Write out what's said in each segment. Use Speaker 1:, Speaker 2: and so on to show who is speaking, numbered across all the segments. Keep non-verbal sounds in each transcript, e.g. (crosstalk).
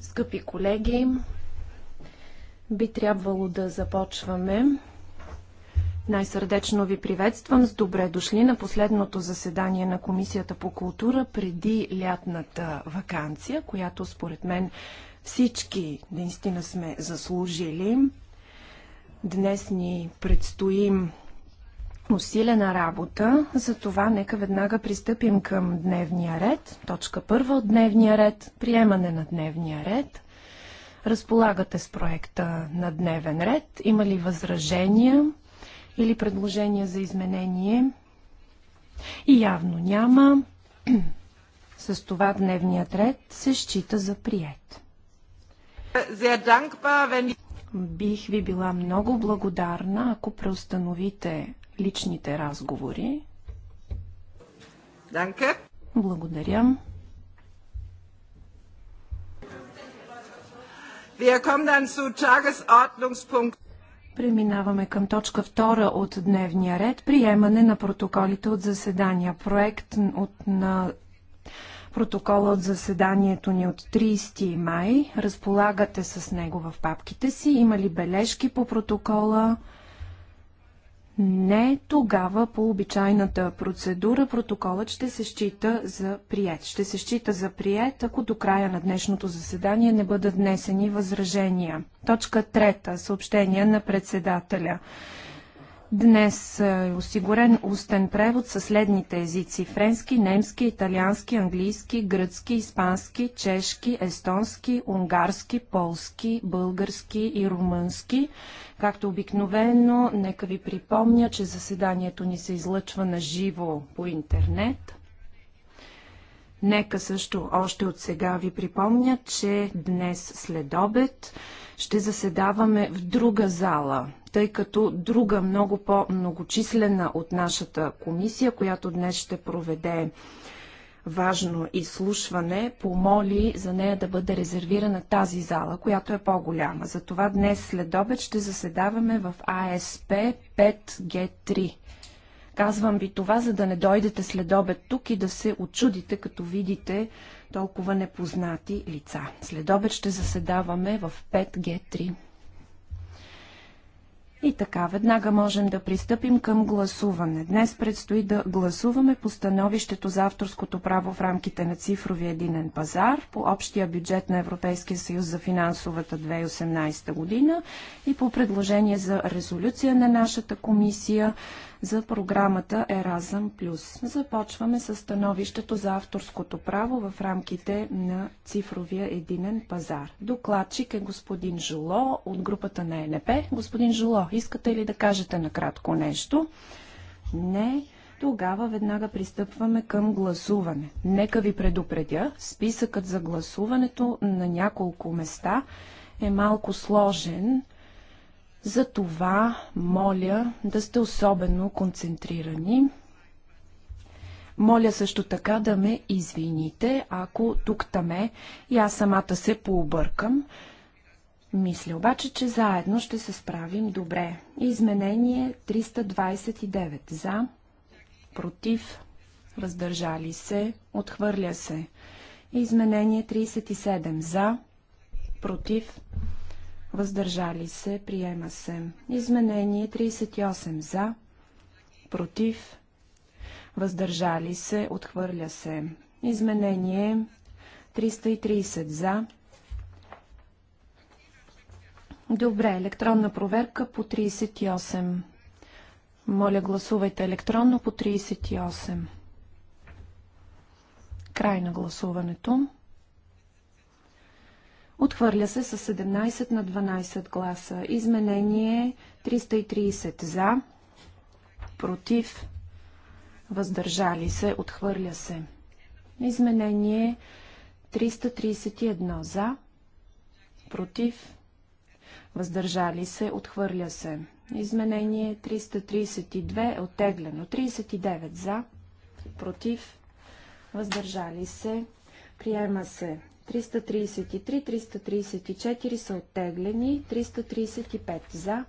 Speaker 1: Скъпи колеги, би трябвало да започваме. Най-сърдечно ви приветствам. С добре дошли на последното заседание на Комисията по култура преди лятната вакансия, която според мен всички наистина сме заслужили. Днес ни предстоим усилена работа, За това, нека веднага пристъпим към дневния ред. Точка първа от дневния ред – приемане на дневния ред. Разполагате с проекта на дневен ред. Има ли възражения или предложения за изменение? И явно няма. (clears throat) С това дневният ред се счита за прият. Бих ви била много благодарна, ако преустановите личните разговори. Данка. Благодаря. Преминаваме към точка втора от дневния ред. Приемане на протоколите от заседания. Проект от, на протокола от заседанието ни от 30 май. Разполагате с него в папките си. Има ли бележки по протокола? не, тогава по обичайната процедура протоколът ще се счита за прият. Ще се счита за прият, ако до края на днешното заседание не бъдат внесени възражения. Точка трета. Съобщения на председателя. Днес е осигурен устен превод със следните езици – френски, немски, италиански, английски, гръцки, испански, чешки, естонски, унгарски, полски, български и румънски. Както обикновено, нека ви припомня, че заседанието ни се излъчва на живо по интернет. Нека също още от сега ви припомня, че днес след обед ще заседаваме в друга зала – тъй като друга много по-многочислена от нашата комисия, която днес ще проведе важно изслушване, помоли за нея да бъде резервирана тази зала, която е по-голяма. Затова днес след обед ще заседаваме в АСП 5G3. Казвам ви това, за да не дойдете след обед тук и да се очудите, като видите толкова непознати лица. След обед ще заседаваме в 5G3. И така, веднага можем да пристъпим към гласуване. Днес предстои да гласуваме по становището за авторското право в рамките на цифрови единен пазар, по общия бюджет на Европейския съюз за финансовата 2018 година и по предложение за резолюция на нашата комисия за програмата Еразъм Плюс. Започваме с становището за авторското право в рамките на цифровия единен пазар. Докладчик е господин Жоло от групата на ЕНП. Господин Жоло, искате ли да кажете накратко нещо? Не. Тогава веднага пристъпваме към гласуване. Нека ви предупредя, списъкът за гласуването на няколко места е малко сложен. За това моля да сте особено концентрирани. Моля също така да ме извините, ако тук-таме и аз самата се пообъркам. Мисля обаче, че заедно ще се справим добре. Изменение 329. За, против, въздържали се, отхвърля се. Изменение 37. За, против, въздържали се, приема се. Изменение 38 за, против, въздържали се, отхвърля се. Изменение 330 за. Добре, електронна проверка по 38. Моля, гласувайте електронно по 38. Край на гласуването. Отхвърля се с 17 на 12 гласа. Изменение 330 за, против, въздържали се, отхвърля се. Изменение 331 за, против, въздържали се, отхвърля се. Изменение 332 е оттеглено. 39 за, против, въздържали се, приема се. 333, 334 са оттеглени, 335 за,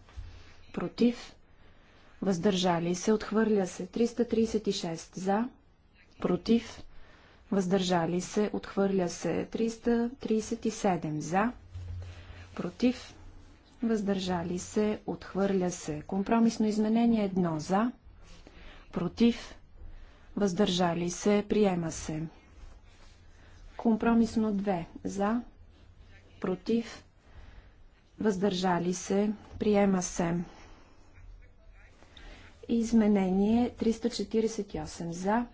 Speaker 1: против, въздържали се, отхвърля се, 336 за, против, въздържали се, отхвърля се, 337 за, против, въздържали се, отхвърля се, компромисно изменение 1 за, против, въздържали се, приема се. Компромисно 2. За, против, въздържали се, приема се. Изменение 348. За,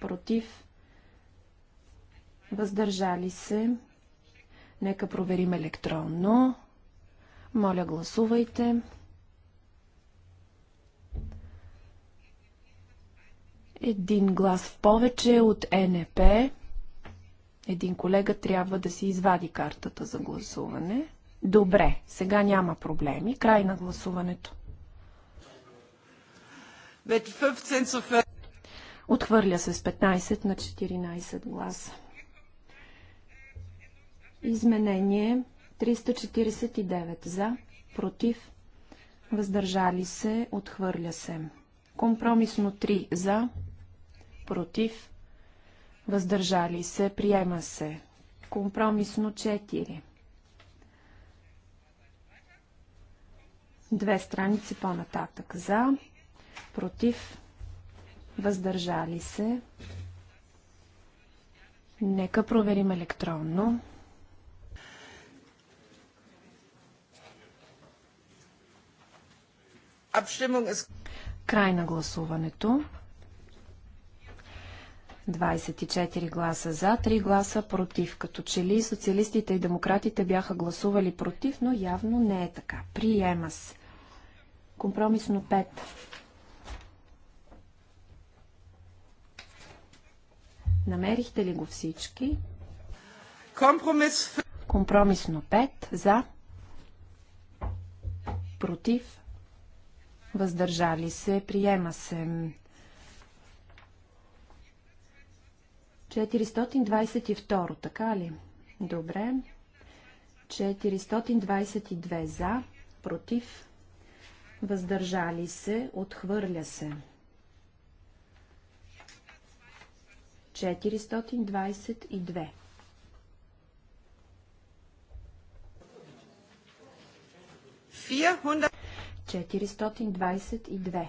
Speaker 1: против, въздържали се. Нека проверим електронно. Моля, гласувайте. Един глас в повече от НП. Един колега трябва да си извади картата за гласуване. Добре, сега няма проблеми. Край на гласуването. Отхвърля се с 15 на 14 гласа. Изменение 349 за, против, въздържали се, отхвърля се. Компромисно 3 за, против, въздържали се, приема се. Компромисно 4. Две страници по-нататък. За, против, въздържали се. Нека проверим електронно. Е Край на гласуването. 24 гласа за, 3 гласа против. Като че ли социалистите и демократите бяха гласували против, но явно не е така. Приема се. Компромисно 5. Намерихте ли го всички? Компромис... Компромисно 5. За. Против. Въздържали се. Приема се. 422, така ли? Добре. 422 за, против, въздържали се, отхвърля се. 422. 422. 422.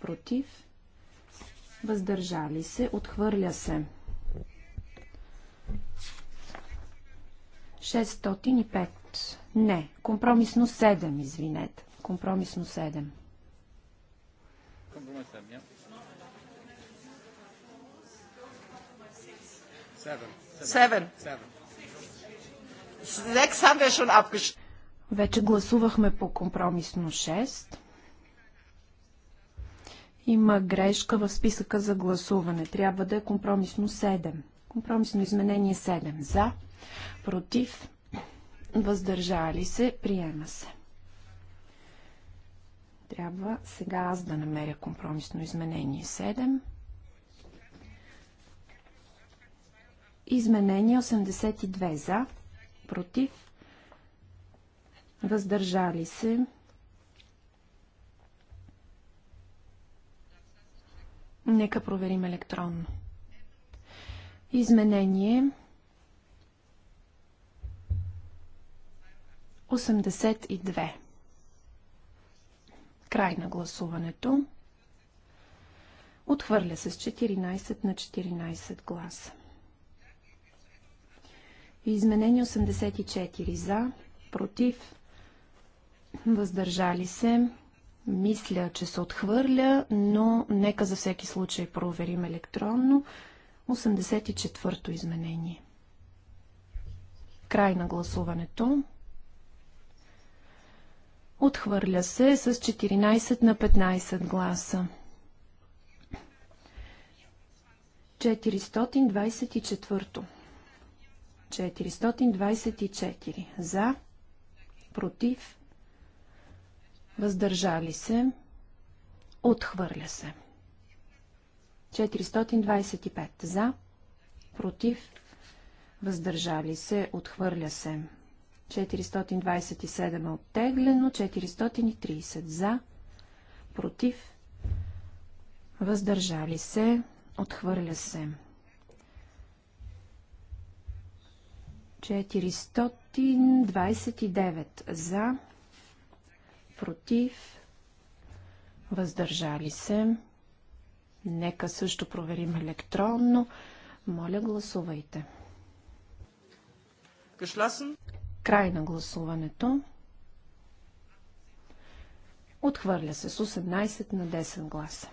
Speaker 1: против, въздържали се, отхвърля се. 605. Не, компромисно 7, извинете. Компромисно 7.
Speaker 2: Компромисно 7, 7. 6
Speaker 1: Вече гласувахме по компромисно 6. Има грешка в списъка за гласуване. Трябва да е компромисно 7. Компромисно изменение 7. За, против, въздържали се, приема се. Трябва сега аз да намеря компромисно изменение 7. Изменение 82 за, против, въздържали се, Нека проверим електронно. Изменение 82. Край на гласуването. Отхвърля се с 14 на 14 гласа. Изменение 84 за, против, въздържали се, мисля, че се отхвърля, но нека за всеки случай проверим електронно. 84-то изменение. Край на гласуването. Отхвърля се с 14 на 15 гласа. 424. 424. За. Против въздържали се, отхвърля се. 425 за, против, въздържали се, отхвърля се. 427 е оттеглено, 430 за, против, въздържали се, отхвърля се. 429 за, против, въздържали се. Нека също проверим електронно. Моля, гласувайте. Geschlossen. Край на гласуването. Отхвърля се с 18 на 10 гласа.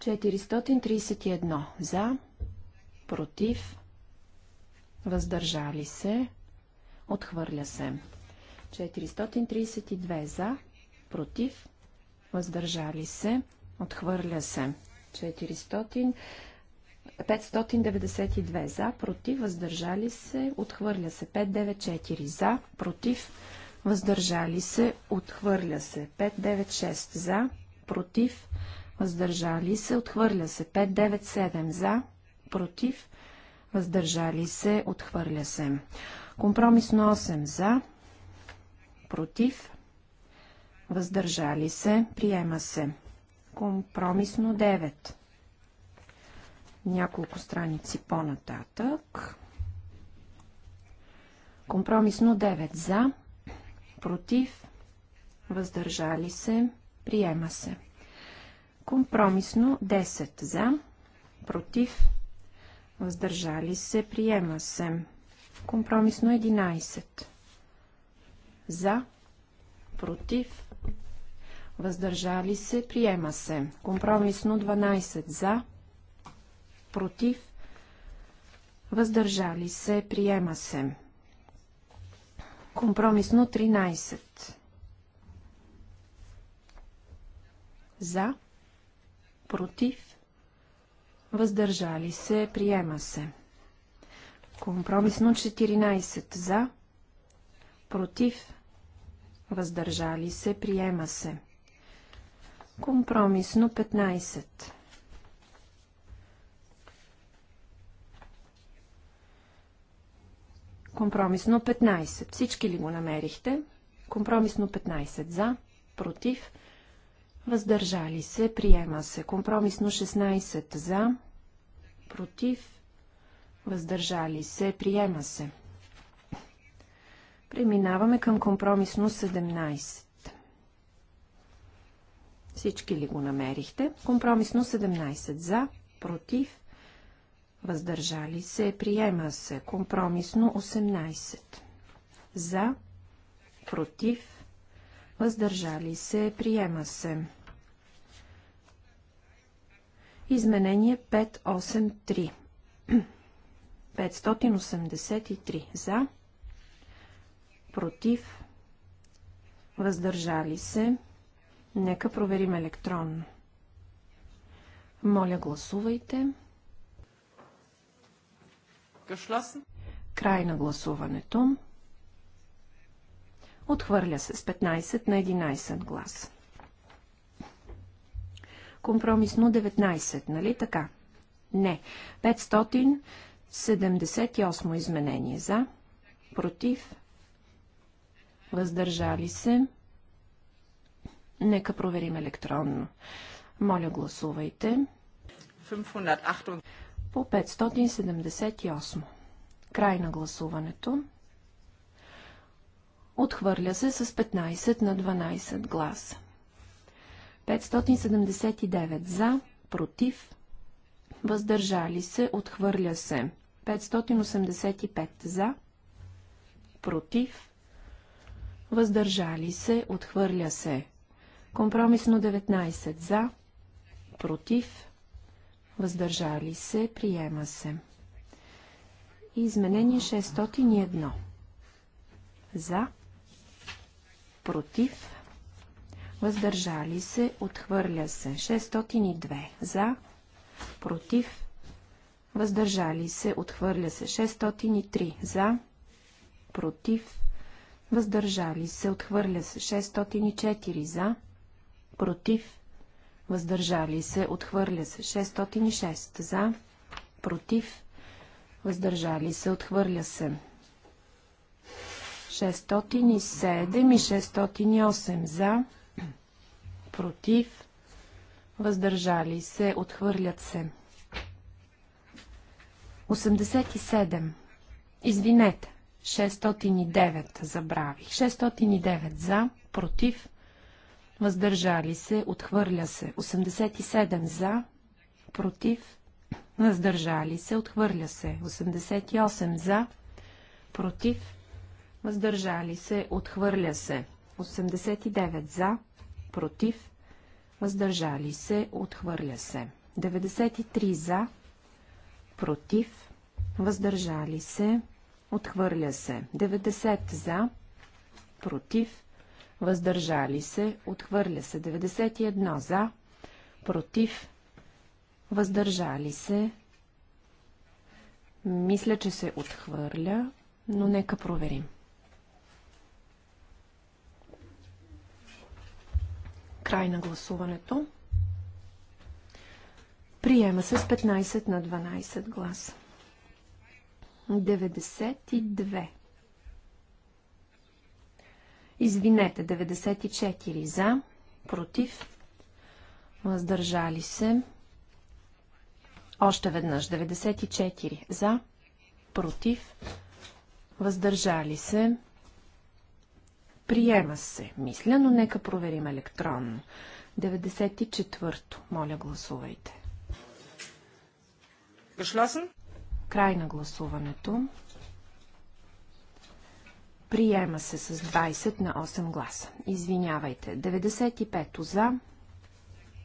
Speaker 1: 431 за, против, въздържали се, отхвърля се. 432 за, против, въздържали се, отхвърля се. 400, 592 за, против, въздържали се, отхвърля се. 594 за, против, въздържали се, отхвърля се. 596 за, против, въздържали се, отхвърля се. 597 за, против, въздържали се, отхвърля се. Компромисно 8 за, против, въздържали се, приема се. Компромисно 9. Няколко страници по-нататък. Компромисно 9 за, против, въздържали се, приема се. Компромисно 10 за, против, въздържали се, приема се. Компромисно 11. За. Против. Въздържали се. Приема се. Компромисно 12. За. Против. Въздържали се. Приема се. Компромисно 13. За. Против. Въздържали се. Приема се. Компромисно 14. За. Против въздържали се, приема се. Компромисно 15. Компромисно 15. Всички ли го намерихте? Компромисно 15 за, против, въздържали се, приема се. Компромисно 16 за, против, въздържали се, приема се. Преминаваме към компромисно 17. Всички ли го намерихте? Компромисно 17 за, против, въздържали се, приема се. Компромисно 18 за, против, въздържали се, приема се. Изменение 583. 583 за, против, въздържали се. Нека проверим електронно. Моля, гласувайте. Geschlossen. Край на гласуването. Отхвърля се с 15 на 11 глас. Компромисно 19, нали така? Не. 578 изменение за, против, въздържали се. Нека проверим електронно. Моля, гласувайте. 508. По 578. Край на гласуването. Отхвърля се с 15 на 12 гласа. 579 за, против, въздържали се, отхвърля се. 585 за, против, въздържали се, отхвърля се. Компромисно 19 за, против, въздържали се, приема се. изменение 601 за, против, въздържали се, отхвърля се. 602 за, против, въздържали се, отхвърля се. 603 за, против, въздържали се, отхвърля се 604 за, против, въздържали се, отхвърля се 606 за, против, въздържали се, отхвърля се 607 и 608 за, против, въздържали се, отхвърлят се 87. Извинете. 609 забравих. 609 за, против, въздържали се, отхвърля се. 87 за, против, въздържали се, отхвърля се. 88 за, против, въздържали се, отхвърля се. 89 за, против, въздържали се, отхвърля се. 93 за, против, въздържали се, Отхвърля се. 90 за. Против. Въздържали се. Отхвърля се. 91 за. Против. Въздържали се. Мисля, че се отхвърля, но нека проверим. Край на гласуването. Приема се с 15 на 12 гласа. 92. Извинете, 94 за, против, въздържали се. Още веднъж, 94 за, против, въздържали се.
Speaker 2: Приема се,
Speaker 1: мисля, но нека проверим електронно. 94-то. Моля, гласувайте. Geschlossen? Край на гласуването. Приема се с 20 на 8 гласа. Извинявайте. 95 за,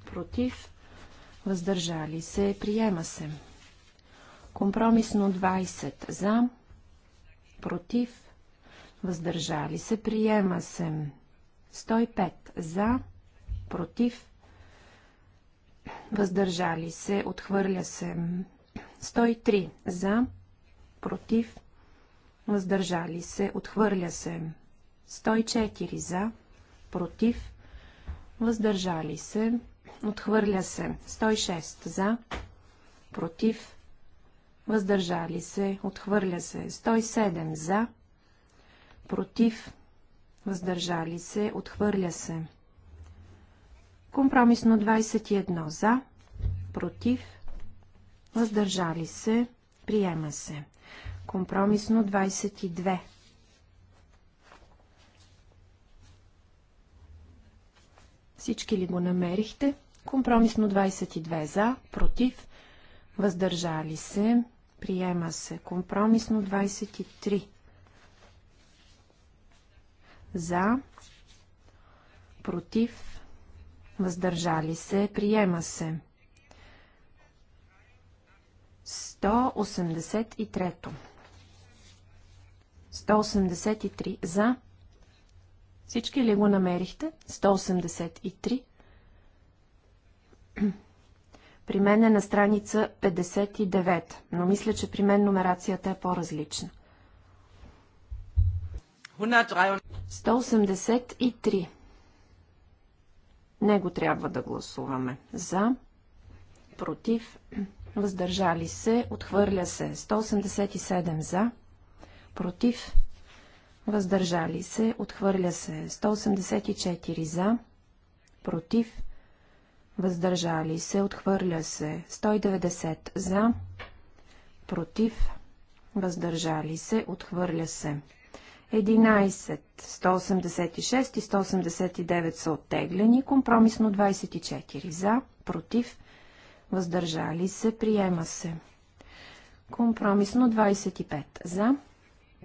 Speaker 1: против, въздържали се, приема се. Компромисно 20 за, против, въздържали се, приема се. 105 за, против, въздържали се, отхвърля се. 103 за, против, въздържали се, отхвърля се. 104 за, против, въздържали се, отхвърля се. 106 за, против, въздържали се, отхвърля се. 107 за, против, въздържали се, отхвърля се. Компромисно 21 за, против, въздържали се, приема се. Компромисно 22. Всички ли го намерихте? Компромисно 22 за, против, въздържали се, приема се. Компромисно 23 за, против, въздържали се, приема се. 183. 183 за. Всички ли го намерихте? 183. (clears throat) При мен е на страница 59, но мисля, че при мен номерацията е по-различна. 183. Не го трябва да гласуваме. За, против, въздържали се, отхвърля се 187 за, против, въздържали се, отхвърля се 184 за, против, въздържали се, отхвърля се 190 за, против, въздържали се, отхвърля се 11, 186 и 189 са оттеглени, компромисно 24 за, против, въздържали се, приема се. Компромисно 25 за,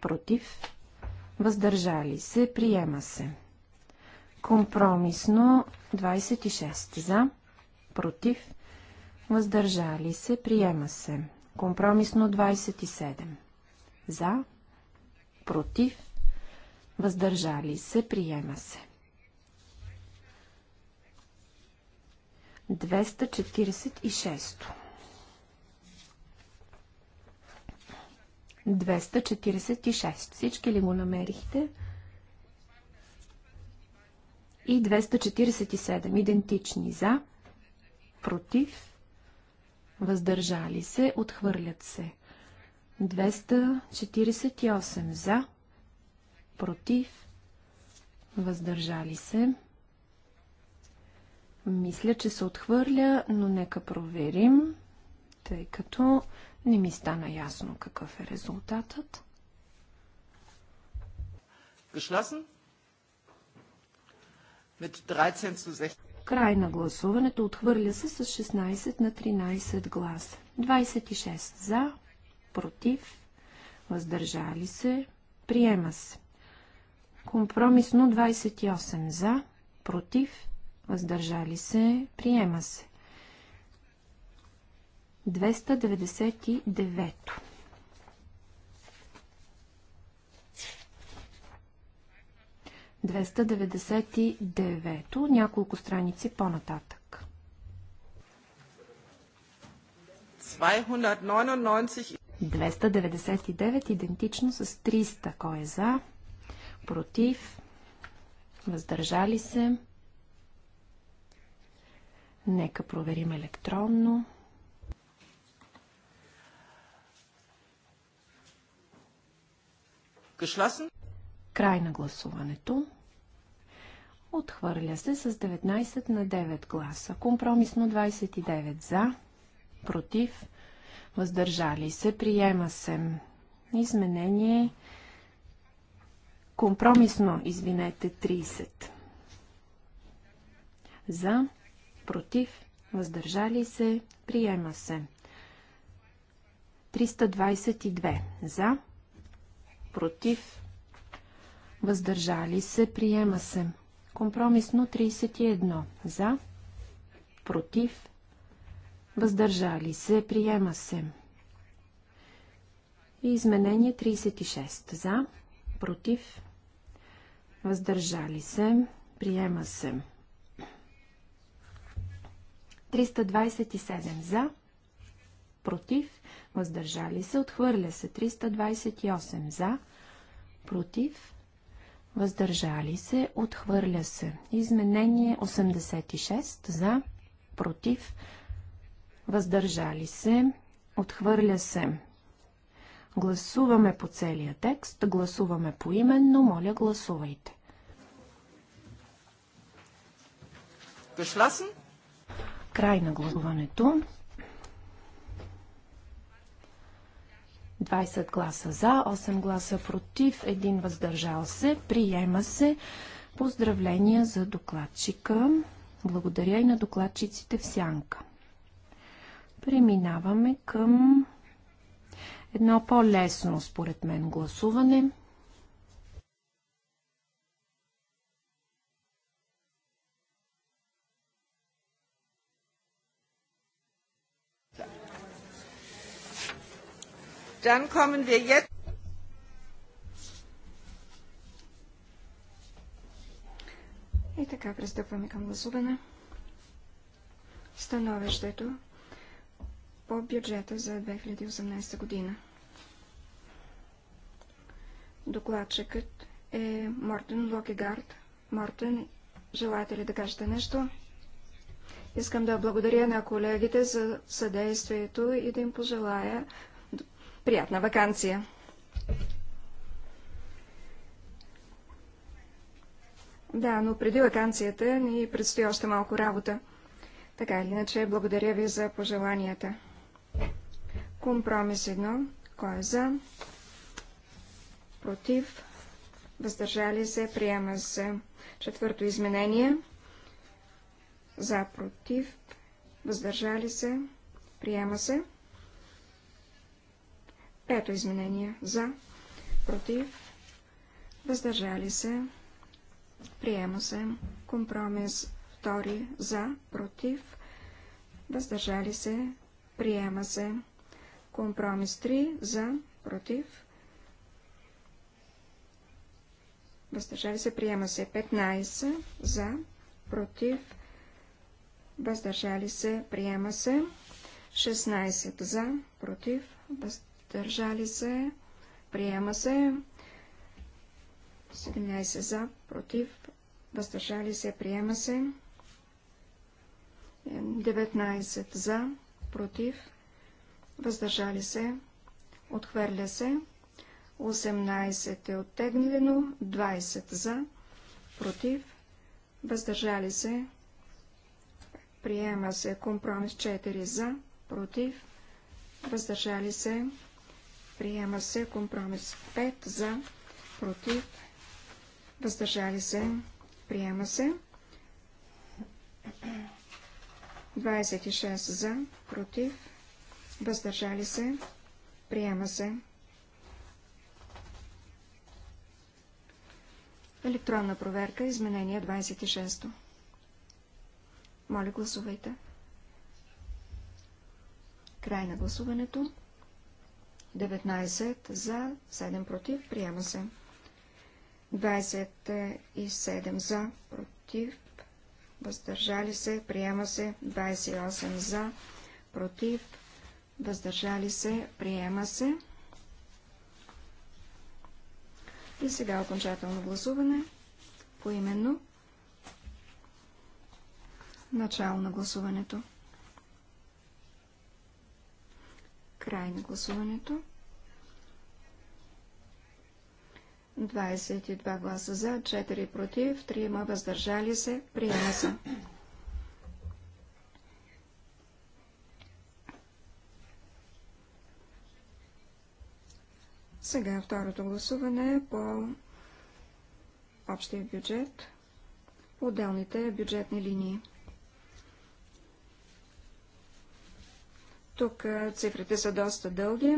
Speaker 1: против, въздържали се, приема се. Компромисно 26 за, против, въздържали се, приема се. Компромисно 27 за, против, въздържали се, приема се. 246. 246. Всички ли го намерихте? И 247. Идентични за, против, въздържали се, отхвърлят се. 248 за, против, въздържали се. Мисля, че се отхвърля, но нека проверим, тъй като не ми стана ясно какъв е резултатът.
Speaker 2: Geschlossen? Mit 13 zu 16.
Speaker 1: Край на гласуването отхвърля се с 16 на 13 гласа. 26 за, против, въздържали се, приема се. Компромисно 28 за, против, въздържали се, приема се. 299. то 299 няколко страници по-нататък. 299 идентично с 300. Кой е за? Против? Въздържали се? Нека проверим електронно. Geschlossen. Край на гласуването. Отхвърля се с 19 на 9 гласа. Компромисно 29 за, против, въздържали се, приема се. Изменение. Компромисно, извинете, 30. За, против, въздържали се, приема се. 322 за, против, въздържали се, приема се. Компромисно 31 за, против, въздържали се, приема се. И изменение 36 за, против, въздържали се, приема се. 327 за, против, въздържали се, отхвърля се. 328 за, против, въздържали се, отхвърля се. Изменение 86 за, против, въздържали се, отхвърля се. Гласуваме по целия текст, гласуваме по именно, моля гласувайте. Geschlossen? Край на гласуването. 20 гласа за, 8 гласа против, 1 въздържал се. Приема се. Поздравления за докладчика. Благодаря и на докладчиците в сянка. Преминаваме към едно по-лесно, според мен, гласуване – Dann kommen wir jetzt.
Speaker 3: И така пристъпваме към гласуване. Становището по бюджета за 2018 година. Докладчикът е Мортен Локегард. Мортен, желаете ли да кажете нещо? Искам да благодаря на колегите за съдействието и да им пожелая Приятна вакансия! Да, но преди вакансията ни предстои още малко работа. Така или иначе, благодаря ви за пожеланията. Компромис едно. Кой е за? Против? Въздържали се? Приема се. Четвърто изменение. За, против? Въздържали се? Приема се. Пето изменение. За. Против. Въздържали се. Приема се. Компромис. Втори. За. Против. Въздържали се. Приема се. Компромис 3. За. Против. Въздържали се. Приема се. 15. За. Против. Въздържали се. Приема се. 16. За. Против. Въздържали се Държали се, приема се, 17 за, против, въздържали се, приема се, 19 за, против, въздържали се, отхвърля се, 18 е оттеглено, 20 за, против, въздържали се, приема се компромис 4 за, против, въздържали се, Приема се компромис 5 за, против, въздържали се, приема се. 26 за, против, въздържали се, приема се. Електронна проверка, изменение 26. Моля, гласувайте. Край на гласуването. 19 за, 7 против, приема се. 27 за, против, въздържали се, приема се. 28 за, против, въздържали се, приема се. И сега окончателно гласуване, поименно, начало на гласуването. Край на гласуването. 22 гласа за, 4 против, 3 въздържали се, приема се. Сега второто гласуване по общия бюджет, по отделните бюджетни линии. Тук цифрите са доста дълги.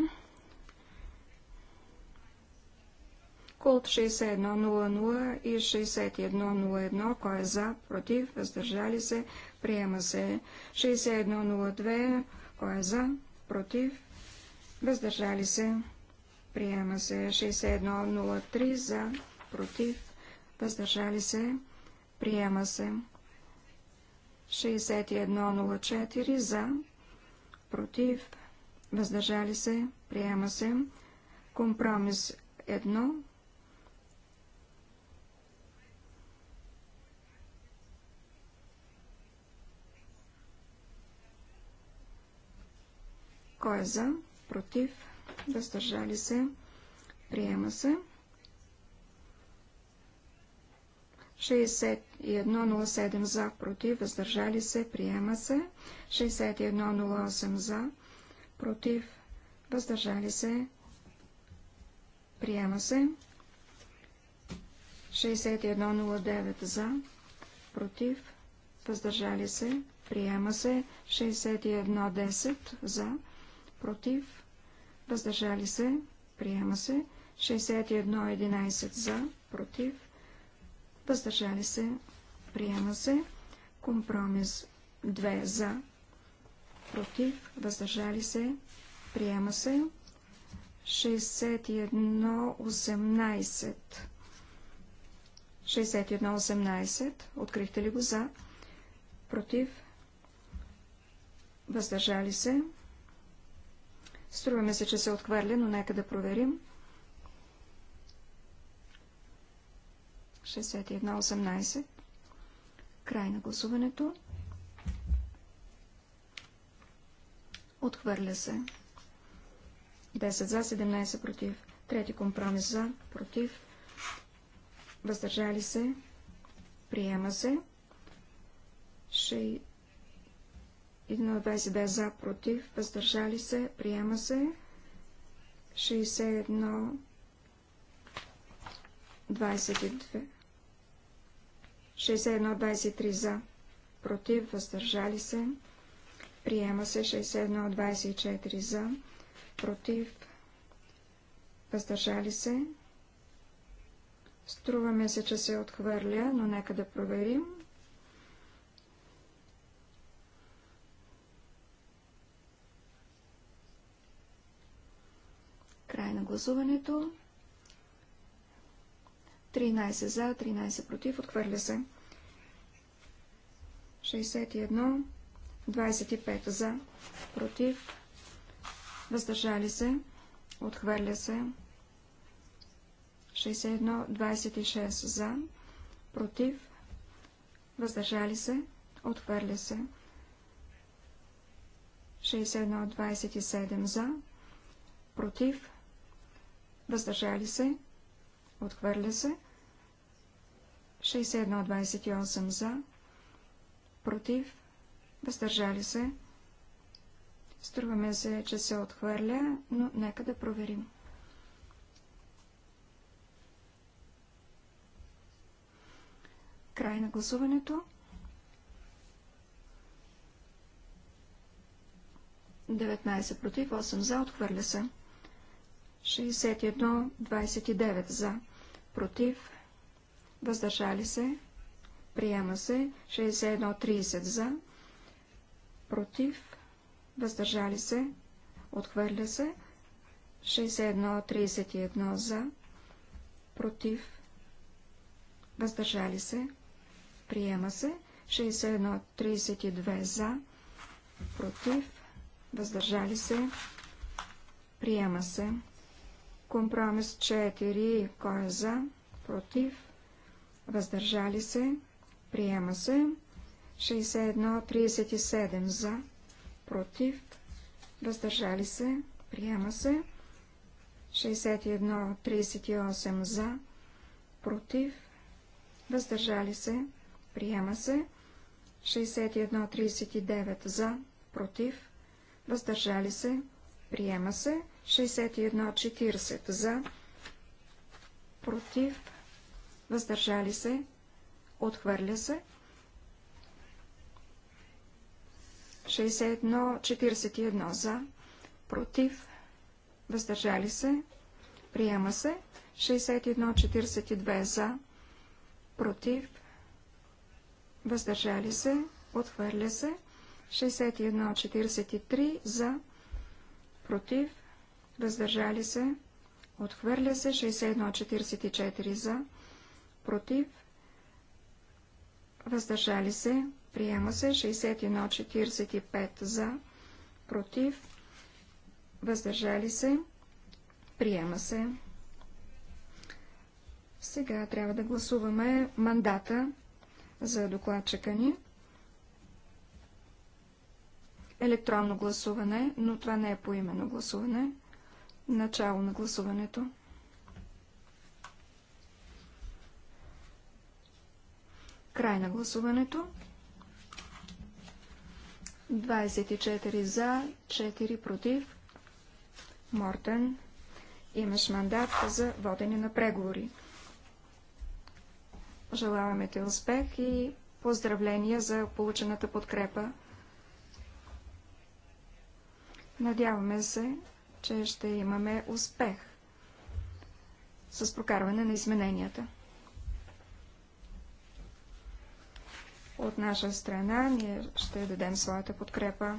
Speaker 3: Култ 6100 и 6101, кой е за, против, въздържали се, приема се. 6102, кой е за, против, въздържали се, приема се. 6103, за, против, въздържали се, приема се. 6104, за, против, въздържали се, приема се. Компромис 1. Кой е за? Против? Въздържали се? Приема се. 6107 за, против, въздържали се, приема се. 6108 за, против, въздържали се, приема се. 6109 за, против, въздържали се, приема се. 6110 за, против, въздържали се, приема се. 6111 за, против, въздържали се, приема се. Компромис 2 за, против, въздържали се, приема се. 61.18 61.18 Открихте ли го за? Против? Въздържали се? Струваме се, че се отхвърля, но нека да проверим. 61.18 61 18. Край на гласуването. Отхвърля се. 10 за, 17 против. Трети компромис за, против. Въздържали се. Приема се. 1 22 за, против. Въздържали се. Приема се. 61 22 61-23 за, против, въздържали се. Приема се 61-24 за, против, въздържали се. Струваме се, че се отхвърля, но нека да проверим. Край на гласуването. 13 за, 13 против, отхвърля се. 61, 25 за, против, въздържали се, отхвърля се. 61, 26 за, против, въздържали се, отхвърля се. 61, 27 за, против, въздържали се, Отхвърля се. 61-28 за. Против. Въздържали се. Струваме се, че се отхвърля, но нека да проверим. Край на гласуването. 19 против, 8 за, отхвърля се. 61-29 за против, въздържали се, приема се 61.30 за, против, въздържали се, отхвърля се 61.31 за, против, въздържали се, приема се 61.32 за, против, въздържали се, приема се Компромис 4. Кой е за? Против? Въздържали се? Приема се. 61-37 за. Против? Въздържали се? Приема се. 61-38 за. Против? Въздържали се? Приема се. 61-39 за. Против? Въздържали се? Приема се 61-40 за, против, въздържали се, отхвърля се. 61-41 за, против, въздържали се, приема се. 61-42 за, против, въздържали се, отхвърля се. 61-43 за, против, въздържали се, отхвърля се 61-44 за, против, въздържали се, приема се 61-45 за, против, въздържали се, приема се. Сега трябва да гласуваме мандата за докладчика ни електронно гласуване, но това не е поименно гласуване. Начало на гласуването. Край на гласуването. 24 за, 4 против. Мортен, имаш мандат за водене на преговори. Желаваме ти успех и поздравления за получената подкрепа. Надяваме се, че ще имаме успех с прокарване на измененията. От наша страна ние ще дадем своята подкрепа.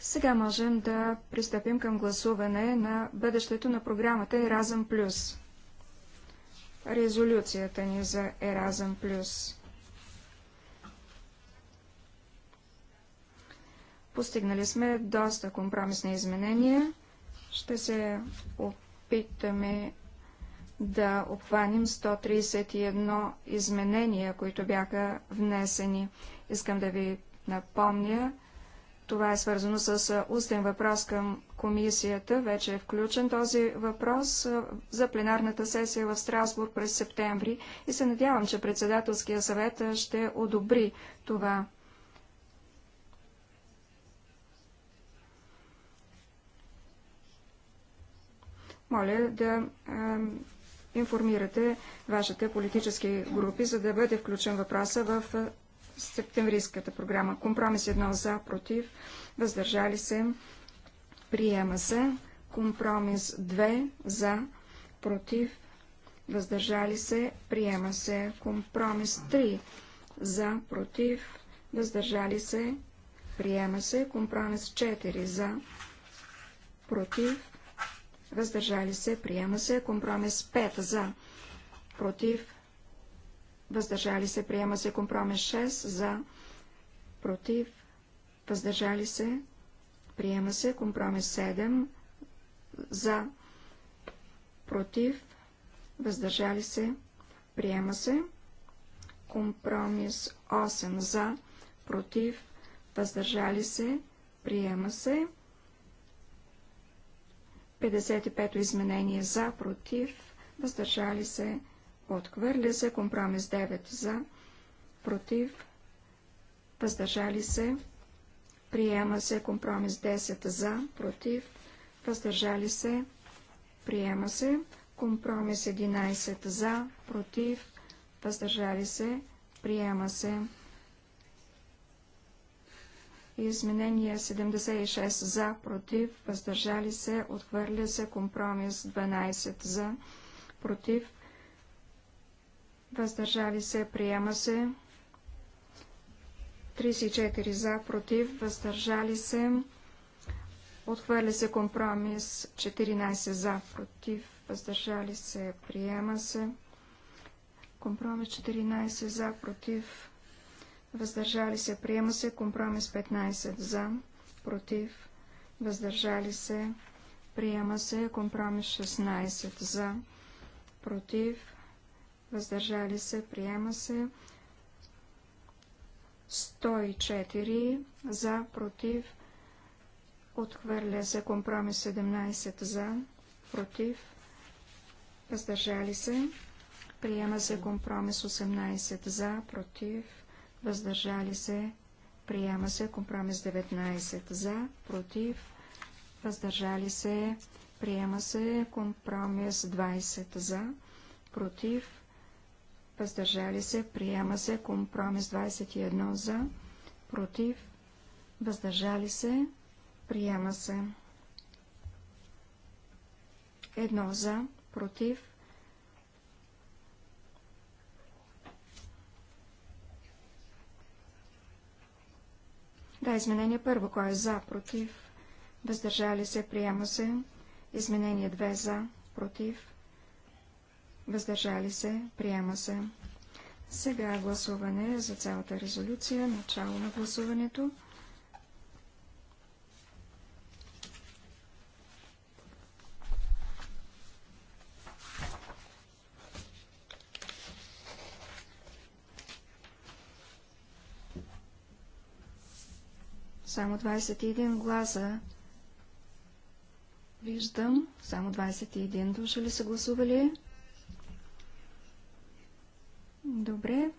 Speaker 3: Сега можем да пристъпим към гласуване на бъдещето на програмата Еразъм Плюс. Резолюцията ни за Еразъм Плюс. Постигнали сме доста компромисни изменения. Ще се опитаме да обхванем 131 изменения, които бяха внесени. Искам да ви напомня, това е свързано с устен въпрос към комисията. Вече е включен този въпрос за пленарната сесия в Страсбург през септември и се надявам, че председателския съвет ще одобри това. моля да информирате вашите политически групи, за да бъде включен въпроса в септемврийската програма. Компромис едно за, против, въздържали се, приема се. Компромис 2 за, против, въздържали се, приема се. Компромис 3 за, против, въздържали се, приема се. Компромис 4 за, против, въздържали се, приема се. Компромис 5 за, против, въздържали се, приема се. Компромис 6 за, против, въздържали се, приема се. Компромис 7 за, против, въздържали се, приема се. Компромис 8 за, против, въздържали се, приема се. 55-то изменение за, против, въздържали се, отхвърля се, компромис 9 за, против, въздържали се, приема се, компромис 10 за, против, въздържали се, приема се, компромис 11 за, против, въздържали се, приема се. Изменение 76 за, против, въздържали се, отхвърля се, компромис 12 за, против, въздържали се, приема се, 34 за, против, въздържали се, отхвърля се, компромис 14 за, против, въздържали се, приема се, компромис 14 за, против, въздържали се, приема се. Компромис 15 за, против, въздържали се, приема се. Компромис 16 за, против, въздържали се, приема се. 104 за, против, отхвърля се. Компромис 17 за, против, въздържали се. Приема се компромис 18 за, против, въздържали се, приема се. Компромис 19 за, против, въздържали се, приема се. Компромис 20 за, против, въздържали се, приема се. Компромис 21 за, против, въздържали се, приема се. Едно за, против, Да, изменение първо. Кой е за, против, въздържали се, приема се. Изменение 2 за, против, въздържали се, приема се. Сега гласуване за цялата резолюция, начало на гласуването. Само 21 гласа виждам. Само 21 души ли са гласували? Добре.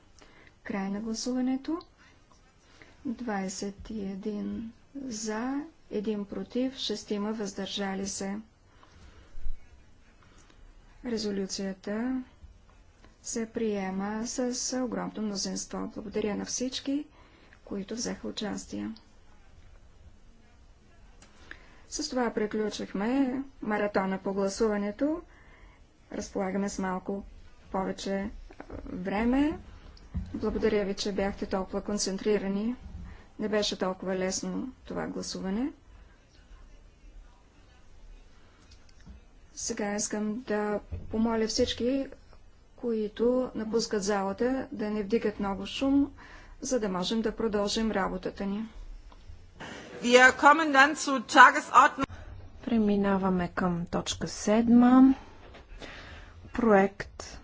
Speaker 3: Край на гласуването. 21 за, 1 против, 6 въздържали се. Резолюцията се приема с огромно мнозинство. Благодаря на всички, които взеха участие. С това приключихме маратона по гласуването. Разполагаме с малко повече време. Благодаря ви, че бяхте толкова концентрирани. Не беше толкова лесно това гласуване. Сега искам да помоля всички, които напускат залата, да не вдигат много шум, за да можем да продължим работата ни.
Speaker 1: Преминаваме към точка 7. Проект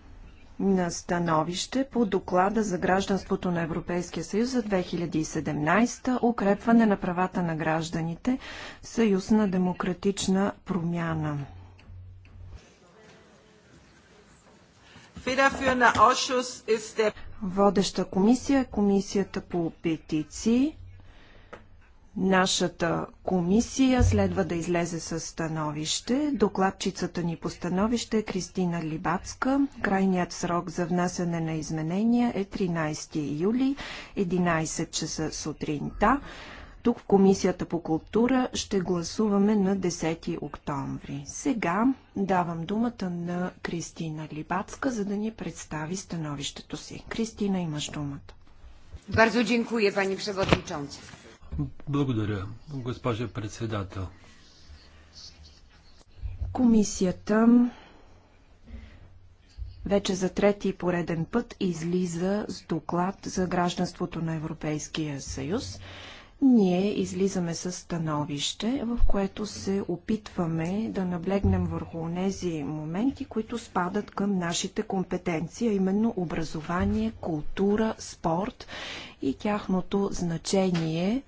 Speaker 1: на становище по доклада за гражданството на Европейския съюз за 2017 укрепване на правата на гражданите съюз на демократична промяна. Водеща комисия е комисията по петиции. Нашата комисия следва да излезе с становище. Докладчицата ни по становище е Кристина Либацка. Крайният срок за внасяне на изменения е 13 юли, 11 часа сутринта. Тук в Комисията по култура ще гласуваме на 10 октомври. Сега давам думата на Кристина Либацка, за да ни представи становището си. Кристина, имаш думата. Bardzo dziękuję, Pani Przewodnicząca.
Speaker 4: Благодаря, госпожа председател.
Speaker 1: Комисията вече за трети пореден път излиза с доклад за гражданството на Европейския съюз ние излизаме с становище, в което се опитваме да наблегнем върху тези моменти, които спадат към нашите компетенции, а именно образование, култура, спорт и тяхното значение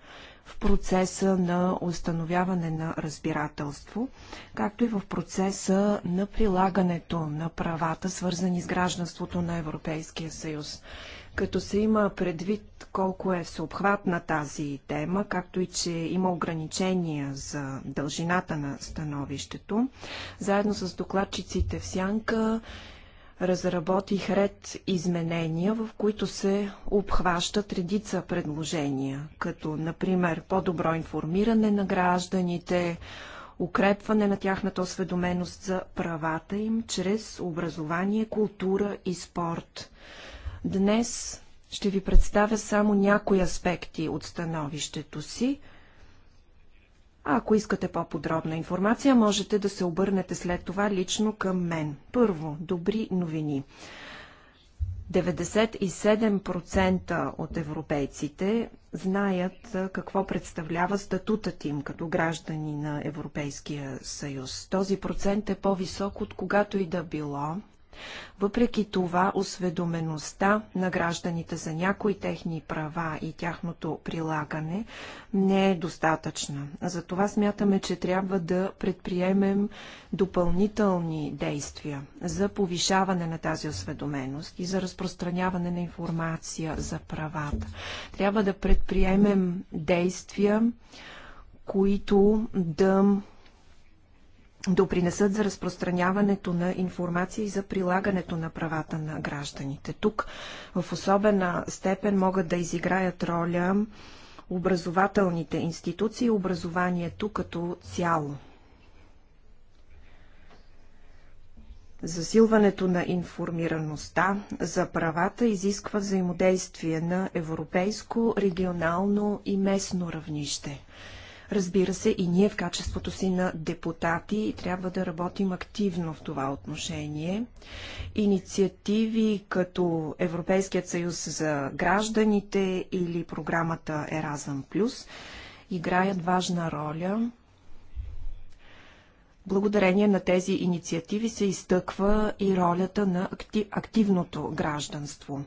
Speaker 1: в процеса на установяване на разбирателство, както и в процеса на прилагането на правата, свързани с гражданството на Европейския съюз. Като се има предвид колко е съобхватна тази тема, както и че има ограничения за дължината на становището, заедно с докладчиците в Сянка разработих ред изменения, в които се обхващат редица предложения, като например по-добро информиране на гражданите, укрепване на тяхната осведоменост за правата им чрез образование, култура и спорт. Днес ще ви представя само някои аспекти от становището си. А ако искате по-подробна информация, можете да се обърнете след това лично към мен. Първо, добри новини. 97% от европейците знаят какво представлява статутът им като граждани на Европейския съюз. Този процент е по-висок от когато и да било въпреки това, осведомеността на гражданите за някои техни права и тяхното прилагане не е достатъчна. Затова смятаме, че трябва да предприемем допълнителни действия за повишаване на тази осведоменост и за разпространяване на информация за правата. Трябва да предприемем действия, които да допринесат за разпространяването на информация и за прилагането на правата на гражданите. Тук в особена степен могат да изиграят роля образователните институции и образованието като цяло. Засилването на информираността за правата изисква взаимодействие на европейско, регионално и местно равнище. Разбира се, и ние в качеството си на депутати трябва да работим активно в това отношение. Инициативи като Европейският съюз за гражданите или програмата Еразъм Плюс играят важна роля Благодарение на тези инициативи се изтъква и ролята на активното гражданство.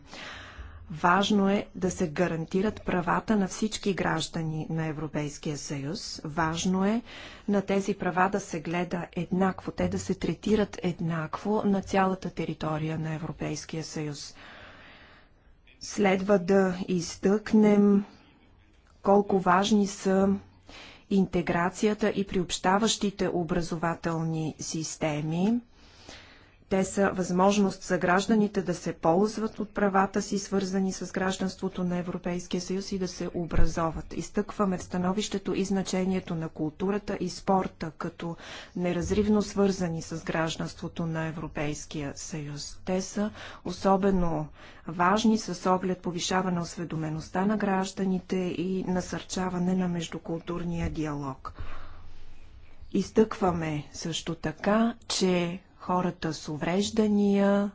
Speaker 1: Важно е да се гарантират правата на всички граждани на Европейския съюз. Важно е на тези права да се гледа еднакво, те да се третират еднакво на цялата територия на Европейския съюз. Следва да изтъкнем колко важни са интеграцията и приобщаващите образователни системи. Те са възможност за гражданите да се ползват от правата си, свързани с гражданството на Европейския съюз и да се образоват. Изтъкваме в становището и значението на културата и спорта като неразривно свързани с гражданството на Европейския съюз. Те са особено важни с оглед повишаване осведомеността на гражданите и насърчаване на междукултурния диалог. Изтъкваме също така, че хората с увреждания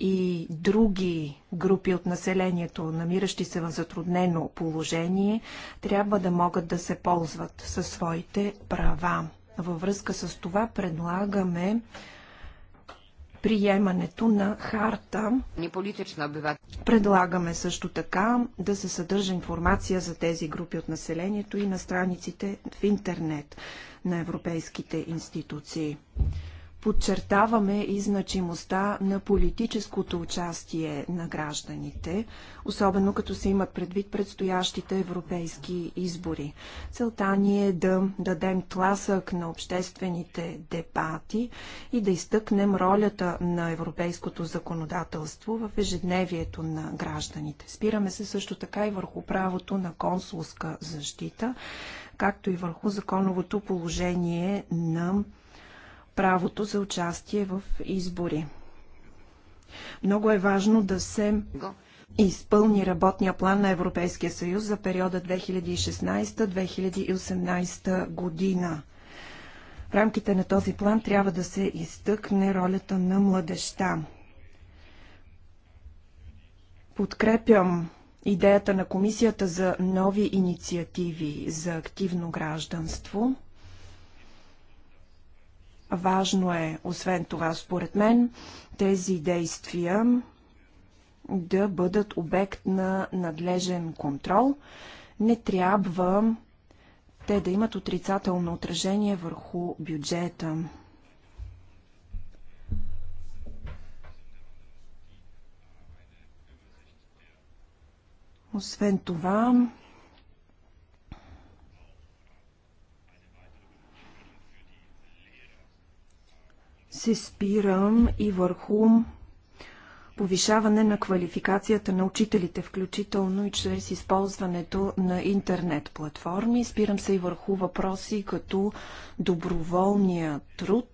Speaker 1: и други групи от населението, намиращи се в затруднено положение, трябва да могат да се ползват със своите права. Във връзка с това предлагаме приемането на харта. Предлагаме също така да се съдържа информация за тези групи от населението и на страниците в интернет на европейските институции подчертаваме и значимостта на политическото участие на гражданите, особено като се имат предвид предстоящите европейски избори. Целта ни е да дадем тласък на обществените дебати и да изтъкнем ролята на европейското законодателство в ежедневието на гражданите. Спираме се също така и върху правото на консулска защита, както и върху законовото положение на правото за участие в избори. Много е важно да се изпълни работния план на Европейския съюз за периода 2016-2018 година. В рамките на този план трябва да се изтъкне ролята на младеща. Подкрепям идеята на комисията за нови инициативи за активно гражданство – Важно е, освен това, според мен, тези действия да бъдат обект на надлежен контрол. Не трябва те да имат отрицателно отражение върху бюджета. Освен това, се спирам и върху повишаване на квалификацията на учителите, включително и чрез използването на интернет платформи. Спирам се и върху въпроси като доброволния труд.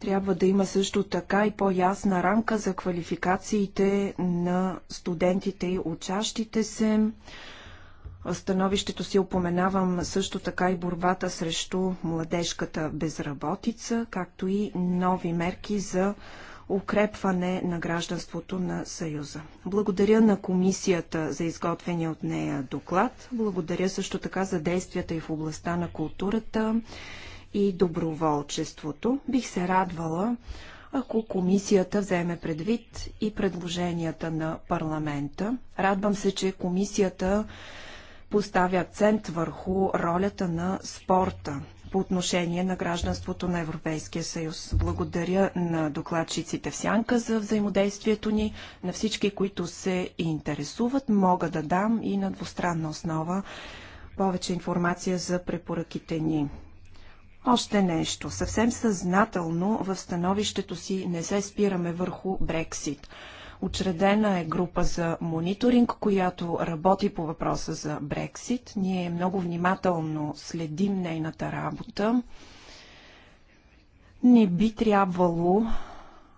Speaker 1: Трябва да има също така и по-ясна рамка за квалификациите на студентите и учащите се становището си упоменавам също така и борбата срещу младежката безработица, както и нови мерки за укрепване на гражданството на Съюза. Благодаря на комисията за изготвения от нея доклад. Благодаря също така за действията и в областта на културата и доброволчеството. Бих се радвала, ако комисията вземе предвид и предложенията на парламента. Радвам се, че комисията поставя акцент върху ролята на спорта по отношение на гражданството на Европейския съюз. Благодаря на докладчиците в Сянка за взаимодействието ни, на всички, които се интересуват. Мога да дам и на двустранна основа повече информация за препоръките ни. Още нещо. Съвсем съзнателно в становището си не се спираме върху Брексит. Учредена е група за мониторинг, която работи по въпроса за Брексит. Ние много внимателно следим нейната работа. Не би трябвало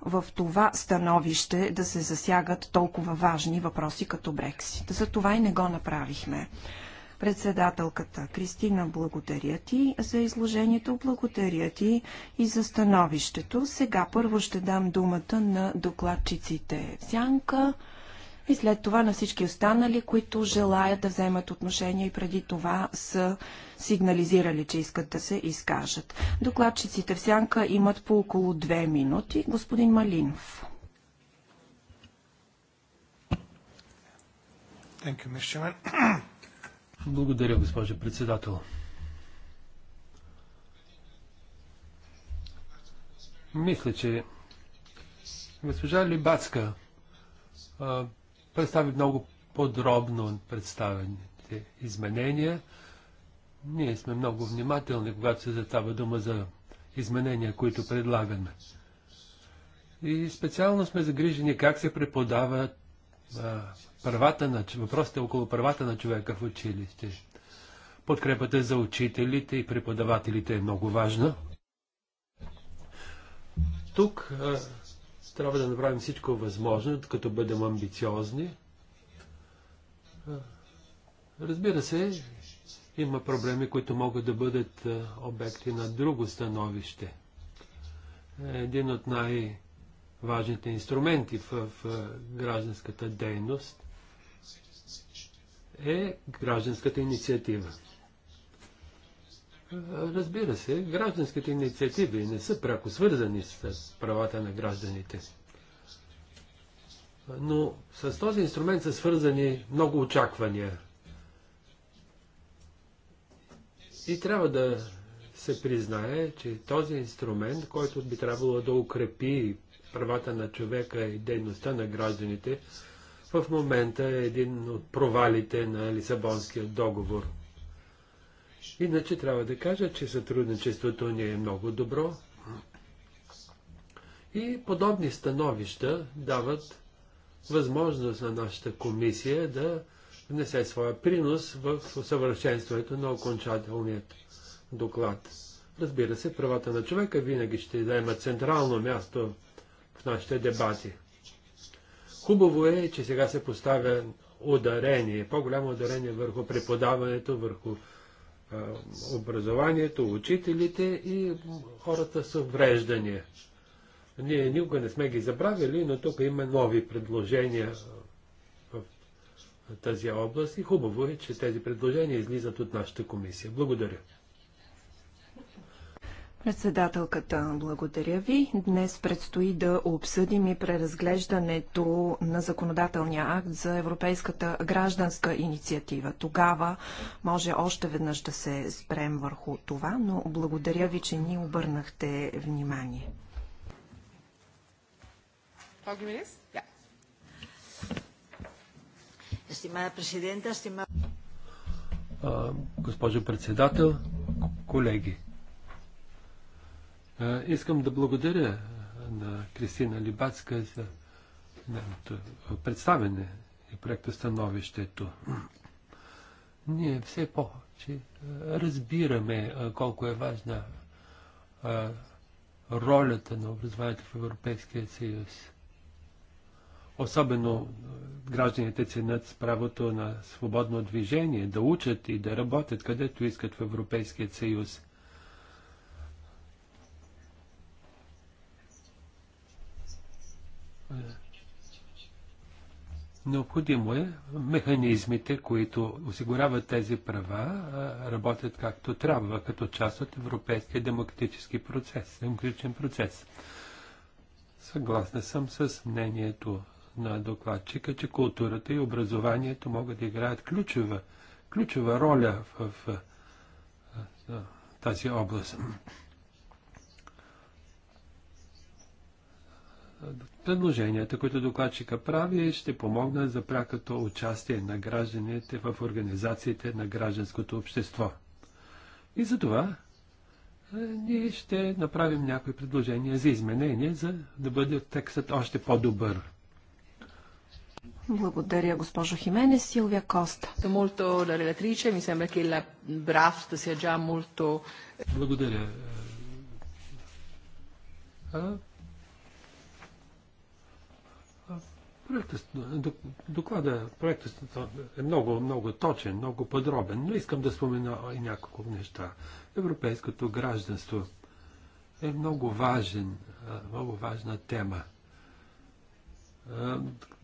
Speaker 1: в това становище да се засягат толкова важни въпроси като Брексит. За това и не го направихме. Председателката Кристина, благодаря ти за изложението, благодаря ти и за становището. Сега първо ще дам думата на докладчиците Сянка и след това на всички останали, които желаят да вземат отношение и преди това са сигнализирали, че искат да се изкажат. Докладчиците в сянка имат по около две минути. Господин Малинов.
Speaker 4: Thank you, благодаря, госпожо председател. Мисля, че госпожа Либацка а, представи много подробно представените изменения. Ние сме много внимателни, когато се затава дума за изменения, които предлагаме. И специално сме загрижени как се преподават правата на, въпросите около правата на човека в училище. Подкрепата за учителите и преподавателите е много важна. Тук а, трябва да направим всичко възможно, като бъдем амбициозни. разбира се, има проблеми, които могат да бъдат обекти на друго становище. Един от най- важните инструменти в, в гражданската дейност е гражданската инициатива. Разбира се, гражданските инициативи не са пряко свързани с правата на гражданите. Но с този инструмент са свързани много очаквания. И трябва да се признае, че този инструмент, който би трябвало да укрепи правата на човека и дейността на гражданите в момента е един от провалите на Лисабонския договор. Иначе трябва да кажа, че сътрудничеството ни е много добро и подобни становища дават възможност на нашата комисия да внесе своя принос в усъвършенстването на окончателният доклад. Разбира се, правата на човека винаги ще заемат централно място нашите дебати. Хубаво е, че сега се поставя ударение, по-голямо ударение върху преподаването, върху а, образованието, учителите и хората с увреждания. Ние никога не сме ги забравили, но тук има нови предложения в тази област и хубаво е, че тези предложения излизат от нашата комисия. Благодаря.
Speaker 1: Председателката, благодаря ви. Днес предстои да обсъдим и преразглеждането на законодателния акт за Европейската гражданска инициатива. Тогава може още веднъж да се спрем върху това, но благодаря ви, че ни обърнахте внимание.
Speaker 4: Госпожо председател, колеги, Искам да благодаря на Кристина Либацка за представене и становището. (clears throat) Ние все повече разбираме колко е важна ролята на образованието в Европейския съюз. Особено гражданите ценят правото на свободно движение, да учат и да работят където искат в Европейския съюз. Е, необходимо е механизмите, които осигуряват тези права, е, работят както трябва, като част от европейския демократически процес, демократичен процес. Съгласна съм с мнението на докладчика, че културата и образованието могат да играят ключова, ключова роля в, в, в тази област. Предложенията, които докладчика прави, ще помогнат за прякото участие на гражданите в организациите на гражданското общество. И за това е, ние ще направим някои предложения за изменение, за да бъде текстът още по-добър.
Speaker 1: Благодаря, госпожо Химене. Силвия Коста. Благодаря.
Speaker 4: Е, Проектът, доклада, проектът е много, много точен, много подробен, но искам да спомена и няколко неща. Европейското гражданство е много важен, много важна тема.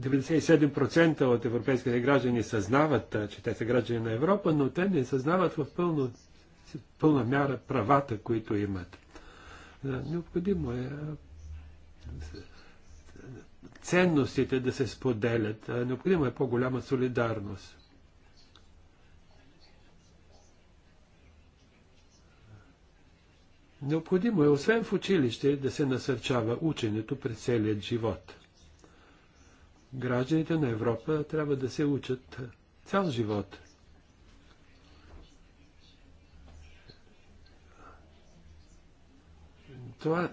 Speaker 4: 97% от европейските граждани съзнават, че те са граждани на Европа, но те не съзнават в пълно, пълна мяра правата, които имат. Необходимо е ценностите да се споделят. Е, необходима е по-голяма солидарност. Необходимо е, освен в училище, да се насърчава ученето през целият живот. Гражданите на Европа трябва да се учат цял живот. Това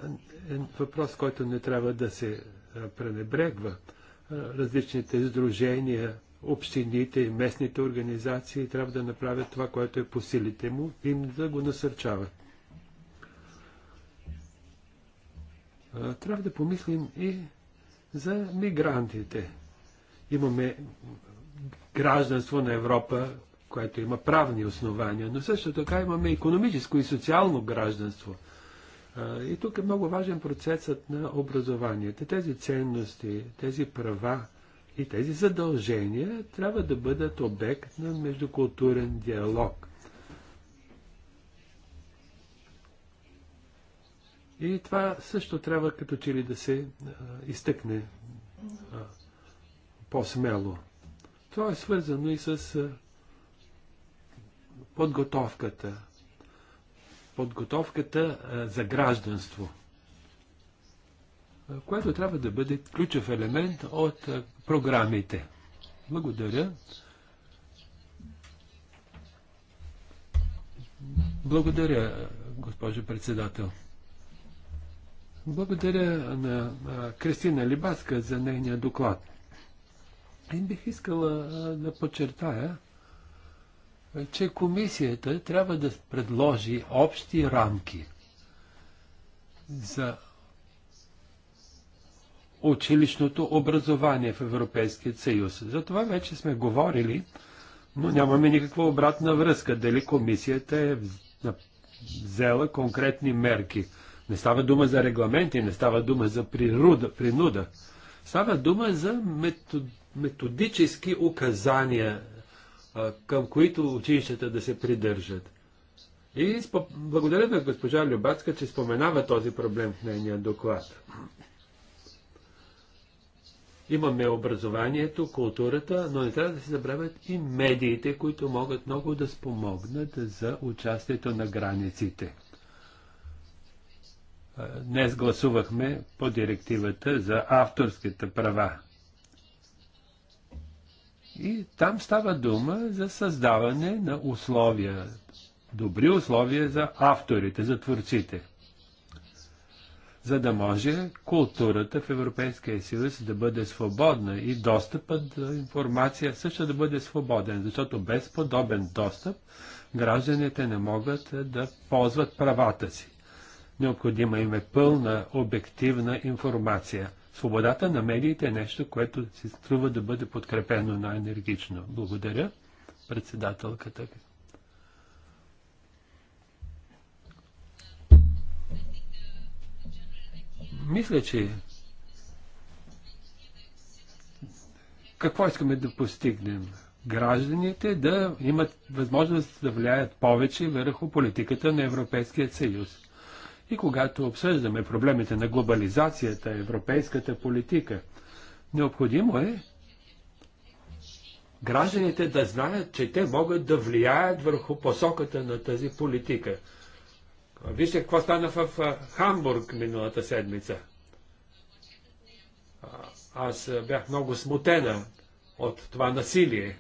Speaker 4: е въпрос, който не трябва да се пренебрегва. Различните сдружения, общините и местните организации трябва да направят това, което е по силите му, им да го насърчават. Трябва да помислим и за мигрантите. Имаме гражданство на Европа, което има правни основания, но също така имаме економическо и социално гражданство – и тук е много важен процесът на образованието. Тези ценности, тези права и тези задължения трябва да бъдат обект на междукултурен диалог. И това също трябва като че ли да се а, изтъкне по-смело. Това е свързано и с а, подготовката, подготовката за гражданство, което трябва да бъде ключов елемент от програмите. Благодаря. Благодаря, госпожо председател. Благодаря на Кристина Либаска за нейния доклад. И бих искала да подчертая, че комисията трябва да предложи общи рамки за училищното образование в Европейския съюз. За това вече сме говорили, но нямаме никаква обратна връзка дали комисията е взела конкретни мерки. Не става дума за регламенти, не става дума за природа, принуда. Става дума за метод, методически указания към които училищата да се придържат. И благодаря на госпожа Любацка, че споменава този проблем в нейния доклад. Имаме образованието, културата, но не трябва да се забравят и медиите, които могат много да спомогнат за участието на границите. Днес гласувахме по директивата за авторските права. И там става дума за създаване на условия, добри условия за авторите, за творците, за да може културата в Европейския съюз да бъде свободна и достъпът до информация също да бъде свободен, защото без подобен достъп гражданите не могат да ползват правата си. Необходима им е пълна обективна информация – свободата на медиите е нещо, което се струва да бъде подкрепено най-енергично. Благодаря, председателката. ви. Мисля, че какво искаме да постигнем? Гражданите да имат възможност да влияят повече върху политиката на Европейския съюз. И когато обсъждаме проблемите на глобализацията, европейската политика, необходимо е гражданите да знаят, че те могат да влияят върху посоката на тази политика. Вижте какво стана в Хамбург миналата седмица. Аз бях много смутена от това насилие.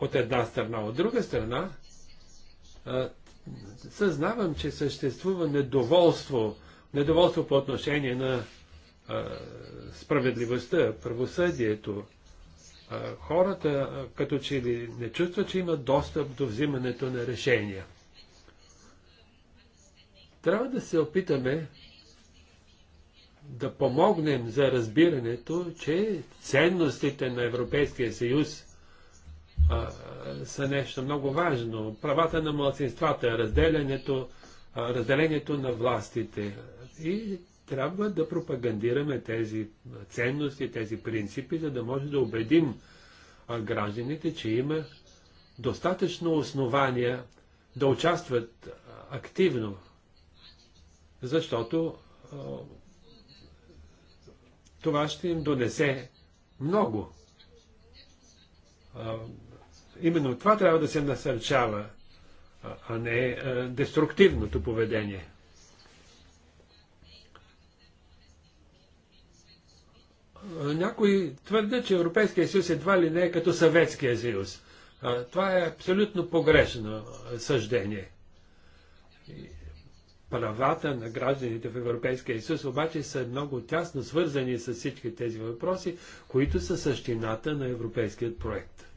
Speaker 4: От една страна. От друга страна, Съзнавам, че съществува недоволство, недоволство по отношение на а, справедливостта, правосъдието. А, хората а, като че ли не чувстват, че имат достъп до взимането на решения. Трябва да се опитаме да помогнем за разбирането, че ценностите на Европейския съюз са нещо много важно. Правата на младсинствата, разделянето, разделението на властите. И трябва да пропагандираме тези ценности, тези принципи, за да може да убедим гражданите, че има достатъчно основания да участват активно, защото това ще им донесе много. Именно това трябва да се насърчава, а не е, деструктивното поведение. Някои твърдят, че Европейския съюз едва ли не е като Съветския съюз. Това е абсолютно погрешно съждение. Правата на гражданите в Европейския съюз обаче са много тясно свързани с всички тези въпроси, които са същината на европейският проект.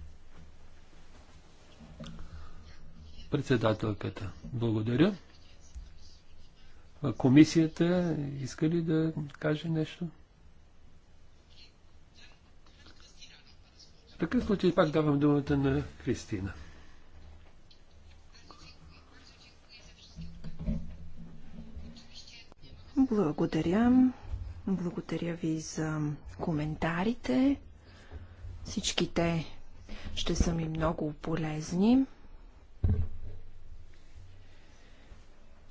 Speaker 4: Председателката. Благодаря. Комисията иска ли да каже нещо? В такъв случай пак давам думата на Кристина.
Speaker 1: Благодаря. Благодаря ви за коментарите. Всичките те ще са ми много полезни.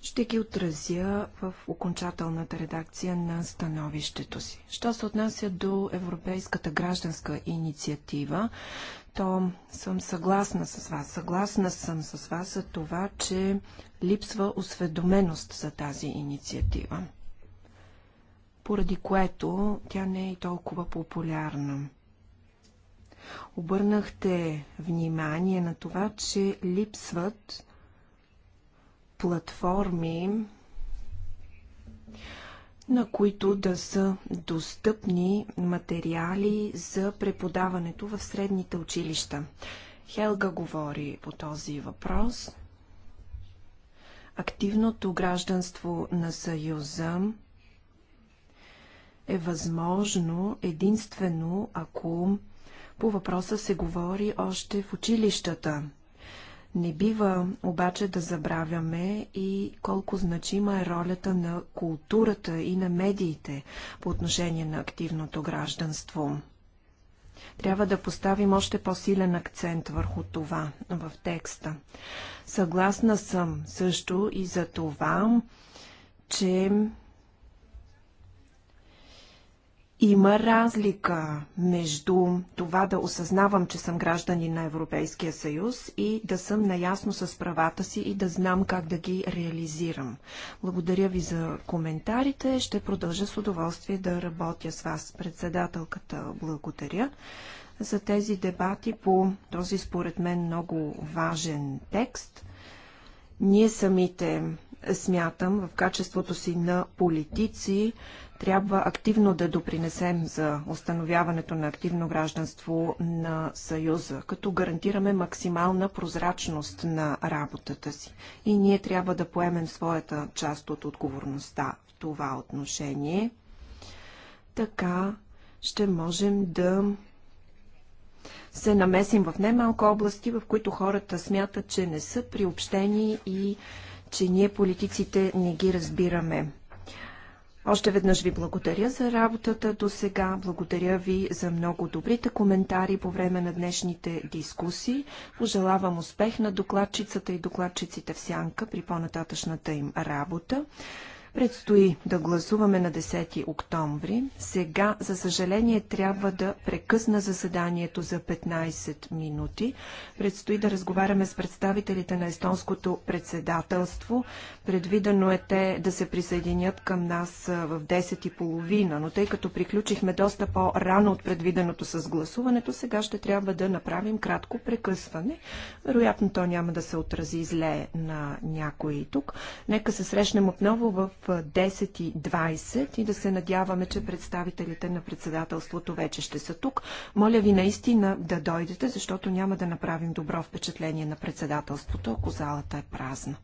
Speaker 1: Ще ги отразя в окончателната редакция на становището си. Що се отнася до Европейската гражданска инициатива, то съм съгласна с вас. Съгласна съм с вас за това, че липсва осведоменост за тази инициатива, поради което тя не е и толкова популярна. Обърнахте внимание на това, че липсват платформи, на които да са достъпни материали за преподаването в средните училища. Хелга говори по този въпрос. Активното гражданство на Съюза е възможно единствено ако по въпроса се говори още в училищата – не бива обаче да забравяме и колко значима е ролята на културата и на медиите по отношение на активното гражданство. Трябва да поставим още по-силен акцент върху това в текста. Съгласна съм също и за това, че има разлика между това да осъзнавам, че съм гражданин на Европейския съюз и да съм наясно с правата си и да знам как да ги реализирам. Благодаря ви за коментарите. Ще продължа с удоволствие да работя с вас, председателката. Благодаря за тези дебати по този според мен много важен текст. Ние самите смятам в качеството си на политици, трябва активно да допринесем за установяването на активно гражданство на Съюза, като гарантираме максимална прозрачност на работата си. И ние трябва да поемем своята част от отговорността в това отношение. Така ще можем да се намесим в немалко области, в които хората смятат, че не са приобщени и че ние политиците не ги разбираме. Още веднъж ви благодаря за работата до сега. Благодаря ви за много добрите коментари по време на днешните дискусии. Пожелавам успех на докладчицата и докладчиците в сянка при по-нататъчната им работа. Предстои да гласуваме на 10 октомври. Сега, за съжаление, трябва да прекъсна заседанието за 15 минути. Предстои да разговаряме с представителите на естонското председателство. Предвидено е те да се присъединят към нас в 10.30, но тъй като приключихме доста по-рано от предвиденото с гласуването, сега ще трябва да направим кратко прекъсване. Вероятно то няма да се отрази зле на някой тук. Нека се срещнем отново в 10 и 20 и да се надяваме, че представителите на председателството вече ще са тук. Моля ви наистина да дойдете, защото няма да направим добро впечатление на председателството, ако залата е празна.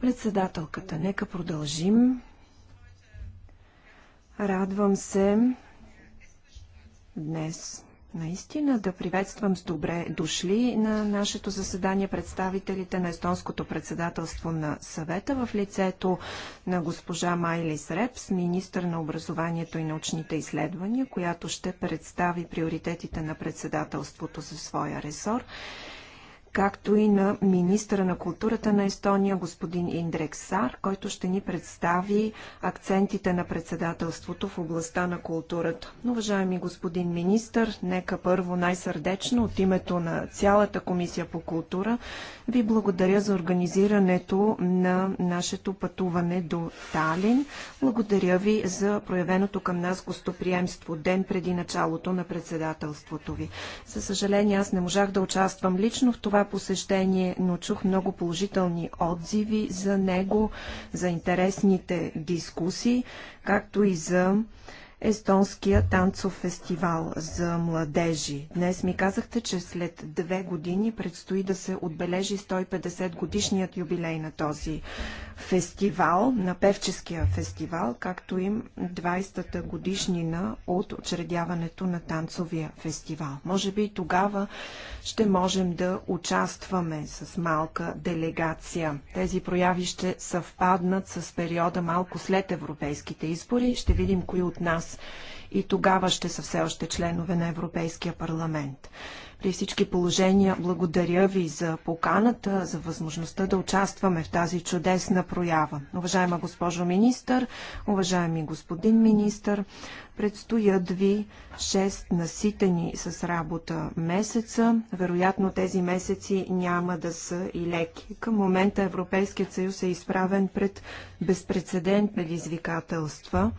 Speaker 1: Председателката, нека продължим. Радвам се днес наистина да приветствам с добре дошли на нашето заседание представителите на естонското председателство на съвета в лицето на госпожа Майлис Репс, министър на образованието и научните изследвания, която ще представи приоритетите на председателството за своя ресор както и на министра на културата на Естония, господин Индрек Сар, който ще ни представи акцентите на председателството в областта на културата. Но, уважаеми господин министр, нека първо най-сърдечно от името на цялата комисия по култура ви благодаря за организирането на нашето пътуване до Талин. Благодаря ви за проявеното към нас гостоприемство ден преди началото на председателството ви. За съжаление, аз не можах да участвам лично в това посещение, но чух много положителни отзиви за него, за интересните дискусии, както и за Естонския танцов фестивал за младежи. Днес ми казахте, че след две години предстои да се отбележи 150 годишният юбилей на този фестивал, на Певческия фестивал, както и 20-та годишнина от очредяването на танцовия фестивал. Може би тогава ще можем да участваме с малка делегация. Тези прояви ще съвпаднат с периода малко след европейските избори. Ще видим кои от нас съюз и тогава ще са все още членове на Европейския парламент. При всички положения благодаря ви за поканата, за възможността да участваме в тази чудесна проява. Уважаема госпожо министър, уважаеми господин министър, предстоят ви 6 наситени с работа месеца. Вероятно тези месеци няма да са и леки. Към момента Европейският съюз е изправен пред безпредседентни предизвикателства.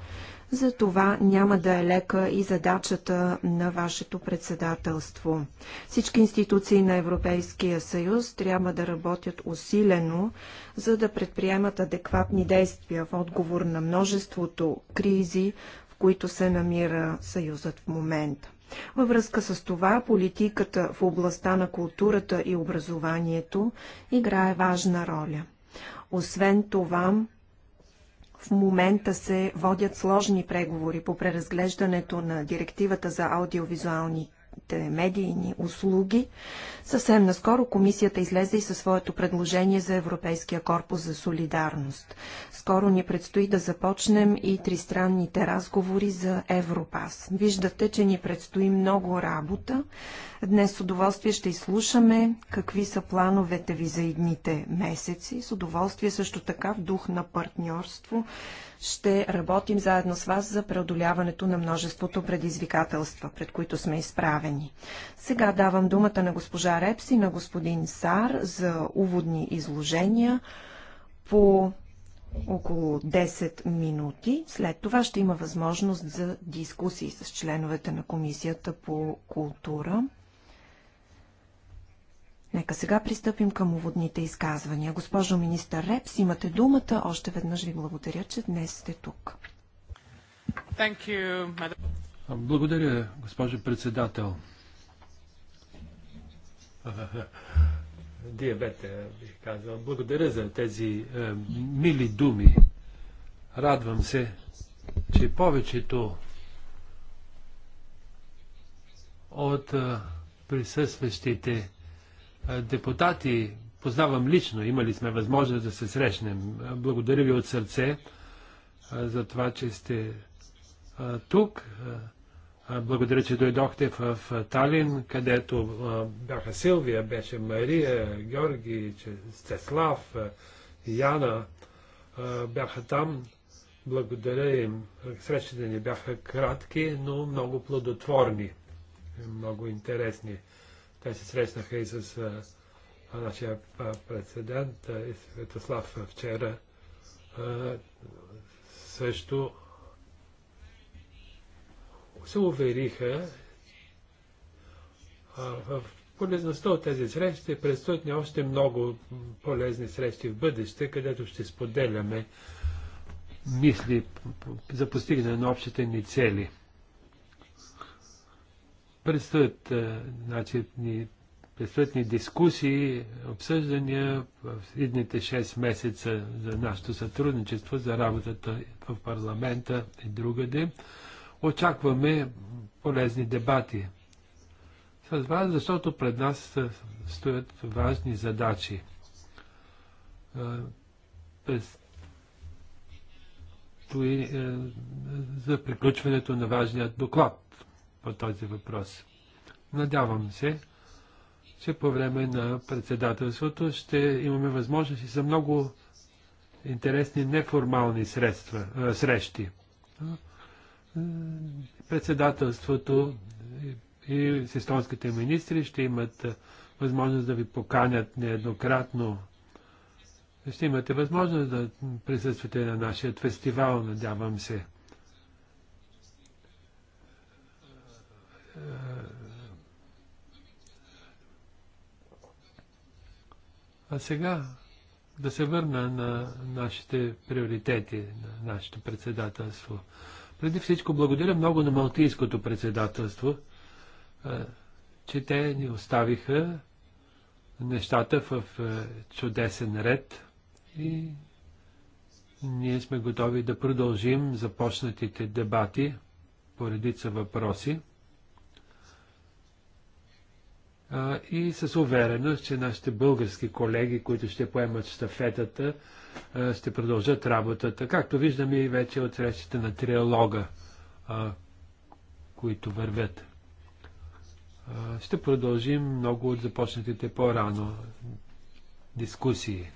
Speaker 1: За това няма да е лека и задачата на вашето председателство. Всички институции на Европейския съюз трябва да работят усилено, за да предприемат адекватни действия в отговор на множеството кризи, в които се намира съюзът в момента. Във връзка с това, политиката в областта на културата и образованието играе важна роля. Освен това, в момента се водят сложни преговори по преразглеждането на директивата за аудиовизуални медийни услуги. Съвсем наскоро комисията излезе и със своето предложение за Европейския корпус за солидарност. Скоро ни предстои да започнем и тристранните разговори за Европас. Виждате, че ни предстои много работа. Днес с удоволствие ще изслушаме какви са плановете ви за едните месеци. С удоволствие също така в дух на партньорство ще работим заедно с вас за преодоляването на множеството предизвикателства, пред които сме изправени. Сега давам думата на госпожа Репси, на господин Сар за уводни изложения по около 10 минути. След това ще има възможност за дискусии с членовете на Комисията по култура. Нека сега пристъпим към уводните изказвания. Госпожо министър Репс, имате думата. Още веднъж ви благодаря, че днес сте тук.
Speaker 4: You, благодаря, госпожо председател диабета, бих казал. Благодаря за тези е, мили думи. Радвам се, че повечето от е, присъстващите е, депутати познавам лично. Имали сме възможност да се срещнем. Е, благодаря ви от сърце е, за това, че сте е, тук. Е, благодаря, че дойдохте в Талин, където бяха Силвия, беше Мария, Георги, Стеслав, Яна. Бяха там. Благодаря им. Срещите ни бяха кратки, но много плодотворни, много интересни. Те се срещнаха и с нашия президент Светослав вчера също се увериха а, в полезността от тези срещи. Предстоят ни още много полезни срещи в бъдеще, където ще споделяме мисли за постигане на общите ни цели. Предстоят, значи, ни, предстоят ни дискусии, обсъждания в идните 6 месеца за нашето сътрудничество, за работата в парламента и другаде. Очакваме полезни дебати с вас, защото пред нас стоят важни задачи. През е, за приключването на важният доклад по този въпрос. Надявам се, че по време на председателството ще имаме възможност и за много интересни неформални средства, срещи председателството и с естонските министри ще имат възможност да ви поканят нееднократно. Ще имате възможност да присъствате на нашия фестивал, надявам се. А сега да се върна на нашите приоритети, на нашето председателство. Преди всичко благодаря много на Малтийското председателство, че те ни оставиха нещата в чудесен ред и ние сме готови да продължим започнатите дебати по редица въпроси и с увереност, че нашите български колеги, които ще поемат штафетата, е, ще продължат работата, както виждаме и вече от срещите на триалога, които вървят. Ще продължим много от започнатите по-рано дискусии.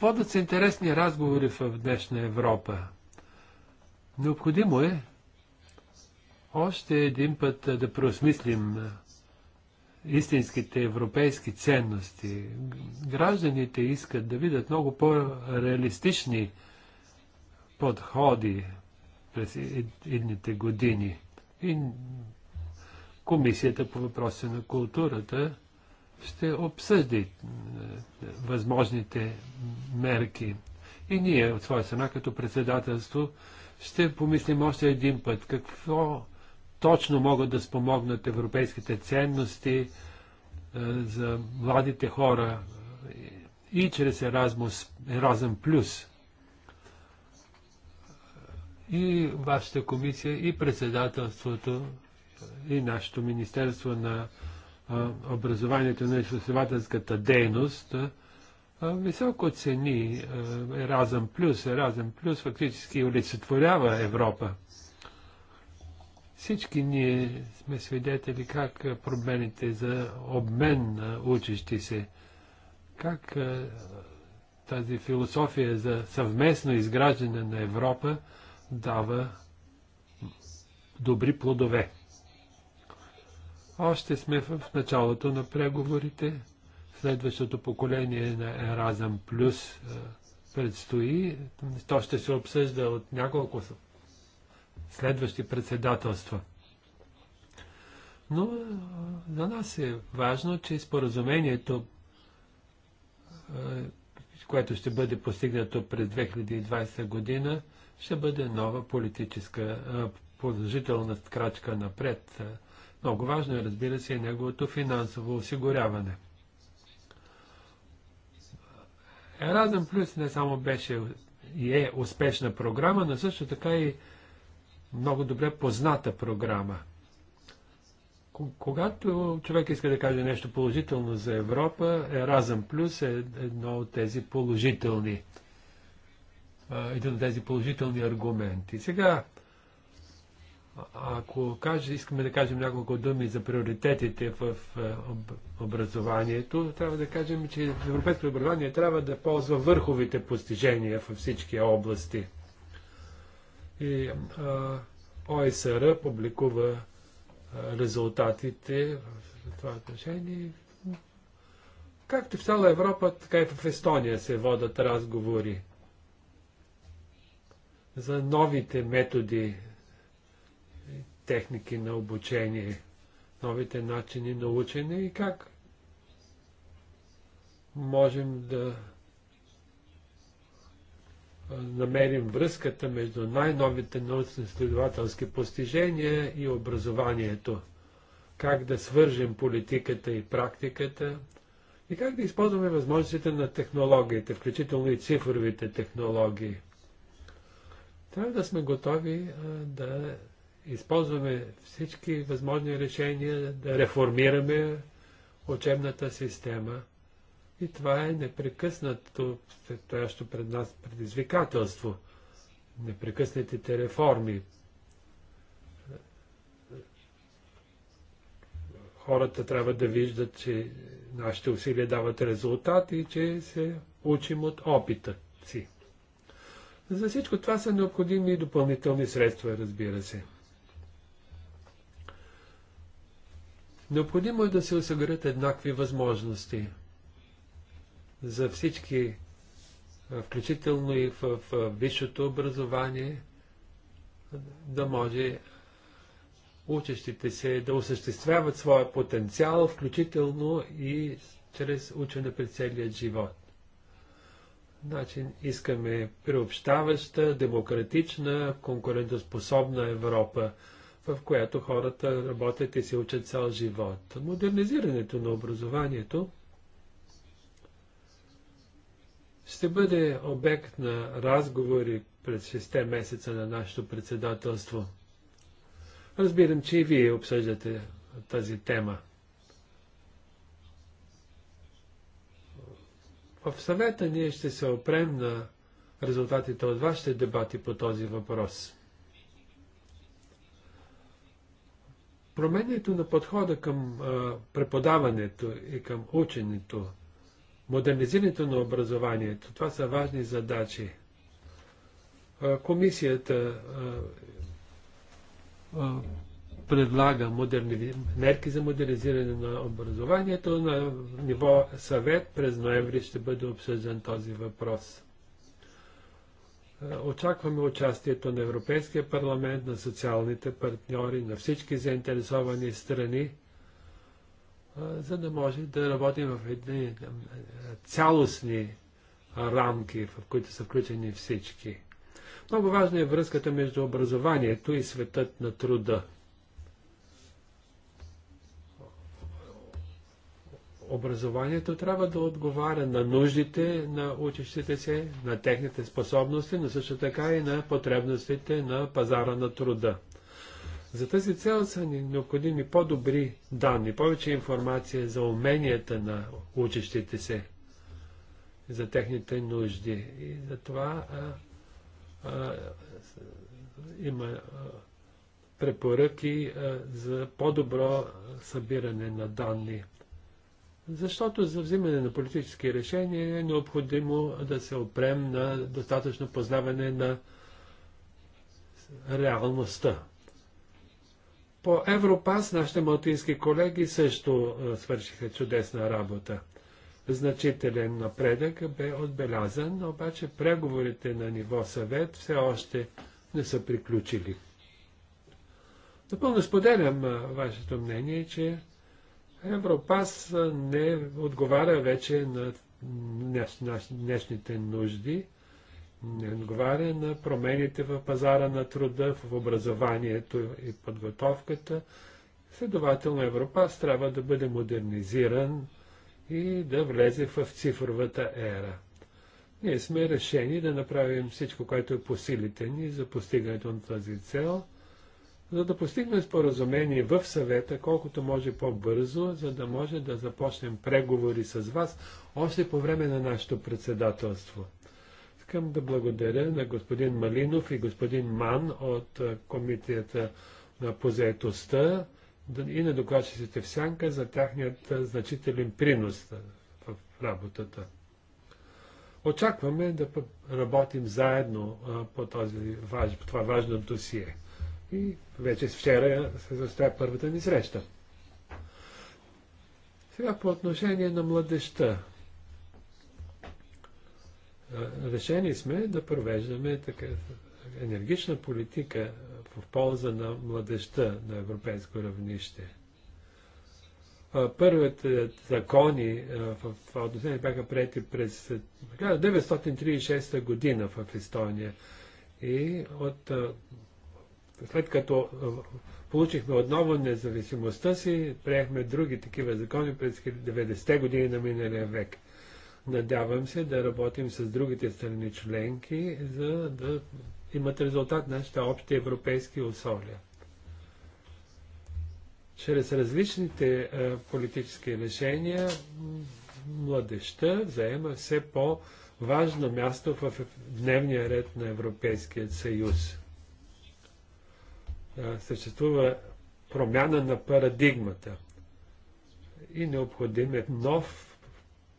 Speaker 4: Водят се интересни разговори в днешна Европа. Необходимо е още един път да преосмислим истинските европейски ценности. Гражданите искат да видят много по-реалистични подходи през едните години. И Комисията по въпроси на културата ще обсъди е, възможните мерки. И ние от своя страна като председателство ще помислим още един път какво точно могат да спомогнат европейските ценности е, за младите хора и чрез Erasmus, Erasmus Plus. И вашата комисия, и председателството, и нашето Министерство на е, образованието на изследователската дейност е, високо цени Еразъм Плюс. Еразъм Плюс фактически олицетворява Европа. Всички ние сме свидетели как промените за обмен на учещи се, как тази философия за съвместно изграждане на Европа дава добри плодове. Още сме в началото на преговорите. Следващото поколение на Еразъм Плюс предстои. То ще се обсъжда от няколко следващи председателства. Но за нас е важно, че споразумението, което ще бъде постигнато през 2020 година, ще бъде нова политическа положителна крачка напред. Много важно е, разбира се, и неговото финансово осигуряване. Еразъм Плюс не само беше и е успешна програма, но също така и много добре позната програма. Когато човек иска да каже нещо положително за Европа, Еразъм Плюс е едно от тези положителни, един от тези положителни аргументи. Сега, ако каже, искаме да кажем няколко думи за приоритетите в образованието, трябва да кажем, че европейското образование трябва да ползва върховите постижения във всички области – и ОСР публикува резултатите в това отношение. Както в цяла Европа, така и в Естония се водат разговори за новите методи, техники на обучение, новите начини на учене и как можем да намерим връзката между най-новите научно-изследователски постижения и образованието. Как да свържем политиката и практиката и как да използваме възможностите на технологиите, включително и цифровите технологии. Трябва да сме готови да използваме всички възможни решения, да реформираме учебната система – и това е непрекъснато стоящо пред нас предизвикателство. Непрекъснатите реформи. Хората трябва да виждат, че нашите усилия дават резултат и че се учим от опита си. За всичко това са необходими и допълнителни средства, разбира се. Необходимо е да се осигурят еднакви възможности – за всички, включително и в, висшето образование, да може учещите се да осъществяват своя потенциал, включително и чрез учене през целия живот. Значи, искаме приобщаваща, демократична, конкурентоспособна Европа, в която хората работят и се учат цял живот. Модернизирането на образованието – ще бъде обект на разговори през 6 месеца на нашето председателство. Разбирам, че и вие обсъждате тази тема. В съвета ние ще се опрем на резултатите от вашите дебати по този въпрос. Променето на подхода към а, преподаването и към ученето модернизирането на образованието. Това са важни задачи. Комисията предлага модерни... мерки за модернизиране на образованието. На ниво съвет през ноември ще бъде обсъждан този въпрос. Очакваме участието на Европейския парламент, на социалните партньори, на всички заинтересовани страни за да може да работим в едни е, цялостни рамки, в които са включени всички. Много важна е връзката между образованието и светът на труда. Образованието трябва да отговаря на нуждите на учещите се, на техните способности, но също така и на потребностите на пазара на труда. За тази цел са ни необходими по-добри данни, повече информация за уменията на учещите се, за техните нужди. И за това а, а, има а, препоръки а, за по-добро събиране на данни. Защото за взимане на политически решения е необходимо да се опрем на достатъчно познаване на реалността. По Европас нашите малтински колеги също е, свършиха чудесна работа. Значителен напредък бе отбелязан, обаче преговорите на ниво съвет все още не са приключили. Напълно споделям е, вашето мнение, че Европас е, не отговаря вече на днешните нужди не отговаря на промените в пазара на труда, в образованието и подготовката. Следователно Европас трябва да бъде модернизиран и да влезе в цифровата ера. Ние сме решени да направим всичко, което е по силите ни за постигането на тази цел, за да постигнем споразумение в съвета, колкото може по-бързо, за да може да започнем преговори с вас още по време на нашето председателство. Искам да благодаря на господин Малинов и господин Ман от Комитета на позаетостта и на докладчиците в Сянка за тяхният значителен принос в работата. Очакваме да работим заедно по, този, по това важно досие. И вече вчера се застоя първата ни среща. Сега по отношение на младеща решени сме да провеждаме така енергична политика в полза на младеща на европейско равнище. Първите закони в това отношение бяха прети през 1936 година в Естония. И от, след като получихме отново независимостта си, приехме други такива закони през 90-те години на миналия век. Надявам се да работим с другите страни членки, за да имат резултат нашите общи европейски условия. Чрез различните а, политически решения младеща заема все по-важно място в дневния ред на Европейския съюз. А, съществува промяна на парадигмата и необходим е нов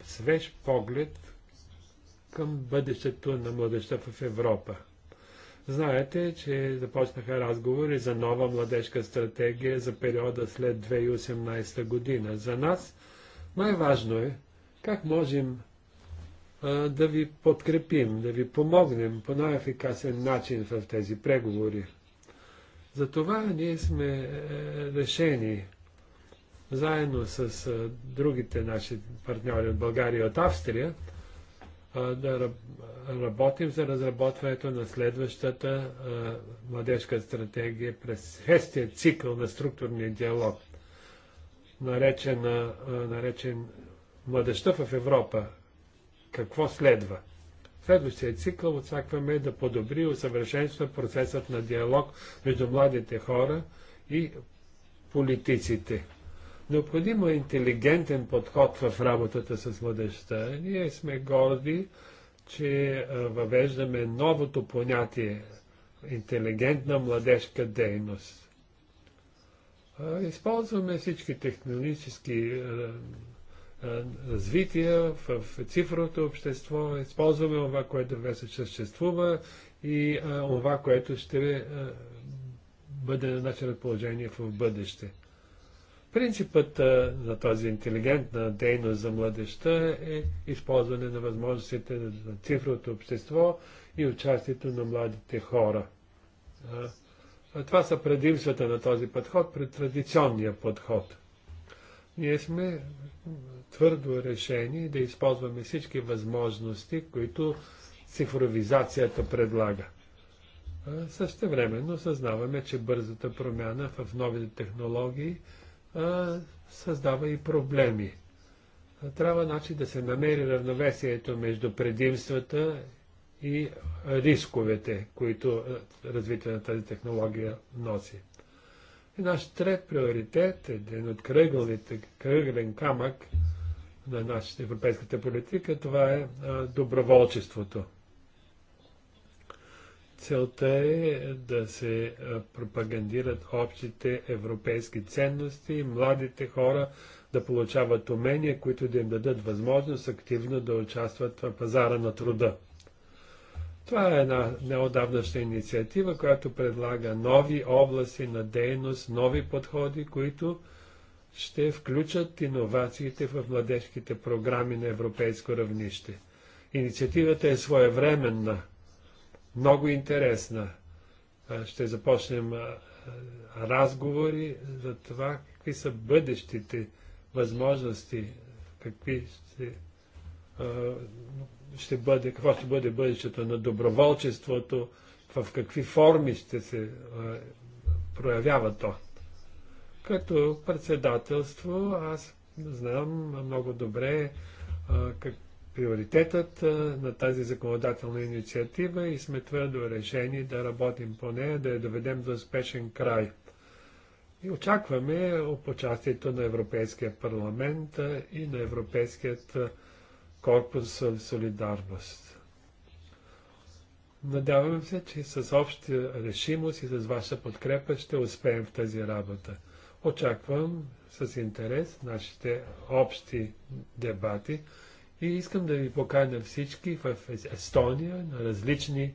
Speaker 4: свеж поглед към бъдещето на младеща в Европа. Знаете, че започнаха разговори за нова младежка стратегия за периода след 2018 година. За нас най-важно е как можем а, да ви подкрепим, да ви помогнем по най-ефикасен начин в тези преговори. Затова ние сме е, решени заедно с а, другите наши партньори от България и от Австрия, а, да работим за разработването на следващата а, младежка стратегия през хестия цикъл на структурния диалог, наречен, наречен Младеща в Европа. Какво следва? Следващия цикъл очакваме да подобри и усъвършенства процесът на диалог между младите хора и политиците. Необходимо е интелигентен подход в работата с младежта. Ние сме горди, че въвеждаме новото понятие интелигентна младежка дейност. Използваме всички технологически развития в цифровото общество, използваме това, което вече съществува и това, което ще бъде на наше разположение в бъдеще. Принципът на тази интелигентна дейност за младеща е използване на възможностите на цифровото общество и участието на младите хора. това са предимствата на този подход пред традиционния подход. Ние сме твърдо решени да използваме всички възможности, които цифровизацията предлага. Същевременно съзнаваме, че бързата промяна в новите технологии – а, създава и проблеми. Трябва значи, да се намери равновесието между предимствата и рисковете, които развитие на тази технология носи. И наш трет приоритет, един от кръгълните, кръглен камък на нашата европейската политика, това е а, доброволчеството. Целта е да се пропагандират общите европейски ценности и младите хора да получават умения, които да им дадат възможност активно да участват в пазара на труда. Това е една неодавнашна инициатива, която предлага нови области на дейност, нови подходи, които ще включат иновациите в младежките програми на европейско равнище. Инициативата е своевременна – много интересна. Ще започнем разговори за това какви са бъдещите възможности, какви ще, ще бъде, какво ще бъде бъдещето на доброволчеството, в какви форми ще се проявява то. Като председателство аз знам много добре как, приоритетът на тази законодателна инициатива и сме твърдо решени да работим по нея, да я доведем до успешен край. И очакваме участието на Европейския парламент и на Европейският корпус солидарност. Надявам се, че с обща решимост и с ваша подкрепа ще успеем в тази работа. Очаквам с интерес нашите общи дебати и искам да ви поканя всички в Естония на различни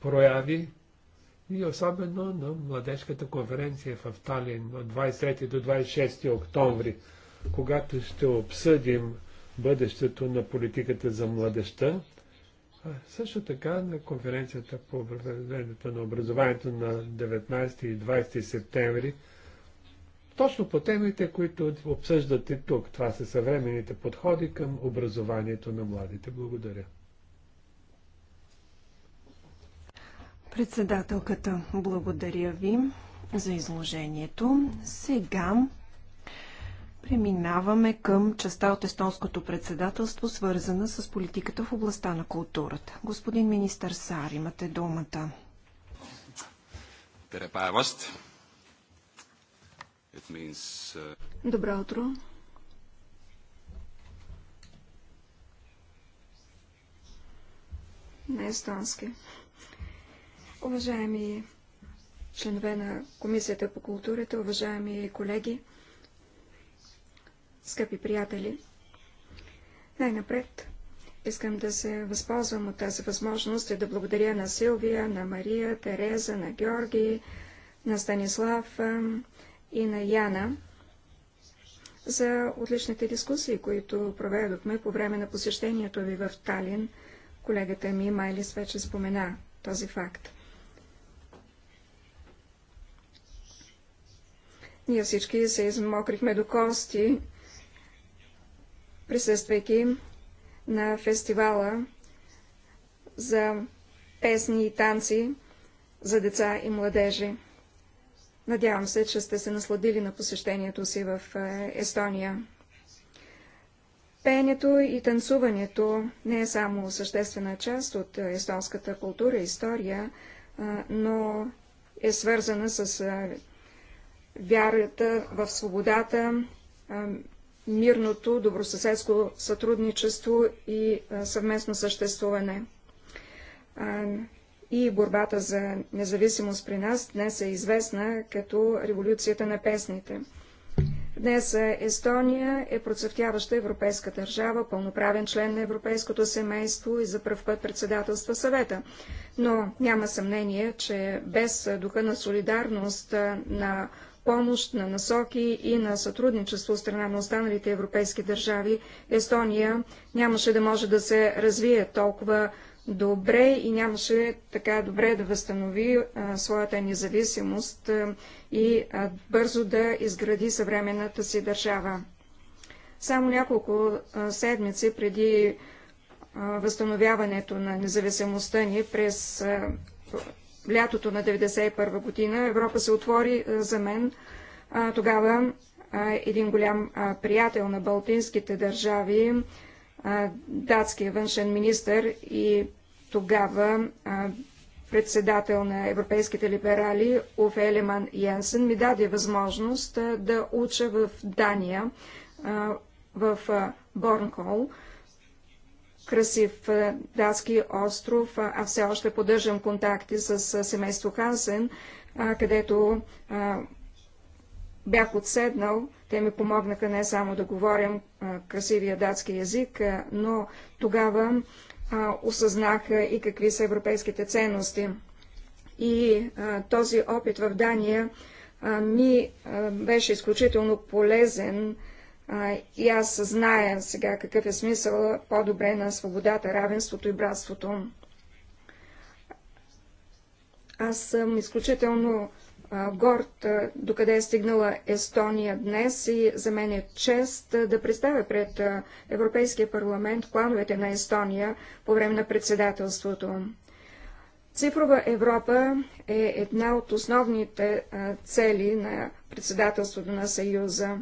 Speaker 4: прояви и особено на младежката конференция в Талин от 23 до 26 октомври, когато ще обсъдим бъдещето на политиката за младеща. А също така на конференцията по на образованието на 19 и 20 септември точно по темите, които обсъждате тук. Това са съвременните подходи към образованието на младите. Благодаря.
Speaker 1: Председателката, благодаря ви за изложението. Сега преминаваме към частта от естонското председателство, свързана с политиката в областта на културата. Господин министър Сар, имате думата.
Speaker 4: Tere päevast! Uh,
Speaker 1: Добро утро.
Speaker 3: На естонски. Уважаеми членове на Комисията по културата, уважаеми колеги, скъпи приятели, най-напред искам да се възползвам от тази възможност и да благодаря на Силвия, на Мария, Тереза, на Георги, на Станислав, и на Яна за отличните дискусии, които проведохме по време на посещението ви в Талин. Колегата ми Майлис вече спомена този факт. Ние всички се измокрихме до кости, присъствайки на фестивала за песни и танци за деца и младежи. Надявам се, че сте се насладили на посещението си в е, Естония. Пеенето и танцуването не е само съществена част от е, естонската култура и история, но е свързана с е, вярата в свободата, мирното добросъседско сътрудничество и съвместно съществуване и борбата за независимост при нас днес е известна като революцията на песните. Днес Естония е процъфтяваща европейска държава, пълноправен член на европейското семейство и за първ път председателства съвета. Но няма съмнение, че без духа на солидарност, на помощ, на насоки и на сътрудничество от страна на останалите европейски държави, Естония нямаше да може да се развие толкова добре и нямаше така добре да възстанови а, своята независимост а, и а, бързо да изгради съвременната си държава. Само няколко седмици преди възстановяването на независимостта ни през лятото на 1991 година, Европа се отвори за мен. Тогава един голям приятел на балтинските държави, датския външен министр и тогава председател на европейските либерали Уф Елеман Йенсен ми даде възможност да уча в Дания, в Борнхол, красив датски остров, а все още поддържам контакти с семейство Хансен, където бях отседнал. Те ми помогнаха не само да говорим красивия датски язик, но тогава а, осъзнаха и какви са европейските ценности. И а, този опит в Дания а, ми а, беше изключително полезен а, и аз зная сега какъв е смисъл по-добре на свободата, равенството и братството. Аз съм изключително горд докъде е стигнала Естония днес и за мен е чест да представя пред Европейския парламент плановете на Естония по време на председателството. Цифрова Европа е една от основните цели на председателството на Съюза.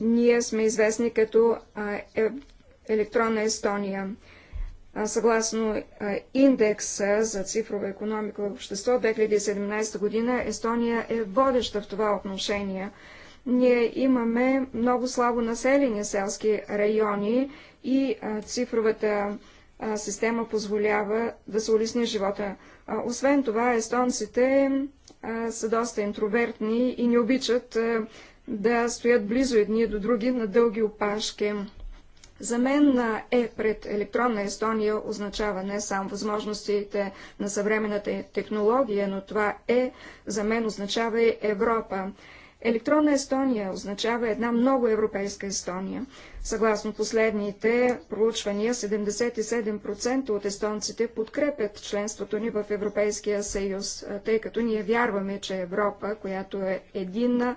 Speaker 3: Ние сме известни като е, електронна Естония. Съгласно индекса за цифрова економика в общество 2017 година, Естония е водеща в това отношение. Ние имаме много слабо населени селски райони и цифровата система позволява да се улесни живота. Освен това, естонците са доста интровертни и не обичат да стоят близо едни до други на дълги опашки. За мен е пред електронна Естония означава не само възможностите на съвременната технология, но това е за мен означава и Европа. Електронна Естония означава една много европейска Естония. Съгласно последните проучвания, 77% от естонците подкрепят членството ни в Европейския съюз, тъй като ние вярваме, че Европа, която е единна,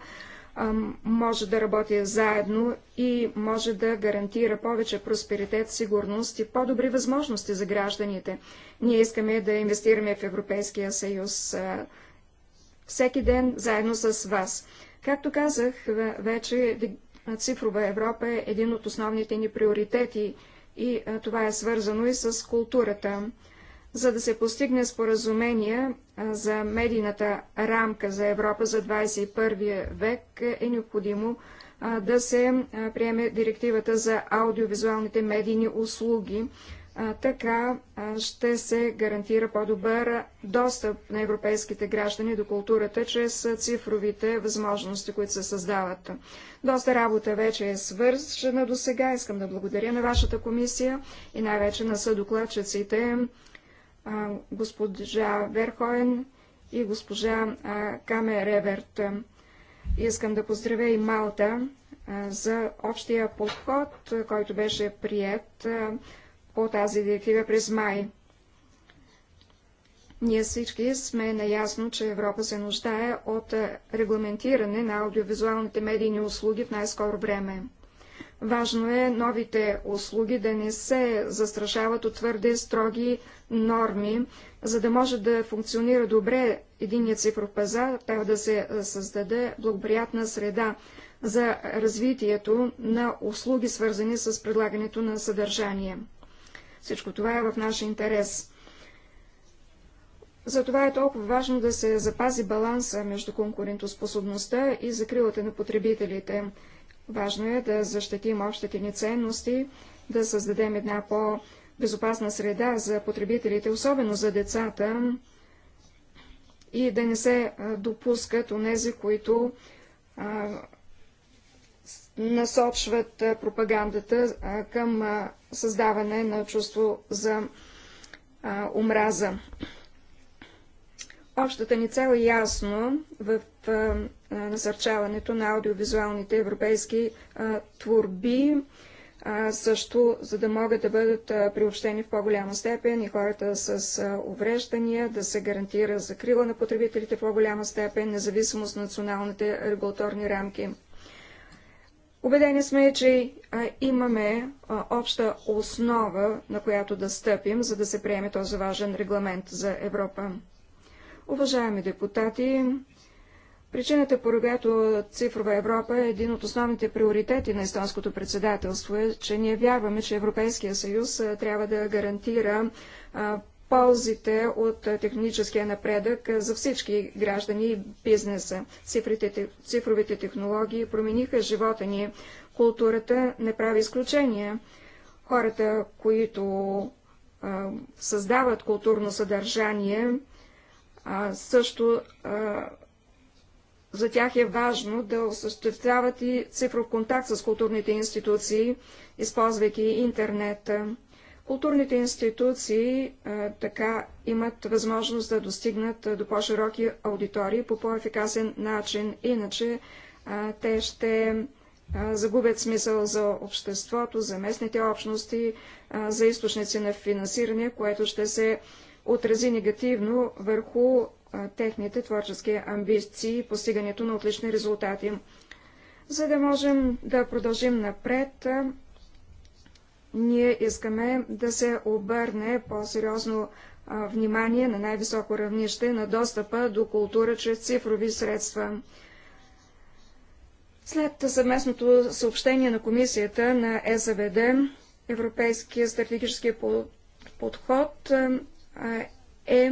Speaker 3: може да работи заедно и може да гарантира повече просперитет, сигурност и по-добри възможности за гражданите. Ние искаме да инвестираме в Европейския съюз всеки ден заедно с вас. Както казах, вече цифрова Европа е един от основните ни приоритети и това е свързано и с културата за да се постигне споразумение за медийната рамка за Европа за 21 век, е необходимо да се приеме директивата за аудиовизуалните медийни услуги. Така ще се гарантира по-добър достъп на европейските граждани до културата чрез цифровите възможности, които се създават. Доста работа вече е свършена до сега. Искам да благодаря на вашата комисия и най-вече на съдокладчиците госпожа Верхоен и госпожа Каме Реверт. Искам да поздравя и Малта за общия подход, който беше прият по тази директива през май. Ние всички сме наясно, че Европа се нуждае от регламентиране на аудиовизуалните медийни услуги в най-скоро време. Важно е новите услуги да не се застрашават от твърде строги норми. За да може да функционира добре единният цифров пазар, трябва да се създаде благоприятна среда за развитието на услуги, свързани с предлагането на съдържание. Всичко това е в наш интерес. Затова е толкова важно да се запази баланса между конкурентоспособността и закрилата на потребителите. Важно е да защитим общите ни ценности, да създадем една по-безопасна среда за потребителите, особено за децата, и да не се допускат онези, които а, насочват пропагандата а, към а, създаване на чувство за омраза. Общата ни цел е ясно в насърчаването на аудиовизуалните европейски творби, също за да могат да бъдат приобщени в по-голяма степен и хората с увреждания, да се гарантира закрила на потребителите в по-голяма степен, независимост на националните регулаторни рамки. Обедени сме, че имаме обща основа, на която да стъпим, за да се приеме този важен регламент за Европа. Уважаеми депутати, причината, по която цифрова Европа е един от основните приоритети на естонското председателство е, че ние вярваме, че Европейския съюз е, трябва да гарантира е, ползите от е, техническия напредък за всички граждани и бизнеса. Цифрите, цифровите технологии промениха живота ни. Културата не прави изключение. Хората, които а, създават културно съдържание, а, също а, за тях е важно да осъществяват и цифров контакт с културните институции, използвайки интернет. Културните институции а, така имат възможност да достигнат а, до по-широки аудитории по по-ефикасен начин, иначе а, те ще загубят смисъл за обществото, за местните общности, за източници на финансиране, което ще се отрази негативно върху техните творчески амбиции и постигането на отлични резултати. За да можем да продължим напред, ние искаме да се обърне по-сериозно внимание на най-високо равнище на достъпа до култура чрез цифрови средства. След съвместното съобщение на комисията на ЕСВД, Европейския стратегически подход е,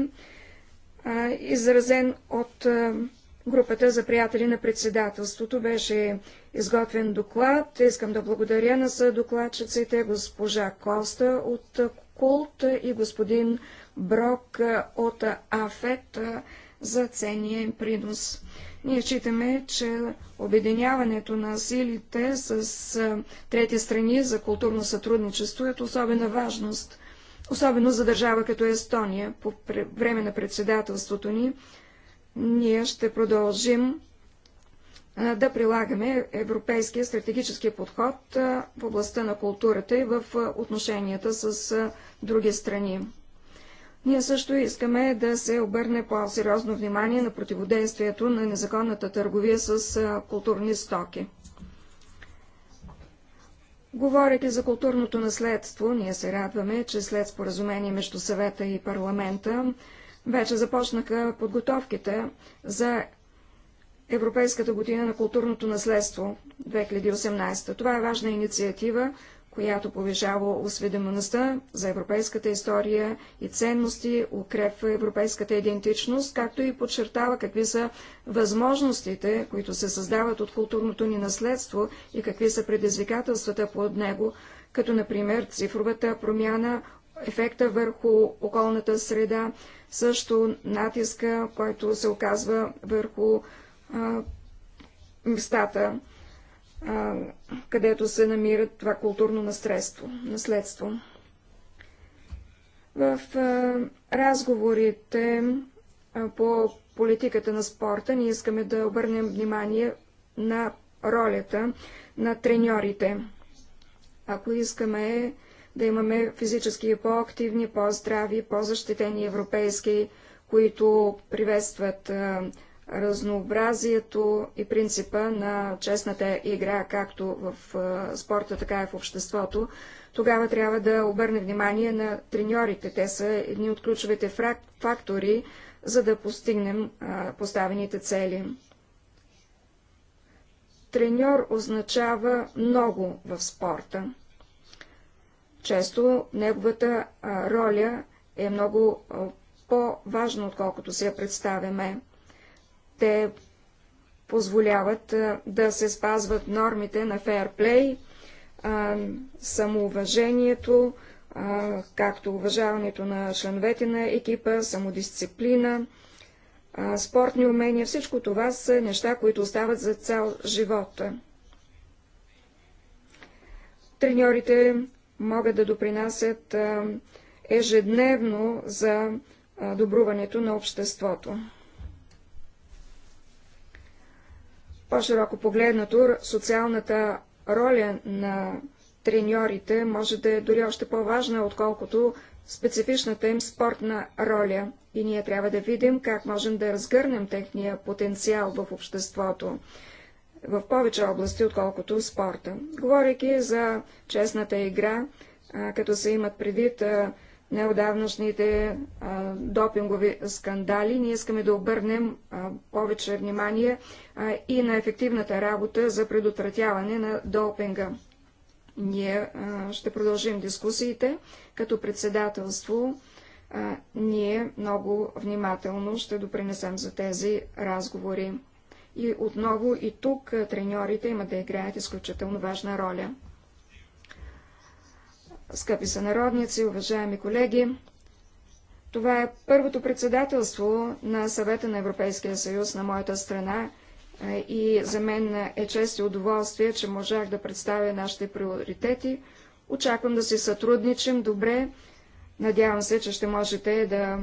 Speaker 3: е изразен от групата за приятели на председателството. Беше изготвен доклад. Искам да благодаря на съдокладчиците госпожа Коста от Култ и господин Брок от Афет за ценния им принос. Ние считаме, че обединяването на силите с трети страни за културно сътрудничество е от особена важност особено за държава като Естония. По време на председателството ни ние ще продължим да прилагаме европейския стратегически подход в областта на културата и в отношенията с други страни. Ние също искаме да се обърне по-сериозно внимание на противодействието на незаконната търговия с културни стоки. Говоряки за културното наследство, ние се радваме, че след споразумение между съвета и парламента вече започнаха подготовките за Европейската година на културното наследство 2018. Това е важна инициатива, която повишава осведомеността за европейската история и ценности, укрепва европейската идентичност, както и подчертава какви са възможностите, които се създават от културното ни наследство и какви са предизвикателствата под него, като например цифровата промяна, ефекта върху околната среда, също натиска, който се оказва върху а, местата където се намира това културно наследство. наследство. В разговорите по политиката на спорта ние искаме да обърнем внимание на ролята на треньорите. Ако искаме да имаме физически по-активни, по-здрави, по-защитени европейски, които приветстват разнообразието и принципа на честната игра, както в спорта, така и в обществото, тогава трябва да обърне внимание на треньорите. Те са едни от ключовите фактори, за да постигнем поставените цели. Треньор означава много в спорта. Често неговата роля е много по-важна, отколкото си я представяме. Те позволяват да се спазват нормите на фейерплей, самоуважението, както уважаването на членовете на екипа, самодисциплина, спортни умения. Всичко това са неща, които остават за цял живот. Треньорите могат да допринасят ежедневно за добруването на обществото. По-широко погледнато, социалната роля на треньорите може да е дори още по-важна, отколкото специфичната им спортна роля. И ние трябва да видим как можем да разгърнем техния потенциал в обществото в повече области, отколкото спорта. Говорейки за честната игра, като се имат предвид неодавнашните а, допингови скандали. Ние искаме да обърнем а, повече внимание а, и на ефективната работа за предотвратяване на допинга. Ние а, ще продължим дискусиите. Като председателство а, ние много внимателно ще допринесем за тези разговори. И отново и тук треньорите имат да играят изключително важна роля скъпи сънародници, уважаеми колеги. Това е първото председателство на съвета на Европейския съюз на моята страна е, и за мен е чест и удоволствие, че можах да представя нашите приоритети. Очаквам да си сътрудничим добре. Надявам се, че ще можете да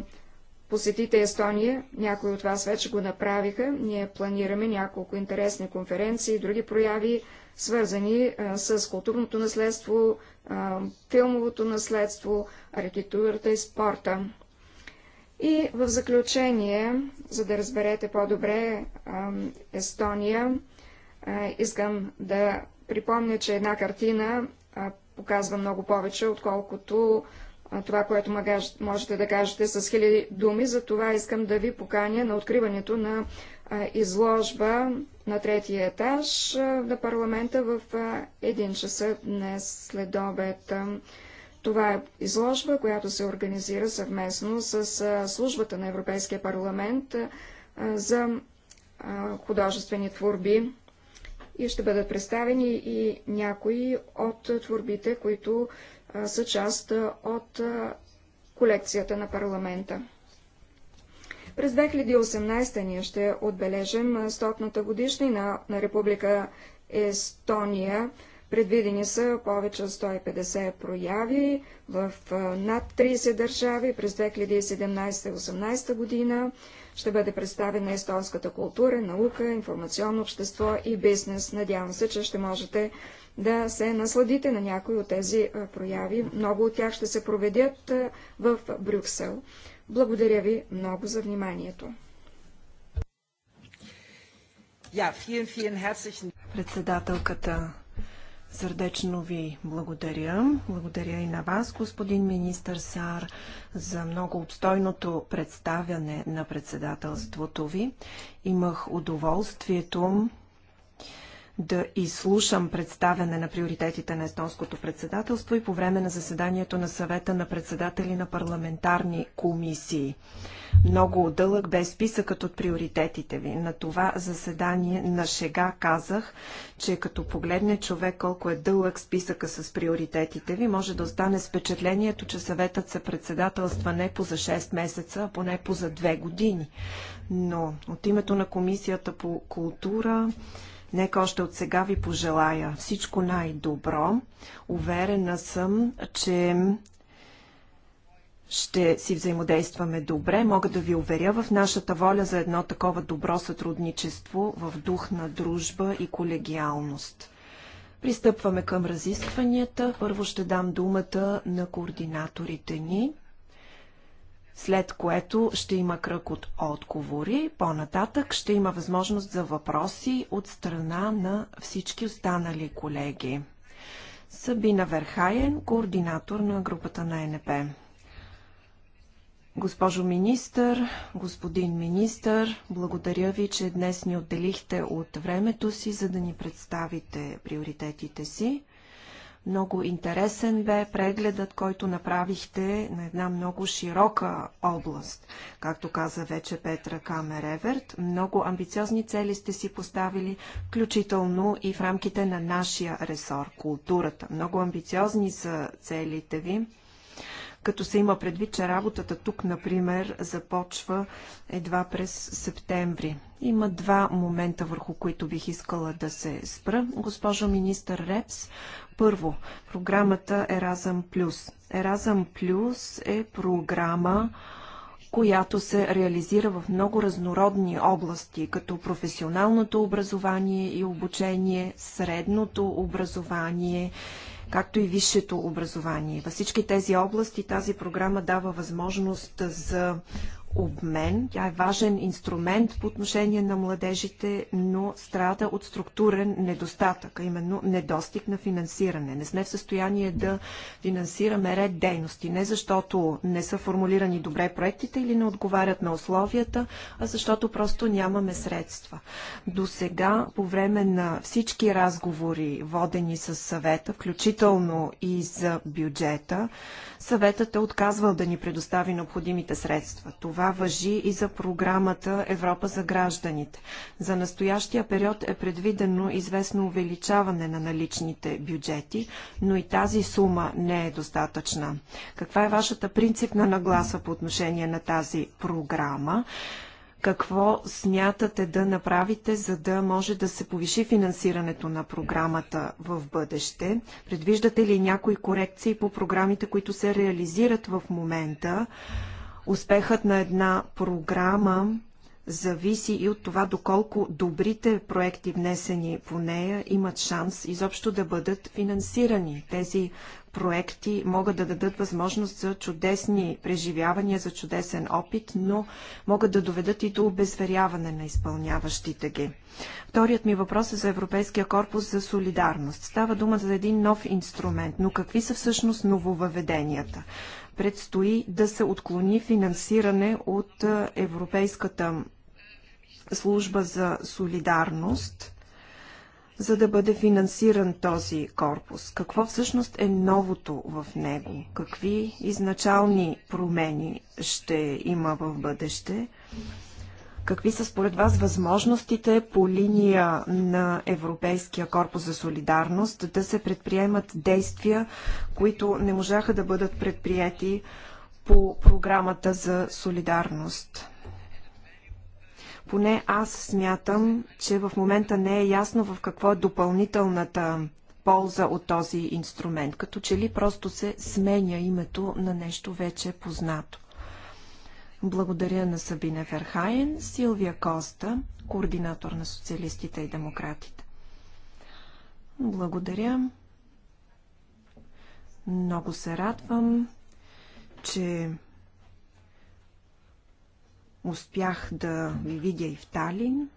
Speaker 3: посетите Естония. Някои от вас вече го направиха. Ние планираме няколко интересни конференции и други прояви свързани а, с културното наследство, а, филмовото наследство, архитектурата и спорта. И в заключение, за да разберете по-добре Естония, а, искам да припомня, че една картина показва много повече, отколкото това, което можете да кажете с хиляди думи. Затова искам да ви поканя на откриването на изложба на третия етаж на парламента в 1 часа днес след обед. Това е изложба, която се организира съвместно с службата на Европейския парламент за художествени творби и ще бъдат представени и някои от творбите, които са част от колекцията на парламента. През 2018 ние ще отбележим стотната годишнина на Република Естония. Предвидени са повече от 150 прояви в над 30 държави през 2017-2018 година. Ще бъде представена естонската култура, наука, информационно общество и бизнес. Надявам се, че ще можете да се насладите на някои от тези прояви. Много от тях ще се проведят в Брюксел. Благодаря ви много за вниманието.
Speaker 1: Председателката Сърдечно ви благодаря. Благодаря и на вас, господин министър Сар, за много отстойното представяне на председателството ви. Имах удоволствието да изслушам представяне на приоритетите на естонското председателство и по време на заседанието на съвета на председатели на парламентарни комисии. Много дълъг бе списъкът от приоритетите ви. На това заседание на шега казах, че като погледне човек колко е дълъг списъка с приоритетите ви, може да остане с впечатлението, че съветът се председателства не по за 6 месеца, а поне по за 2 години. Но от името на Комисията по култура Нека още от сега ви пожелая всичко най-добро. Уверена съм, че ще си взаимодействаме добре. Мога да ви уверя в нашата воля за едно такова добро сътрудничество в дух на дружба и колегиалност. Пристъпваме към разискванията. Първо ще дам думата на координаторите ни след което ще има кръг от отговори. По-нататък ще има възможност за въпроси от страна на всички останали колеги. Сабина Верхаен, координатор на групата на НП. Госпожо министър, господин министър, благодаря ви, че днес ни отделихте от времето си, за да ни представите приоритетите си. Много интересен бе прегледът, който направихте на една много широка област. Както каза вече Петра Камереверт, много амбициозни цели сте си поставили, включително и в рамките на нашия ресор, културата. Много амбициозни са целите ви като се има предвид, че работата тук, например, започва едва през септември. Има два момента, върху които бих искала да се спра. Госпожо министър Репс, първо, програмата Еразъм Плюс. Еразъм Плюс е програма, която се реализира в много разнородни области, като професионалното образование и обучение, средното образование, както и висшето образование. Във всички тези области тази програма дава възможност за обмен. Тя е важен инструмент по отношение на младежите, но страда от структурен недостатък, а именно недостиг на финансиране. Не сме в състояние да финансираме ред дейности, не защото не са формулирани добре проектите или не отговарят на условията, а защото просто нямаме средства. До сега, по време на всички разговори, водени с съвета, включително и за бюджета, съветът е отказвал да ни предостави необходимите средства. Това Важи въжи и за програмата Европа за гражданите. За настоящия период е предвидено известно увеличаване на наличните бюджети, но и тази сума не е достатъчна. Каква е вашата принципна нагласа по отношение на тази програма? какво смятате да направите, за да може да се повиши финансирането на програмата в бъдеще? Предвиждате ли някои корекции по програмите, които се реализират в момента? Успехът на една програма зависи и от това доколко добрите проекти, внесени по нея, имат шанс изобщо да бъдат финансирани. Тези проекти могат да дадат възможност за чудесни преживявания, за чудесен опит, но могат да доведат и до обезверяване на изпълняващите ги. Вторият ми въпрос е за Европейския корпус за солидарност. Става дума за един нов инструмент, но какви са всъщност нововъведенията? предстои да се отклони финансиране от Европейската служба за солидарност, за да бъде финансиран този корпус. Какво всъщност е новото в него? Какви изначални промени ще има в бъдеще? Какви са според вас възможностите по линия на Европейския корпус за солидарност да се предприемат действия, които не можаха да бъдат предприяти по програмата за солидарност? Поне аз смятам, че в момента не е ясно в какво е допълнителната полза от този инструмент, като че ли просто се сменя името на нещо вече познато. Благодаря на Сабина Ферхайен, Силвия Коста, координатор на социалистите и демократите. Благодаря. Много се радвам, че успях да ви видя и в Талин.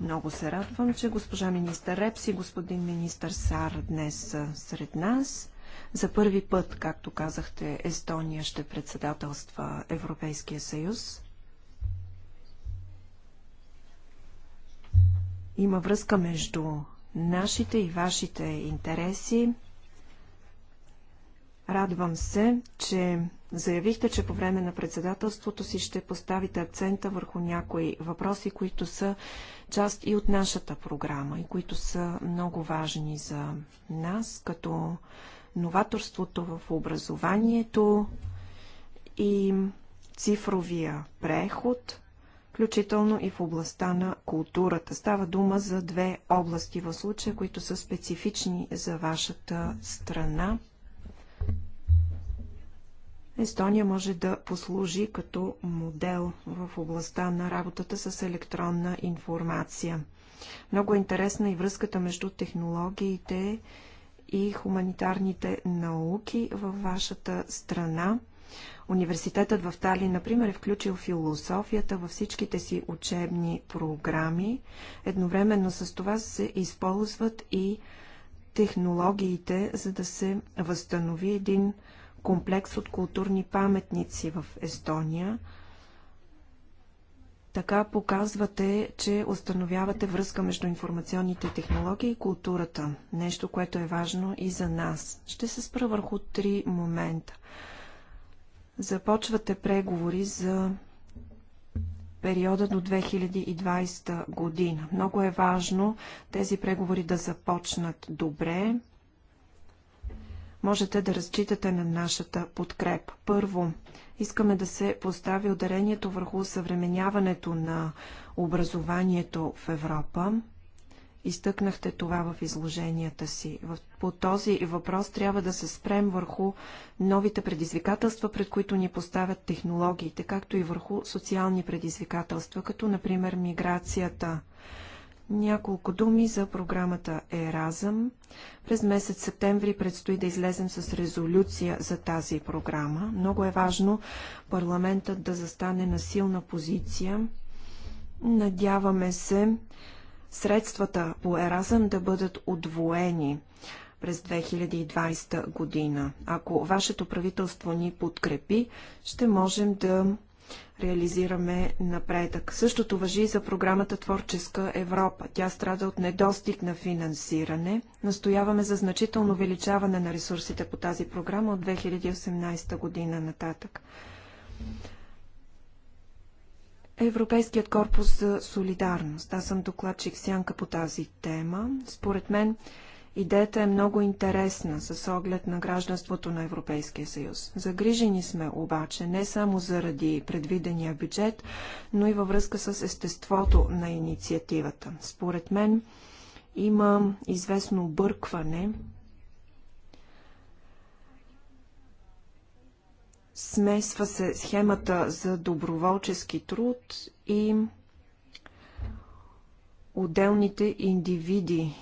Speaker 1: Много се радвам, че госпожа министър Репс и господин министър Сар днес са сред нас. За първи път, както казахте, Естония ще председателства Европейския съюз. Има връзка между нашите и вашите интереси. Радвам се, че заявихте, че по време на председателството си ще поставите акцента върху някои въпроси, които са част и от нашата програма и които са много важни за нас, като новаторството в образованието и цифровия преход, включително и в областта на културата. Става дума за две области в случая, които са специфични за вашата страна. Естония може да послужи като модел в областта на работата с електронна информация. Много е интересна и връзката между технологиите и хуманитарните науки във вашата страна. Университетът в Тали, например, е включил философията във всичките си учебни програми. Едновременно с това се използват и технологиите, за да се възстанови един комплекс от културни паметници в Естония – така показвате, че установявате връзка между информационните технологии и културата. Нещо, което е важно и за нас. Ще се спра върху три момента. Започвате преговори за периода до 2020 година. Много е важно тези преговори да започнат добре. Можете да разчитате на нашата подкреп. Първо, Искаме да се постави ударението върху съвременяването на образованието в Европа. Изтъкнахте това в изложенията си. По този въпрос трябва да се спрем върху новите предизвикателства, пред които ни поставят технологиите, както и върху социални предизвикателства, като например миграцията. Няколко думи за програмата Еразъм. През месец септември предстои да излезем с резолюция за тази програма. Много е важно парламентът да застане на силна позиция. Надяваме се средствата по Еразъм да бъдат отвоени през 2020 година. Ако вашето правителство ни подкрепи, ще можем да реализираме напредък. Същото въжи и за програмата Творческа Европа. Тя страда от недостиг на финансиране. Настояваме за значително увеличаване на ресурсите по тази програма от 2018 година нататък. Европейският корпус за солидарност. Аз съм докладчик сянка по тази тема. Според мен Идеята е много интересна с оглед на гражданството на Европейския съюз. Загрижени сме обаче не само заради предвидения бюджет, но и във връзка с естеството на инициативата. Според мен има известно объркване смесва се схемата за доброволчески труд и отделните индивиди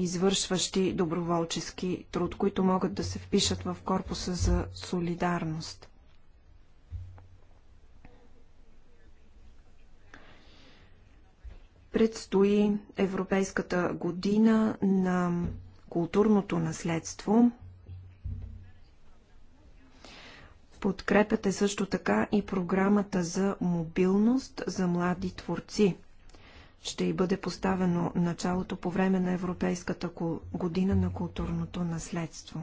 Speaker 1: извършващи доброволчески труд, които могат да се впишат в корпуса за солидарност. Предстои Европейската година на културното наследство. Подкрепяте също така и програмата за мобилност за млади творци – ще й бъде поставено началото по време на Европейската година на културното наследство.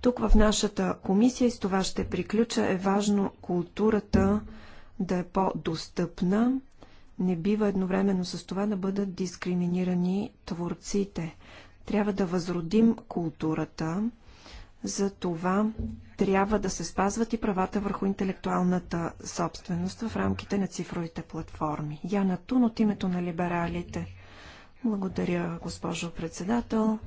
Speaker 1: Тук в нашата комисия, и с това ще приключа, е важно културата да е по-достъпна. Не бива едновременно с това да бъдат дискриминирани творците. Трябва да възродим културата, за това трябва да се спазват и правата върху интелектуалната собственост в рамките на цифровите платформи. Яна Тун от името на либералите. Благодаря, госпожо председател.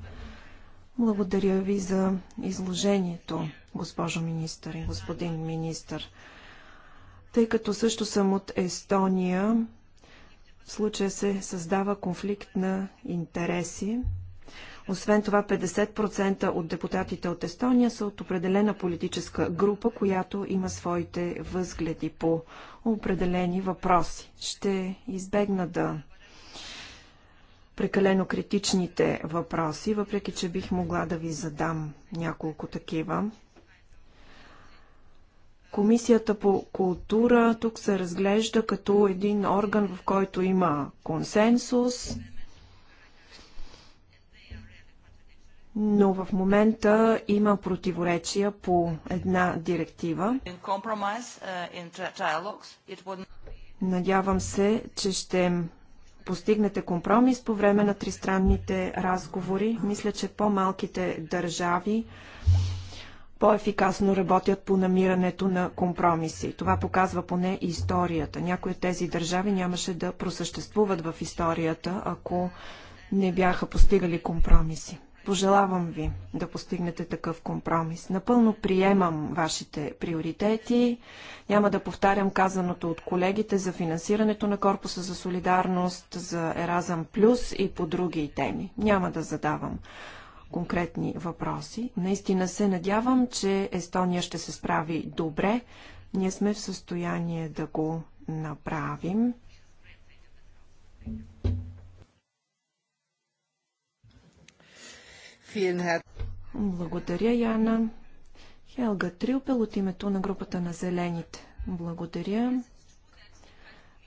Speaker 1: Благодаря ви за изложението, госпожо министър и господин министър. Тъй като също съм от Естония, в случая се създава конфликт на интереси. Освен това, 50% от депутатите от Естония са от определена политическа група, която има своите възгледи по определени въпроси. Ще избегна да прекалено критичните въпроси, въпреки че бих могла да ви задам няколко такива. Комисията по култура тук се разглежда като един орган, в който има консенсус, но в момента има противоречия по една директива. Uh, Надявам се, че ще постигнете компромис по време на тристранните разговори. Мисля, че по-малките държави по-ефикасно работят по намирането на компромиси. Това показва поне историята. Някои от тези държави нямаше да просъществуват в историята, ако не бяха постигали компромиси. Пожелавам ви да постигнете такъв компромис. Напълно приемам вашите приоритети. Няма да повтарям казаното от колегите за финансирането на Корпуса за солидарност, за Еразъм Плюс и по други теми. Няма да задавам конкретни въпроси. Наистина се надявам, че Естония ще се справи добре. Ние сме в състояние да го направим. Благодаря, Яна. Хелга Трилпел от името на групата на Зелените. Благодаря.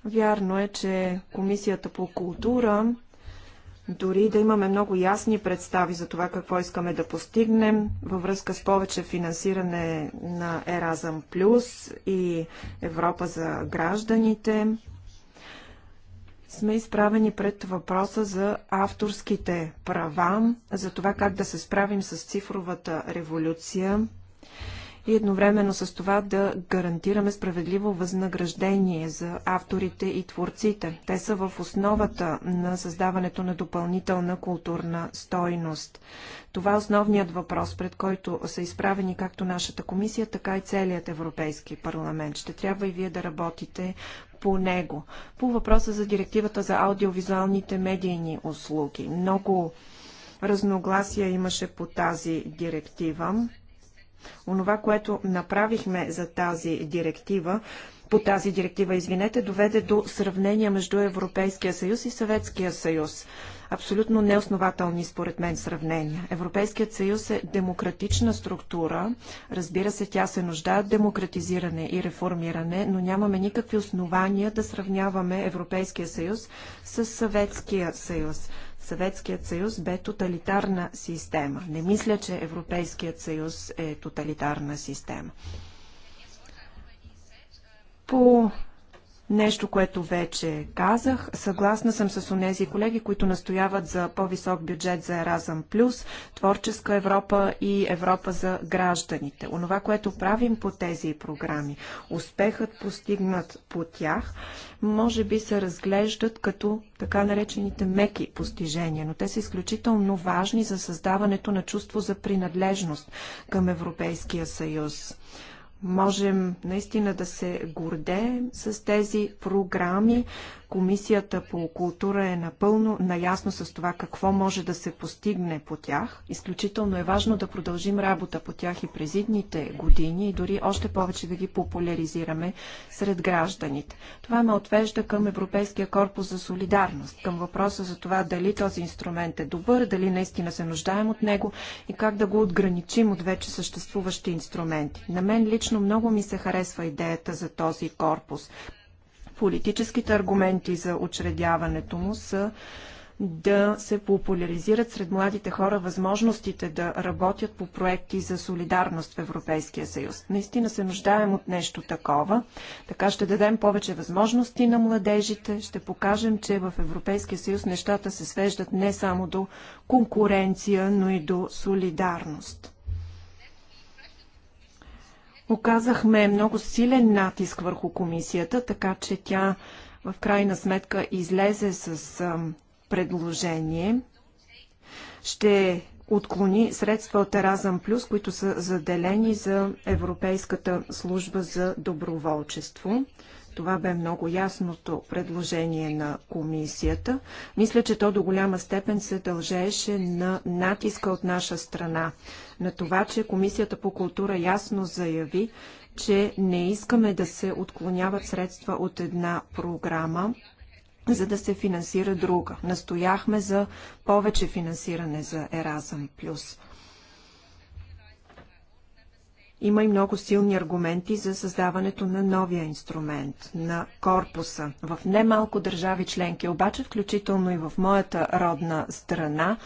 Speaker 1: Вярно е, че Комисията по култура, дори да имаме много ясни представи за това какво искаме да постигнем във връзка с повече финансиране на Еразъм Плюс и Европа за гражданите, сме изправени пред въпроса за авторските права, за това как да се справим с цифровата революция, и едновременно с това да гарантираме справедливо възнаграждение за авторите и творците. Те са в основата на създаването на допълнителна културна стойност. Това е основният въпрос, пред който са изправени както нашата комисия, така и целият Европейски парламент. Ще трябва и вие да работите по него. По въпроса за директивата за аудиовизуалните медийни услуги. Много разногласия имаше по тази директива. Онова, което направихме за тази директива, по тази директива, извинете, доведе до сравнение между Европейския съюз и Съветския съюз. Абсолютно неоснователни, според мен, сравнения. Европейският съюз е демократична структура. Разбира се, тя се нуждае от демократизиране и реформиране, но нямаме никакви основания да сравняваме Европейския съюз с Съветския съюз. Съветският съюз бе тоталитарна система. Не мисля, че Европейският съюз е тоталитарна система. По Нещо, което вече казах. Съгласна съм с онези колеги, които настояват за по-висок бюджет за Еразъм Плюс, Творческа Европа и Европа за гражданите. Онова, което правим по тези програми, успехът постигнат по тях, може би се разглеждат като така наречените меки постижения, но те са изключително важни за създаването на чувство за принадлежност към Европейския съюз можем наистина да се гордеем с тези програми, Комисията по култура е напълно наясно с това какво може да се постигне по тях. Изключително е важно да продължим работа по тях и през идните години и дори още повече да ги популяризираме сред гражданите. Това ме отвежда към Европейския корпус за солидарност, към въпроса за това дали този инструмент е добър, дали наистина се нуждаем от него и как да го отграничим от вече съществуващи инструменти. На мен лично много ми се харесва идеята за този корпус. Политическите аргументи за учредяването му са да се популяризират сред младите хора възможностите да работят по проекти за солидарност в Европейския съюз. Наистина се нуждаем от нещо такова. Така ще дадем повече възможности на младежите, ще покажем, че в Европейския съюз нещата се свеждат не само до конкуренция, но и до солидарност. Оказахме много силен натиск върху комисията, така че тя в крайна сметка излезе с предложение. Ще отклони средства от Еразъм Плюс, които са заделени за Европейската служба за доброволчество. Това бе много ясното предложение на комисията. Мисля, че то до голяма степен се дължеше на натиска от наша страна, на това, че комисията по култура ясно заяви, че не искаме да се отклоняват средства от една програма, за да се финансира друга. Настояхме за повече финансиране за Еразъм Плюс. Има и много силни аргументи за създаването на новия инструмент, на корпуса. В немалко държави членки, обаче включително и в моята родна страна,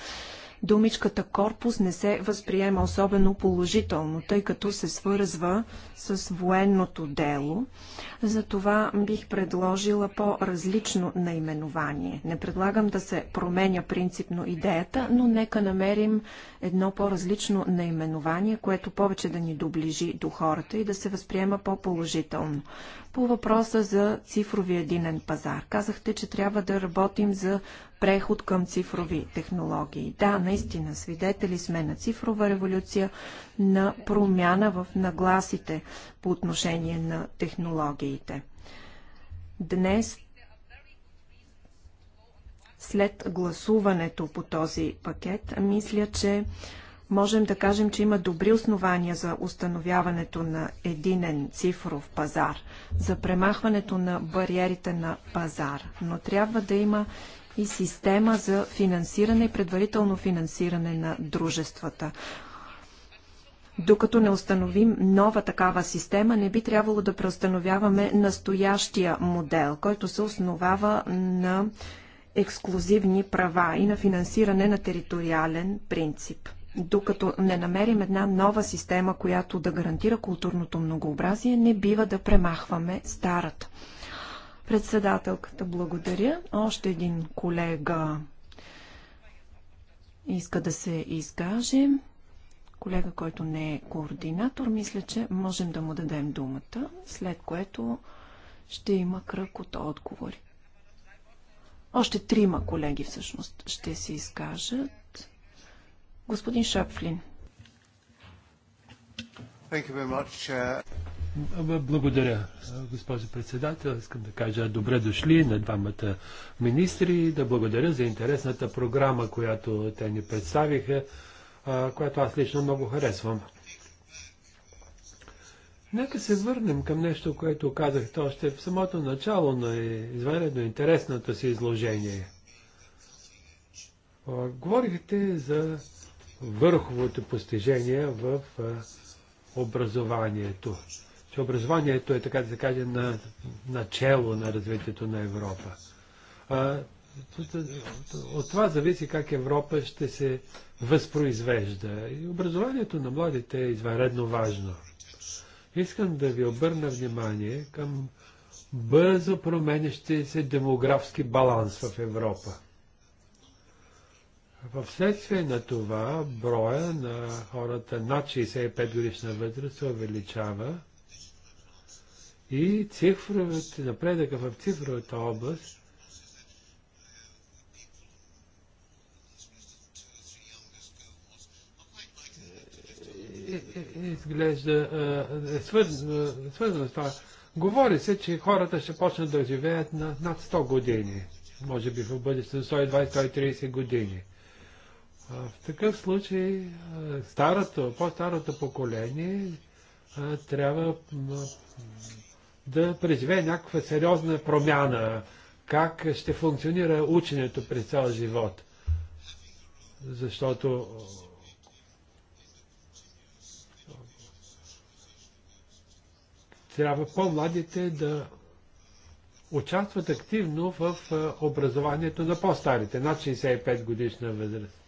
Speaker 1: думичката корпус не се възприема особено положително, тъй като се свързва с военното дело. Затова бих предложила по-различно наименование. Не предлагам да се променя принципно идеята, но нека намерим едно по-различно наименование, което повече да ни доближи до хората и да се възприема по-положително. По въпроса за цифровия единен пазар. Казахте, че трябва да работим за преход към цифрови технологии. Да, наистина, свидетели сме на цифрова революция, на промяна в нагласите по отношение на технологиите. Днес след гласуването по този пакет, мисля, че можем да кажем, че има добри основания за установяването на единен цифров пазар, за премахването на бариерите на пазар, но трябва да има и система за финансиране и предварително финансиране на дружествата. Докато не установим нова такава система, не би трябвало да преустановяваме настоящия модел, който се основава на ексклюзивни права и на финансиране на териториален принцип докато не намерим една нова система, която да гарантира културното многообразие, не бива да премахваме старата. Председателката благодаря. Още един колега иска да се изкаже. Колега, който не е координатор, мисля, че можем да му дадем думата, след което ще има кръг от отговори. Още трима колеги всъщност ще се изкажат. Господин Шапфлин.
Speaker 4: Uh, благодаря, госпожо председател. Искам да кажа добре дошли на двамата министри и да благодаря за интересната програма, която те ни представиха, която аз лично много харесвам. Нека се върнем към нещо, което казахте още в самото начало на извънредно интересното си изложение. Говорихте за върховото постижение в образованието. Че образованието е, така да се каже, на начало на развитието на Европа. А, от това зависи как Европа ще се възпроизвежда. И образованието на младите е извънредно важно. Искам да ви обърна внимание към бързо променящи се демографски баланс в Европа. В следствие на това броя на хората над 65 годишна възраст се увеличава и цифровете, напредъка в цифровата област изглежда е е свързано с това. Говори се, че хората ще почнат да живеят на над 100 години. Може би в бъдеще 120-130 години. В такъв случай старото, по-старото поколение трябва да преживее някаква сериозна промяна, как ще функционира ученето през цял живот. Защото трябва по-младите да участват активно в образованието на по-старите, над 65 годишна възраст.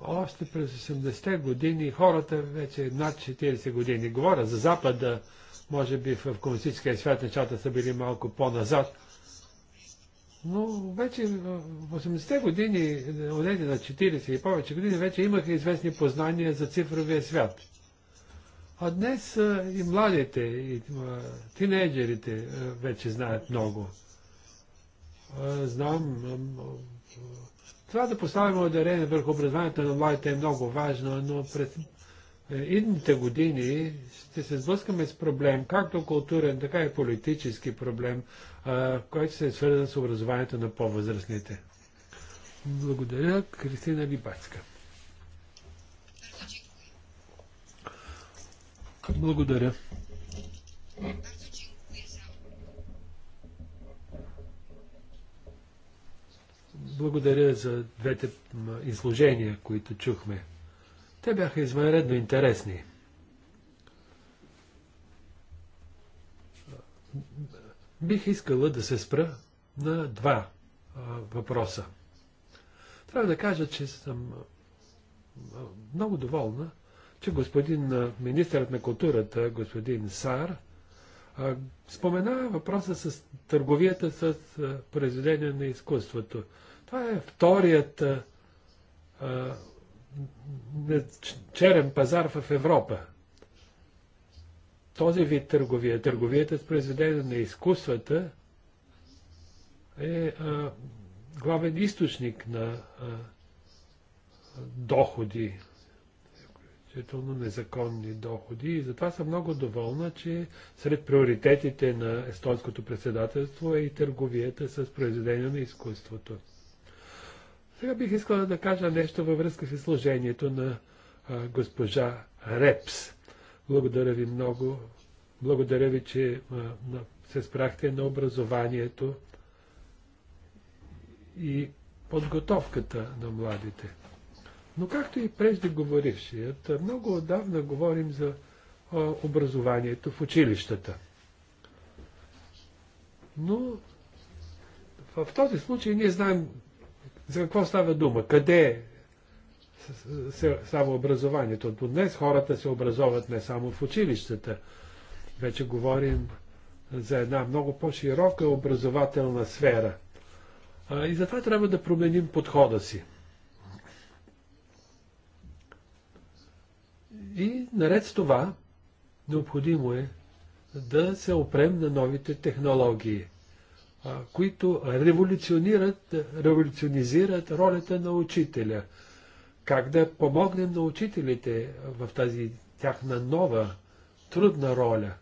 Speaker 4: Още през 80-те години хората вече над 40 години, говоря за Запада, може би в комунистическия свят нещата са били малко по-назад, но вече в 80-те години, онези на 40 и повече години, вече имаха известни познания за цифровия свят. А днес и младите, и тинейджерите вече знаят много. Знам това да поставим ударение върху образованието на младите е много важно, но през е, идните години ще се сблъскаме с проблем, както културен, така и политически проблем, който се е свързан с образованието на по-възрастните. Благодаря, Кристина Либацка. Благодаря. Благодаря за двете изложения, които чухме. Те бяха извънредно интересни. Бих искала да се спра на два въпроса. Трябва да кажа, че съм много доволна, че господин министърът на културата, господин Сар, спомена въпроса с търговията с произведения на изкуството. Това е вторият а, черен пазар в Европа. Този вид търговия, търговията с произведение на изкуствата е а, главен източник на а, доходи, включително незаконни доходи. И затова съм много доволна, че сред приоритетите на естонското председателство е и търговията с произведение на изкуството. Сега бих искала да кажа нещо във връзка с изложението на а, госпожа Репс. Благодаря ви много. Благодаря ви, че а, на, се спрахте на образованието и подготовката на младите. Но както и преждеговорившият, много отдавна говорим за а, образованието в училищата. Но в този случай ние знаем за какво става дума? Къде се става образованието? До днес хората се образоват не само в училищата. Вече говорим за една много по-широка образователна сфера. и затова трябва да променим подхода си. И наред с това, необходимо е да се опрем на новите технологии – които революционират, революционизират ролята на учителя. Как да помогнем на учителите в тази тяхна нова, трудна роля.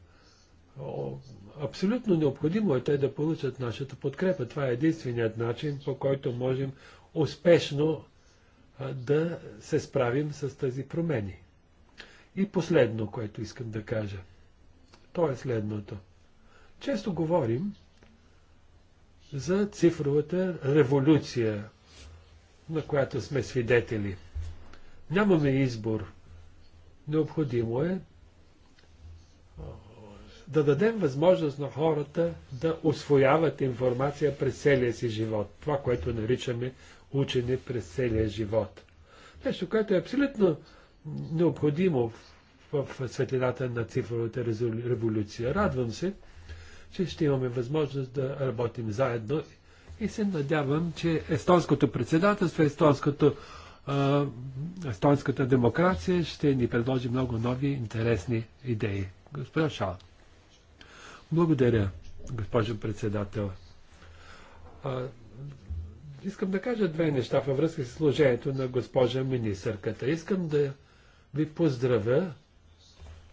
Speaker 4: Абсолютно необходимо е те да получат нашата подкрепа. Това е единственият начин, по който можем успешно да се справим с тези промени. И последно, което искам да кажа. То е следното. Често говорим, за цифровата революция, на която сме свидетели. Нямаме избор. Необходимо е да дадем възможност на хората да освояват информация през целия си живот. Това, което наричаме учене през целия живот. Нещо, което е абсолютно необходимо в, светлината на цифровата революция. Радвам се, че ще имаме възможност да работим заедно и се надявам, че естонското председателство, естонското, а, естонската демокрация ще ни предложи много нови интересни идеи. Господин Шал. Благодаря, госпожо председател. А, искам да кажа две неща във връзка с служението на госпожа министърката. Искам да ви поздравя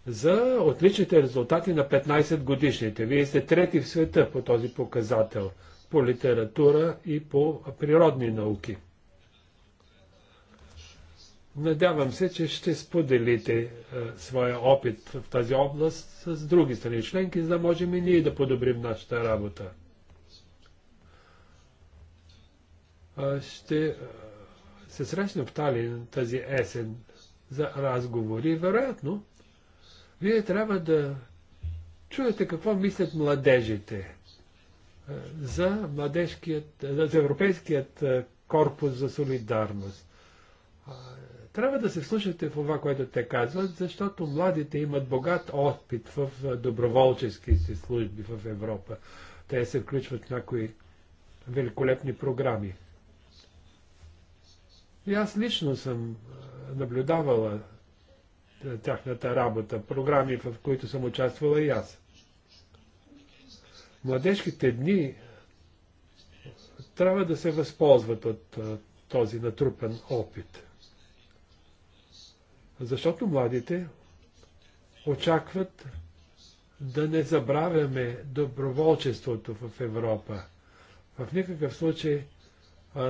Speaker 4: за отличните резултати на 15 годишните. Вие сте трети в света по този показател, по литература и по природни науки. Надявам се, че ще споделите е, своя опит в тази област с други страни членки, за да можем и ние да подобрим нашата работа. А, ще е, се срещнем в Талин тази есен за разговори. Вероятно, вие трябва да чуете какво мислят младежите за, младежкият, за Европейският корпус за солидарност. Трябва да се слушате в това, което те казват, защото младите имат богат опит в доброволчески си служби в Европа. Те се включват в някои великолепни програми. И аз лично съм наблюдавала тяхната работа, програми, в които съм участвала и аз. Младежките дни трябва да се възползват от този натрупен опит. Защото младите очакват да не забравяме доброволчеството в Европа. В никакъв случай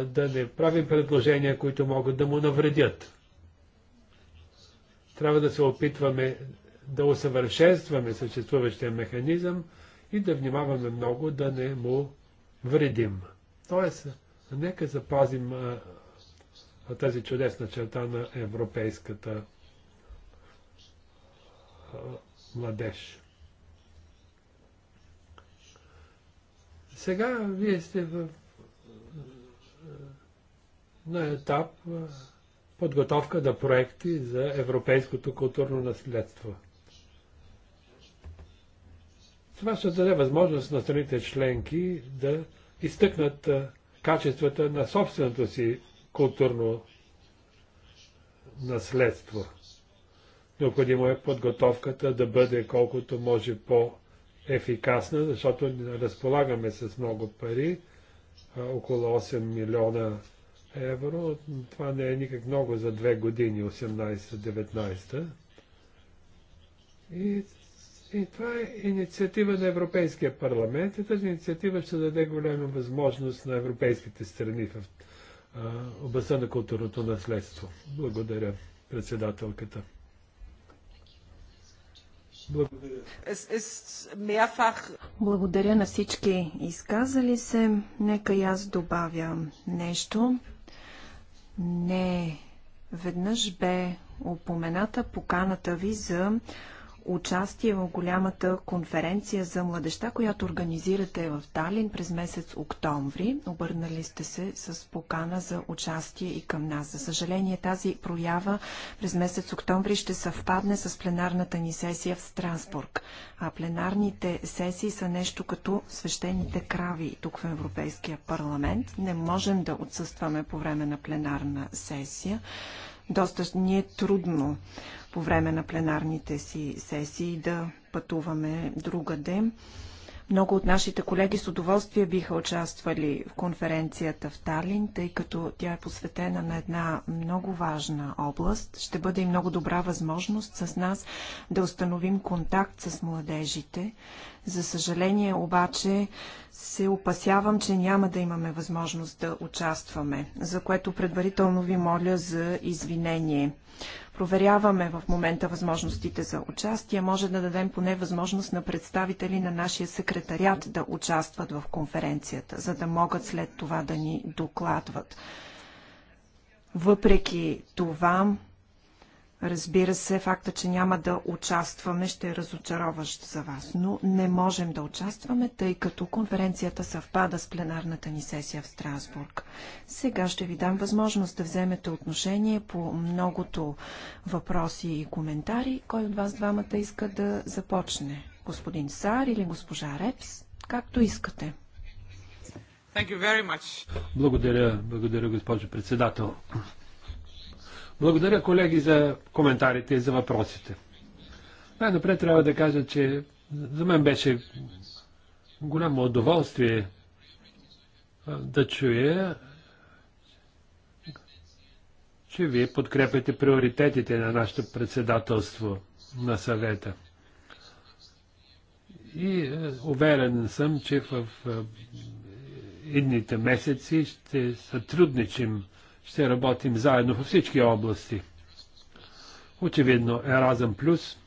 Speaker 4: да не правим предложения, които могат да му навредят. Трябва да се опитваме да усъвършенстваме съществуващия механизъм и да внимаваме много да не му вредим. Тоест, нека запазим а, тази чудесна черта на европейската а, младеж. Сега вие сте в, на етап, подготовка на проекти за европейското културно наследство. Това ще даде възможност на страните членки да изтъкнат качествата на собственото си културно наследство. Необходимо е подготовката да бъде колкото може по-ефикасна, защото разполагаме с много пари, около 8 милиона евро. Това не е никак много за две години, 18-19. И, и това е инициатива на Европейския парламент и тази инициатива ще даде голяма възможност на европейските страни в областта на културното наследство. Благодаря, председателката. Благодаря. Благодаря
Speaker 1: на всички изказали се. Нека и аз добавя нещо. Не веднъж бе упомената поканата ви за участие в голямата конференция за младеща, която организирате в Талин през месец октомври. Обърнали сте се с покана за участие и към нас. За съжаление, тази проява през месец октомври ще съвпадне с пленарната ни сесия в Страсбург. А пленарните сесии са нещо като свещените крави тук в Европейския парламент. Не можем да отсъстваме по време на пленарна сесия. Доста ни е трудно по време на пленарните си сесии да пътуваме другаде. Много от нашите колеги с удоволствие биха участвали в конференцията в Талин, тъй като тя е посветена на една много важна област. Ще бъде и много добра възможност с нас да установим контакт с младежите. За съжаление обаче се опасявам, че няма да имаме възможност да участваме, за което предварително ви моля за извинение. Проверяваме в момента възможностите за участие. Може да дадем поне възможност на представители на нашия секретарят да участват в конференцията, за да могат след това да ни докладват. Въпреки това, Разбира се, факта, че няма да участваме, ще е разочароващ за вас, но не можем да участваме, тъй като конференцията съвпада с пленарната ни сесия в Страсбург. Сега ще ви дам възможност да вземете отношение по многото въпроси и коментари. Кой от вас двамата иска да започне? Господин Сар или госпожа Репс? Както
Speaker 4: искате. Благодаря, благодаря, госпожо председател. Благодаря, колеги, за коментарите и за въпросите. Най-напред трябва да кажа, че за мен беше голямо удоволствие да чуя, че вие подкрепяте приоритетите на нашето председателство на съвета. И уверен съм, че в идните месеци ще сътрудничим ще работим заедно във всички области. Очевидно, Еразъм Плюс,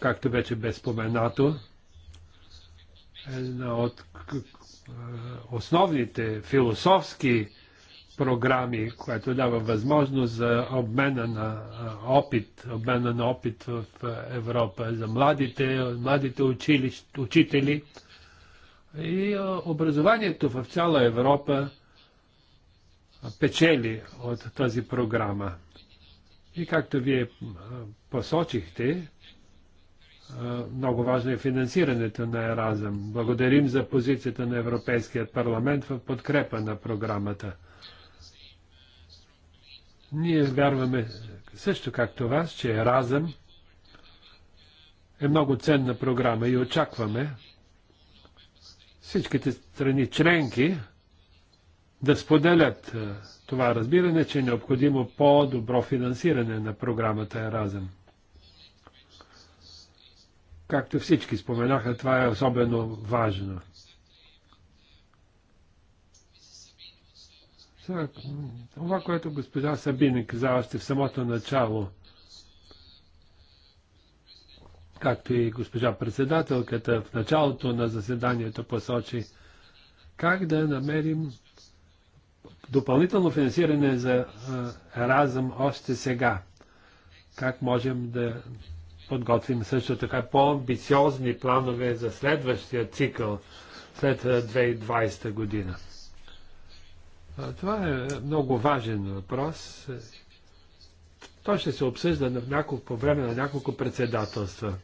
Speaker 4: както вече бе споменато, една от основните философски програми, което дава възможност за обмена на опит, обмена на опит в Европа за младите, младите училищ, учители и образованието в цяла Европа печели от тази програма. И както вие посочихте, много важно е финансирането на Еразъм. Благодарим за позицията на Европейският парламент в подкрепа на програмата. Ние вярваме също както вас, че Еразъм е много ценна програма и очакваме всичките страни членки да споделят е, това разбиране, че е необходимо по-добро финансиране на програмата Еразъм. Както всички споменаха, това е особено важно. това, което госпожа Сабин каза още в самото начало, както и госпожа председателката в началото на заседанието посочи, как да намерим допълнително финансиране за разъм още сега. Как можем да подготвим също така по-амбициозни планове за следващия цикъл след 2020 година? Това е много важен въпрос. Той ще се обсъжда на няколко, по време на няколко председателства.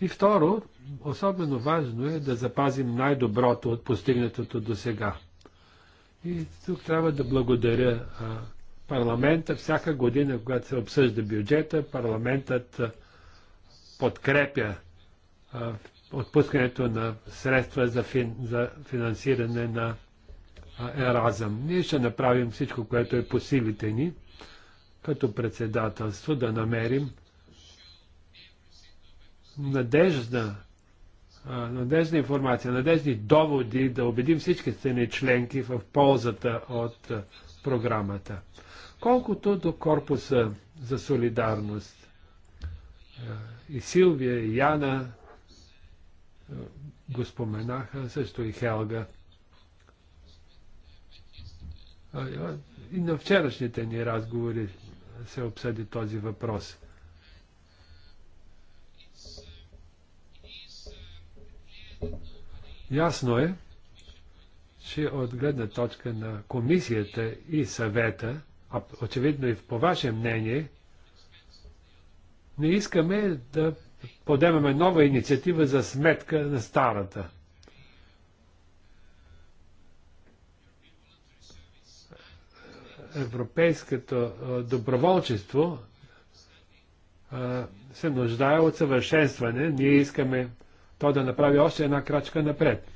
Speaker 4: И второ, особено важно е да запазим най-доброто от постигнатото до сега. И тук трябва да благодаря а, парламента. Всяка година, когато се обсъжда бюджета, парламентът а, подкрепя а, отпускането на средства за, фин, за финансиране на Еразъм. Ние ще направим всичко, което е по силите ни, като председателство, да намерим надежда надежна информация, надежни доводи да убедим всички ни членки в ползата от програмата. Колкото до корпуса за солидарност, и Силвия, и Яна го споменаха, също и Хелга. И на вчерашните ни разговори се обсъди този въпрос – Ясно е, че от гледна точка на комисията и съвета, а очевидно и по ваше мнение, не искаме да подемаме нова инициатива за сметка на старата. Европейското доброволчество се нуждае от съвършенстване. Ние искаме то да направи още една крачка напред.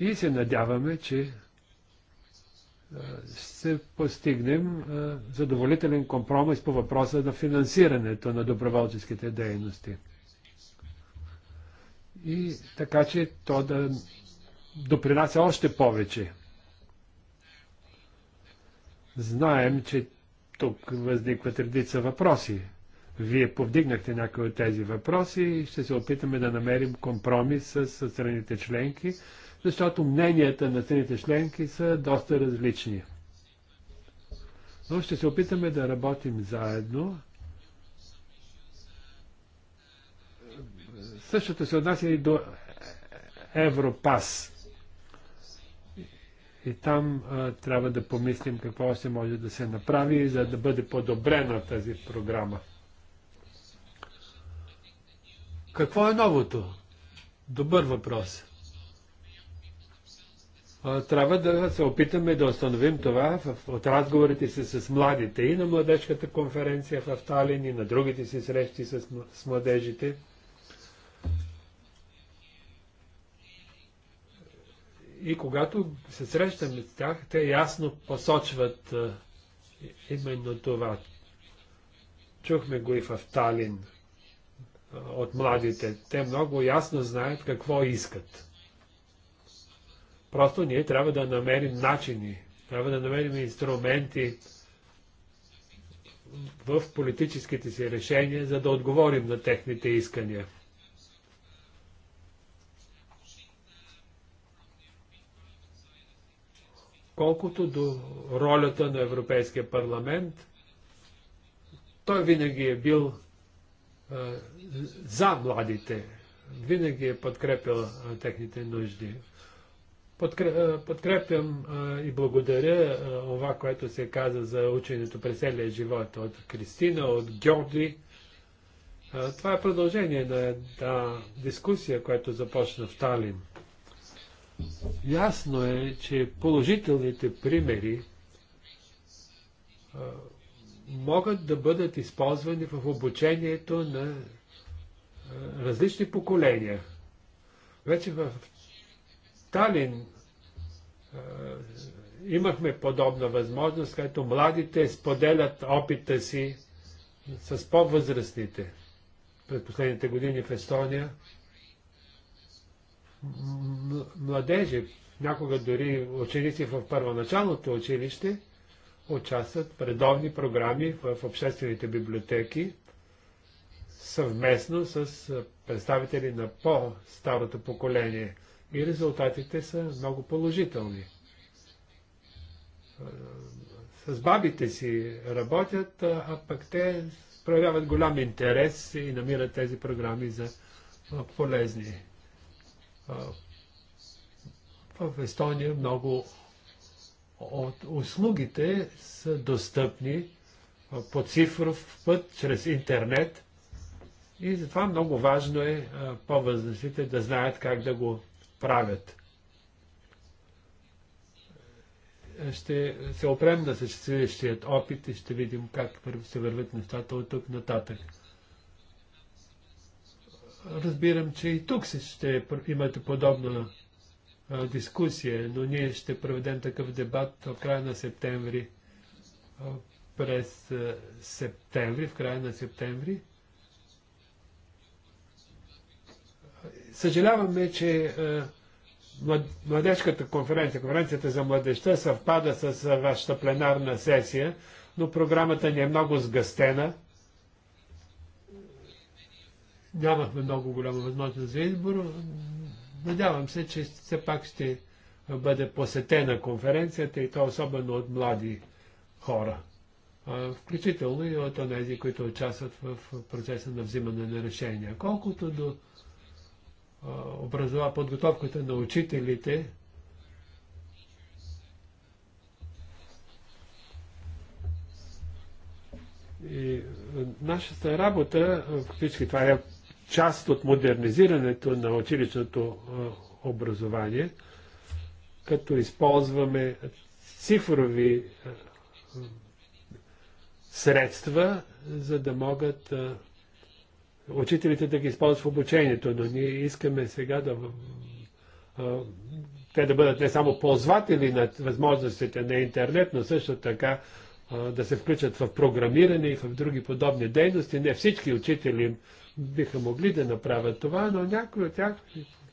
Speaker 4: И се надяваме, че ще постигнем задоволителен компромис по въпроса на финансирането на доброволческите дейности. И така, че то да допринася още повече. Знаем, че тук възникват редица въпроси вие повдигнахте някои от тези въпроси и ще се опитаме да намерим компромис с, страните членки, защото мненията на страните членки са доста различни. Но ще се опитаме да работим заедно. Същото се отнася и до Европас. И там а, трябва да помислим какво още може да се направи, за да бъде подобрена тази програма. Какво е новото? Добър въпрос. Трябва да се опитаме да установим това от разговорите си с младите и на младежката конференция в Талин и на другите си срещи с младежите. И когато се срещаме с тях, те ясно посочват именно това. Чухме го и в Талин от младите. Те много ясно знаят какво искат. Просто ние трябва да намерим начини, трябва да намерим инструменти в политическите си решения, за да отговорим на техните искания. Колкото до ролята на Европейския парламент, той винаги е бил за младите. Винаги е подкрепил техните нужди. Подкрепям и благодаря това, което се каза за ученето през целия живот от Кристина, от Георги. Това е продължение на една дискусия, която започна в Талин. Ясно е, че положителните примери могат да бъдат използвани в обучението на различни поколения. Вече в Талин имахме подобна възможност, където младите споделят опита си с по-възрастните. През последните години в Естония младежи, някога дори ученици в първоначалното училище, участват в редовни програми в обществените библиотеки съвместно с представители на по-старото поколение и резултатите са много положителни. С бабите си работят, а пък те проявяват голям интерес и намират тези програми за полезни. В Естония много от услугите са достъпни по цифров път, чрез интернет. И затова много важно е по-възрастните да знаят как да го правят. Ще се опрем на съществуващият опит и ще видим как се върват нещата от тук нататък. Разбирам, че и тук ще имате подобна дискусия, но ние ще проведем такъв дебат в края на септември, през септември, в края на септември. Съжаляваме, че младежката конференция, конференцията за младеща съвпада с вашата пленарна сесия, но програмата ни е много сгъстена. Нямахме много голяма възможност за избор, Надявам се, че все пак ще бъде посетена конференцията и то особено от млади хора, включително и от тези, които участват в процеса на взимане на решения. Колкото до образова подготовката на учителите, И нашата работа, всички това е част от модернизирането на училищното образование, като използваме цифрови средства, за да могат учителите да ги използват в обучението, но ние искаме сега да те да бъдат не само ползватели на възможностите на интернет, но също така да се включат в програмиране и в други подобни дейности. Не всички учители биха могли да направят това, но някои от тях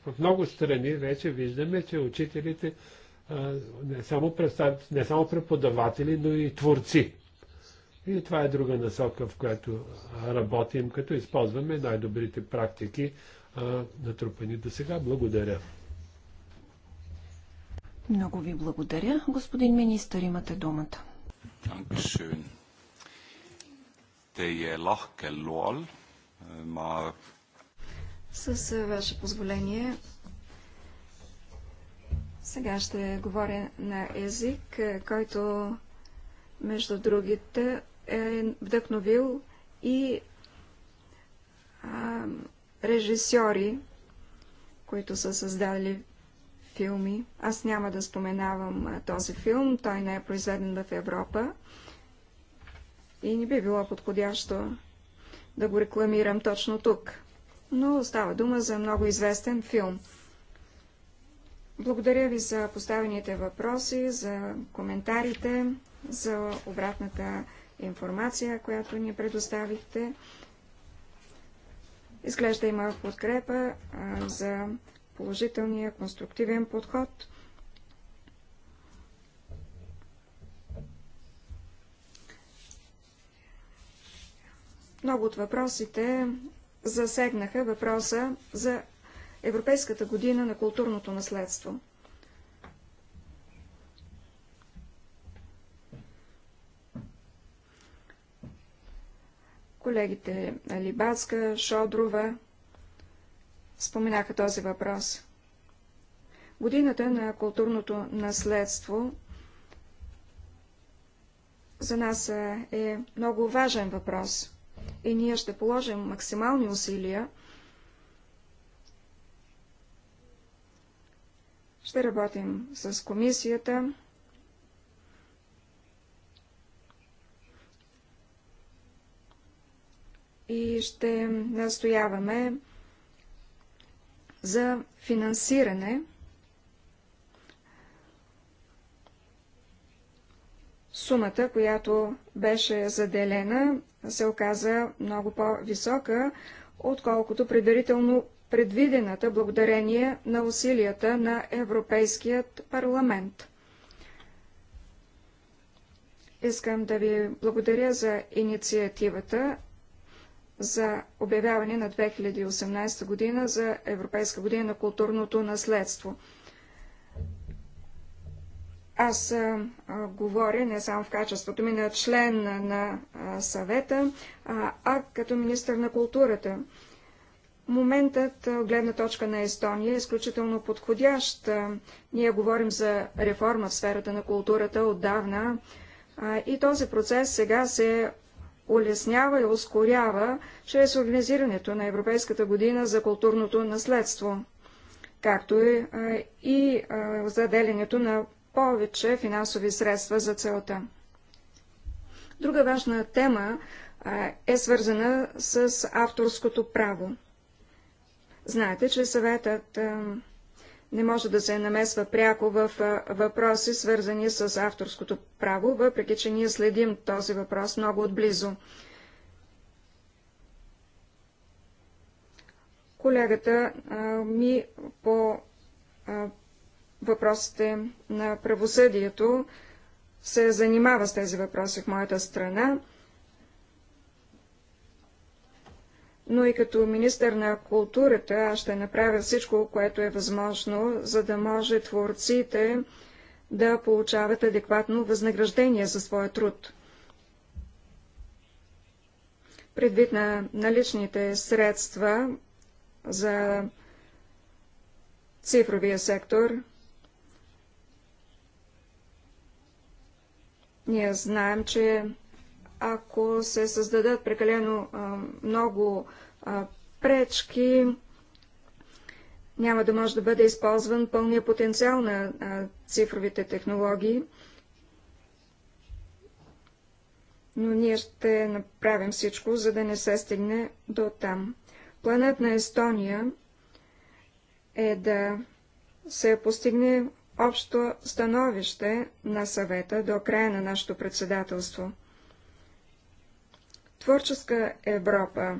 Speaker 4: в много страни вече виждаме, че учителите а, не, само не само преподаватели, но и творци. И това е друга насока, в която работим, като използваме най-добрите практики, а, натрупани до сега. Благодаря.
Speaker 1: Много ви благодаря. Господин министър, имате думата.
Speaker 4: Dankeschön ма...
Speaker 3: С е, ваше позволение, сега ще говоря на език, е, който, между другите, е вдъхновил и а, режисьори, които са създали филми. Аз няма да споменавам е, този филм, той не е произведен в Европа и не би било подходящо да го рекламирам точно тук, но става дума за много известен филм. Благодаря ви за поставените въпроси, за коментарите, за обратната информация, която ни предоставихте. Изглежда има подкрепа а, за положителния конструктивен подход – Много от въпросите засегнаха въпроса за Европейската година на културното наследство. Колегите Либацка, Шодрова споменаха този въпрос. Годината на културното наследство за нас е много важен въпрос – и ние ще положим максимални усилия. Ще работим с комисията. И ще настояваме за финансиране сумата, която беше заделена се оказа много по-висока, отколкото предварително предвидената благодарение на усилията на Европейският парламент. Искам да ви благодаря за инициативата за обявяване на 2018 година за Европейска година на културното наследство. Аз а, а, говоря не само в качеството ми на член на, на а, съвета, а, а като министър на културата. Моментът, гледна точка на Естония, е изключително подходящ. Ние говорим за реформа в сферата на културата отдавна а, и този процес сега се улеснява и ускорява чрез организирането на Европейската година за културното наследство, както и, а, и а, заделянето на повече финансови средства за целта. Друга важна тема е свързана с авторското право. Знаете, че съветът не може да се намесва пряко в въпроси, свързани с авторското право, въпреки че ние следим този въпрос много отблизо. Колегата ми по въпросите на правосъдието се занимава с тези въпроси в моята страна, но и като министър на културата аз ще направя всичко, което е възможно, за да може творците да получават адекватно възнаграждение за своя труд. Предвид на наличните средства за цифровия сектор, Ние знаем, че ако се създадат прекалено а, много а, пречки, няма да може да бъде използван пълния потенциал на а, цифровите технологии. Но ние ще направим всичко, за да не се стигне до там. Планът на Естония е да се постигне общо становище на съвета до края на нашето председателство. Творческа Европа.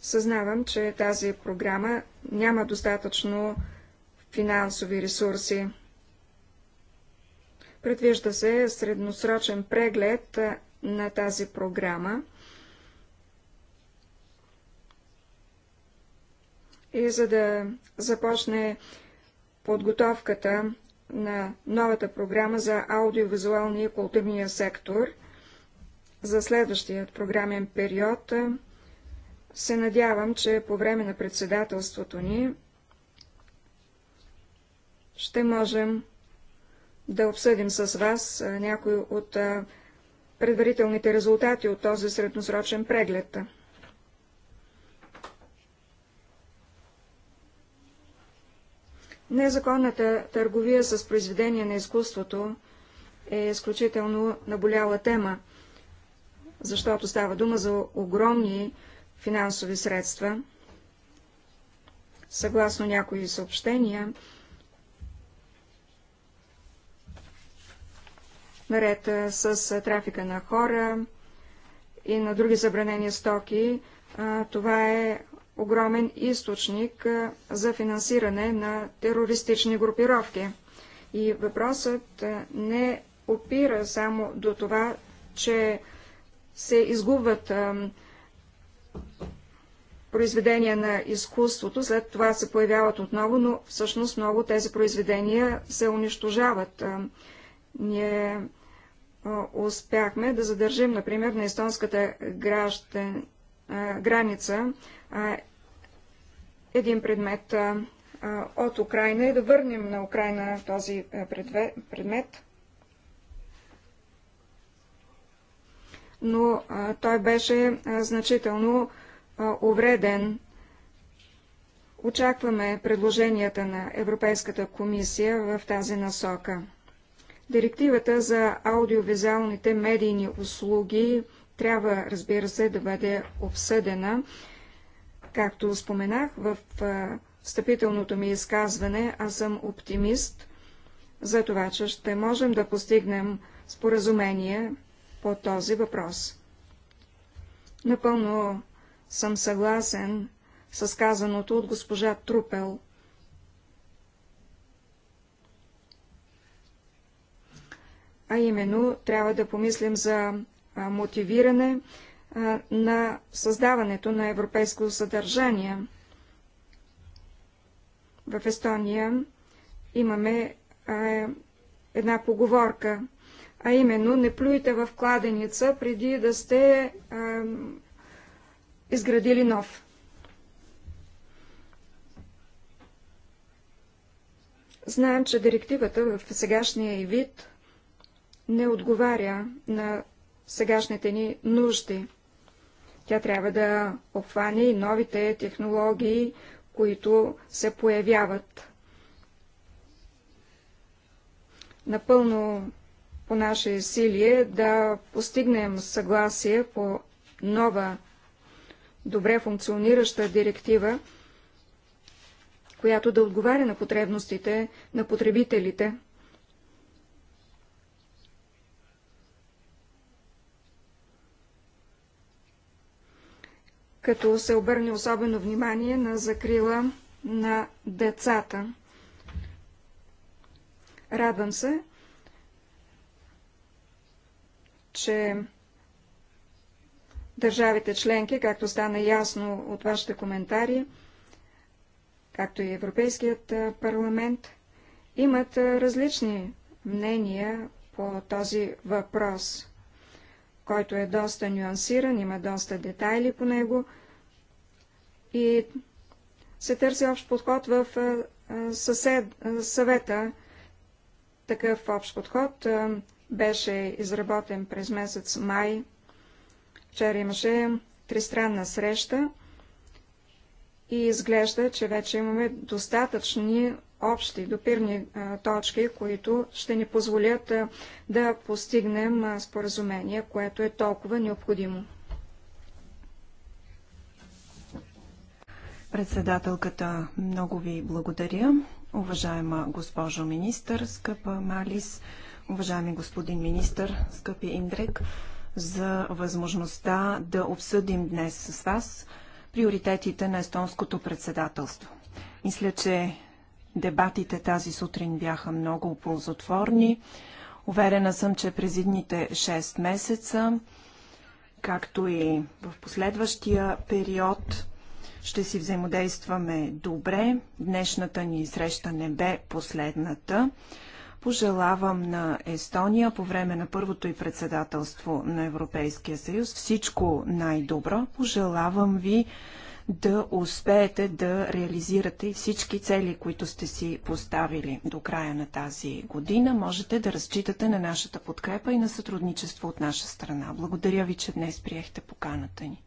Speaker 3: Съзнавам, че тази програма няма достатъчно финансови ресурси. Предвижда се средносрочен преглед на тази програма. И за да започне подготовката на новата програма за аудиовизуалния и културния сектор за следващия програмен период. Се надявам, че по време на председателството ни ще можем да обсъдим с вас някои от предварителните резултати от този средносрочен преглед. Незаконната търговия с произведения на изкуството е изключително наболяла тема, защото става дума за огромни финансови средства. Съгласно някои съобщения, наред с трафика на хора и на други забранени стоки, това е огромен източник за финансиране на терористични групировки. И въпросът не опира само до това, че се изгубват произведения на изкуството, след това се появяват отново, но всъщност много тези произведения се унищожават. ние успяхме да задържим, например, на естонската граждан, граница един предмет от Украина и да върнем на Украина този предмет. Но той беше значително увреден. Очакваме предложенията на Европейската комисия в тази насока. Директивата за аудиовизуалните медийни услуги трябва, разбира се, да бъде обсъдена Както споменах в встъпителното ми изказване, аз съм оптимист за това, че ще можем да постигнем споразумение по този въпрос. Напълно съм съгласен с казаното от госпожа Трупел. А именно, трябва да помислим за мотивиране, на създаването на европейско съдържание. В Естония имаме а, една поговорка, а именно не плюйте в кладеница преди да сте а, изградили нов. Знаем, че директивата в сегашния вид не отговаря на сегашните ни нужди. Тя трябва да обхване и новите технологии, които се появяват. Напълно по наше силие да постигнем съгласие по нова, добре функционираща директива, която да отговаря на потребностите на потребителите. като се обърне особено внимание на закрила на децата. Радвам се, че държавите членки, както стана ясно от вашите коментари, както и Европейският парламент, имат различни мнения по този въпрос който е доста нюансиран, има доста детайли по него и се търси общ подход в съсед... съвета. Такъв общ подход беше изработен през месец май. Вчера имаше тристранна среща и изглежда, че вече имаме достатъчни общи допирни точки, които ще ни позволят да постигнем споразумение, което е толкова необходимо.
Speaker 1: Председателката, много ви благодаря. Уважаема госпожо министър, скъпа Малис, уважаеми господин министър, скъпи Индрек, за възможността да обсъдим днес с вас приоритетите на естонското председателство. Мисля, че Дебатите тази сутрин бяха много ползотворни. Уверена съм, че през едните 6 месеца, както и в последващия период, ще си взаимодействаме добре. Днешната ни среща не бе последната. Пожелавам на Естония по време на първото и председателство на Европейския съюз всичко най-добро. Пожелавам ви да успеете да реализирате всички цели, които сте си поставили до края на тази година. Можете да разчитате на нашата подкрепа и на сътрудничество от наша страна. Благодаря ви, че днес приехте поканата ни.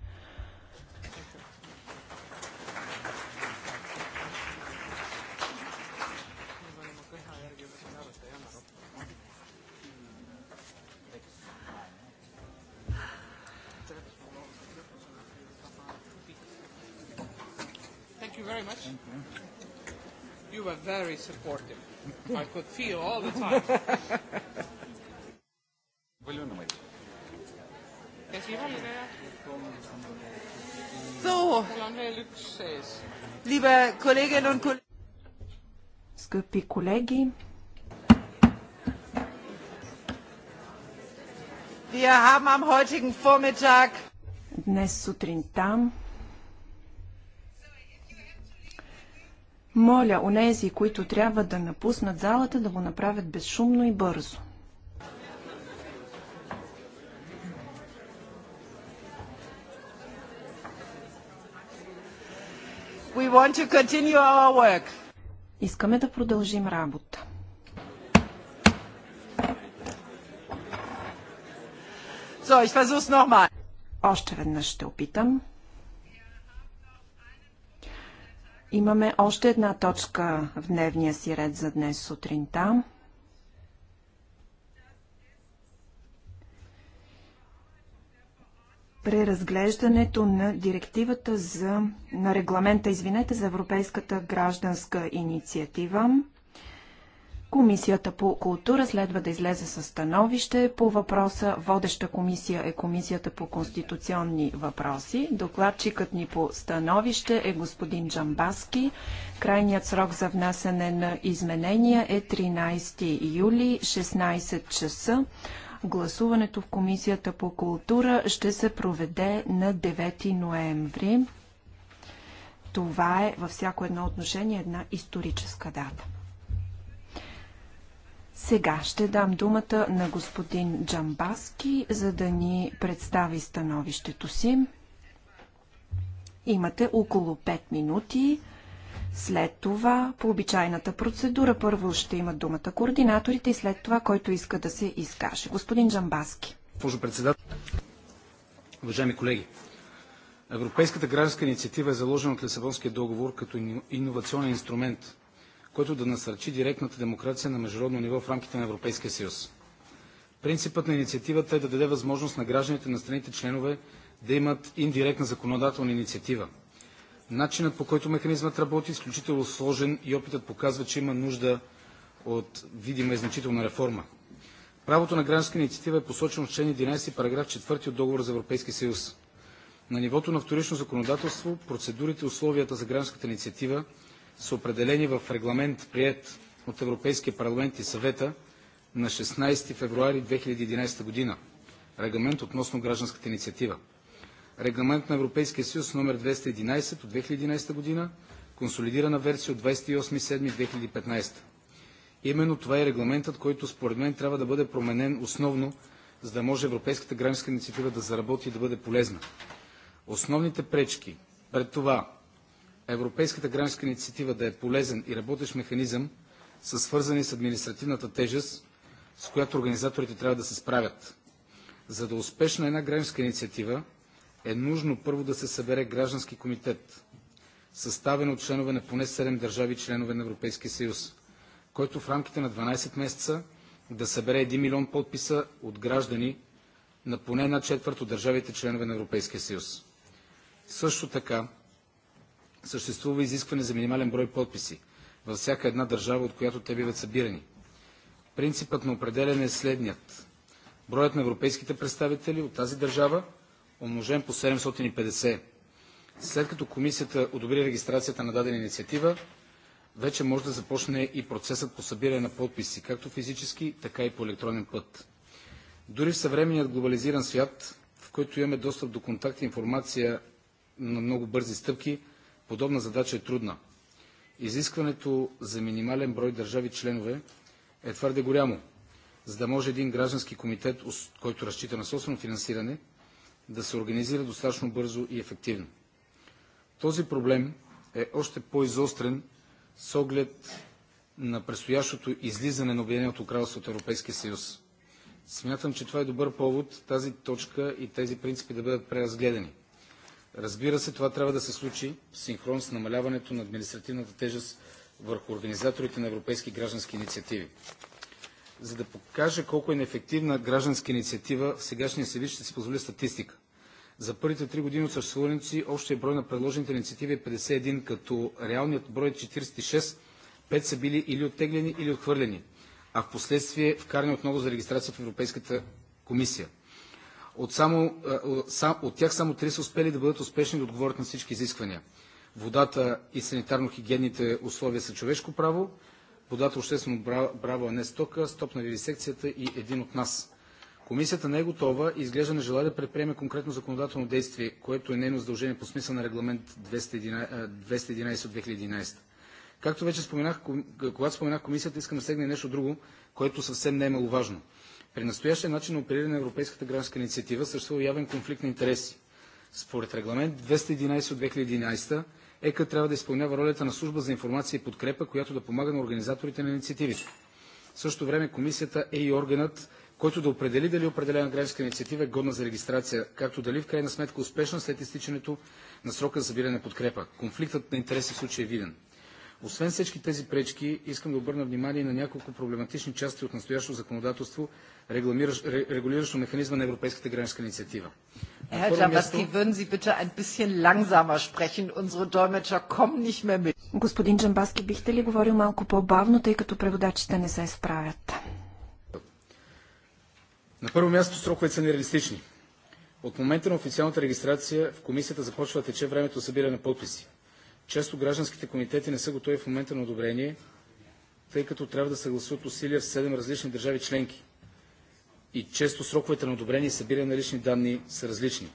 Speaker 2: were very supportive. I could feel all the time. So,
Speaker 1: liebe Kolleginnen und Kollegen, Wir haben am heutigen Vormittag Днес сутринта Моля онези, които трябва да напуснат залата, да го направят безшумно и бързо. We want to continue our work. Искаме да продължим работа. So, ich versuch's nochmal. Още веднъж ще опитам. Имаме още една точка в дневния си ред за днес сутринта. преразглеждането на директивата за, на регламента, извинете, за Европейската гражданска инициатива. Комисията по култура следва да излезе със становище по въпроса. Водеща комисия е Комисията по конституционни въпроси. Докладчикът ни по становище е господин Джамбаски. Крайният срок за внасяне на изменения е 13 юли 16 часа. Гласуването в Комисията по култура ще се проведе на 9 ноември. Това е във всяко едно отношение една историческа дата. Сега ще дам думата на господин Джамбаски, за да ни представи становището си. Имате около 5 минути. След това, по обичайната процедура, първо ще имат думата координаторите и след това, който иска да се изкаже. Господин Джамбаски.
Speaker 2: Госпожо председател, уважаеми колеги, Европейската гражданска инициатива е заложена от Лисабонския договор като иновационен инструмент – който да насърчи директната демокрация на международно ниво в рамките на Европейския съюз. Принципът на инициативата е да даде възможност на гражданите на страните членове да имат индиректна законодателна инициатива. Начинът по който механизмът работи е изключително сложен и опитът показва, че има нужда от видима и значителна реформа. Правото на гражданска инициатива е посочено в член 11, параграф 4 от Договора за Европейския съюз. На нивото на вторично законодателство процедурите и условията за гражданската инициатива са определени в регламент, прият от Европейския парламент и съвета на 16 февруари 2011 година. Регламент относно гражданската инициатива. Регламент на Европейския съюз номер 211 от 2011 година, консолидирана версия от 28.7.2015. Именно това е регламентът, който според мен трябва да бъде променен основно, за да може Европейската гражданска инициатива да заработи и да бъде полезна. Основните пречки пред това Европейската гражданска инициатива да е полезен и работещ механизъм са свързани с административната тежест, с която организаторите трябва да се справят. За да е успешна една гражданска инициатива, е нужно първо да се събере граждански комитет, съставен от членове на поне 7 държави и членове на Европейския съюз, който в рамките на 12 месеца да събере 1 милион подписа от граждани на поне една четвърт от държавите членове на Европейския съюз. Също така Съществува изискване за минимален брой подписи във всяка една държава, от която те биват събирани. Принципът на определене е следният. Броят на европейските представители от тази държава умножен по 750. След като комисията одобри регистрацията на дадена инициатива, вече може да започне и процесът по събиране на подписи, както физически, така и по електронен път. Дори в съвременният глобализиран свят, в който имаме достъп до контакт и информация на много бързи стъпки, Подобна задача е трудна. Изискването за минимален брой държави членове е твърде голямо, за да може един граждански комитет, който разчита на собствено финансиране, да се организира достатъчно бързо и ефективно. Този проблем е още по-изострен с оглед на предстоящото излизане на Обединеното кралство от Европейския съюз. Смятам, че това е добър повод тази точка и тези принципи да бъдат преразгледани – Разбира се, това трябва да се случи в синхрон с намаляването на административната тежест върху организаторите на европейски граждански инициативи. За да покажа колко е неефективна гражданска инициатива, в сегашния се вид ще си позволя статистика. За първите три години от съществуването си общия брой на предложените инициативи е 51, като реалният брой е 46, 5 са били или оттеглени, или отхвърлени, а в последствие вкарани отново за регистрация в Европейската комисия – от, само, е, от тях само три са успели да бъдат успешни да отговорят на всички изисквания. Водата и санитарно-хигиенните условия са човешко право, водата е обществено право, е не стока, стоп на вивисекцията и един от нас. Комисията не е готова и изглежда не желая да предприеме конкретно законодателно действие, което е нейно задължение по смисъл на регламент 211, е, от 2011. Както вече споменах, когато споменах комисията, искам да сегне нещо друго, което съвсем не е маловажно – при настоящия начин на опериране на Европейската гражданска инициатива съществува явен конфликт на интереси. Според регламент 211 от 2011 ЕК трябва да изпълнява ролята на служба за информация и подкрепа, която да помага на организаторите на инициативите. В същото време комисията е и органът, който да определи дали определена гражданска инициатива е годна за регистрация, както дали в крайна сметка успешна след изтичането на срока за събиране на подкрепа. Конфликтът на интереси в случая е виден. Освен всички тези пречки, искам да обърна внимание на няколко проблематични части от настоящо законодателство, регулиращо механизма на Европейската гражданска инициатива.
Speaker 1: Господин Джамбаски, бихте ли говорил малко по-бавно, тъй като преводачите не се справят?
Speaker 2: На първо място сроковете са нереалистични. От момента на официалната регистрация в комисията започва да тече времето за събиране на подписи. Част от гражданските комитети не са готови в момента на одобрение, тъй като трябва да съгласуват усилия в 7 различни държави членки. И често сроковете на одобрение и събиране на лични данни са различни.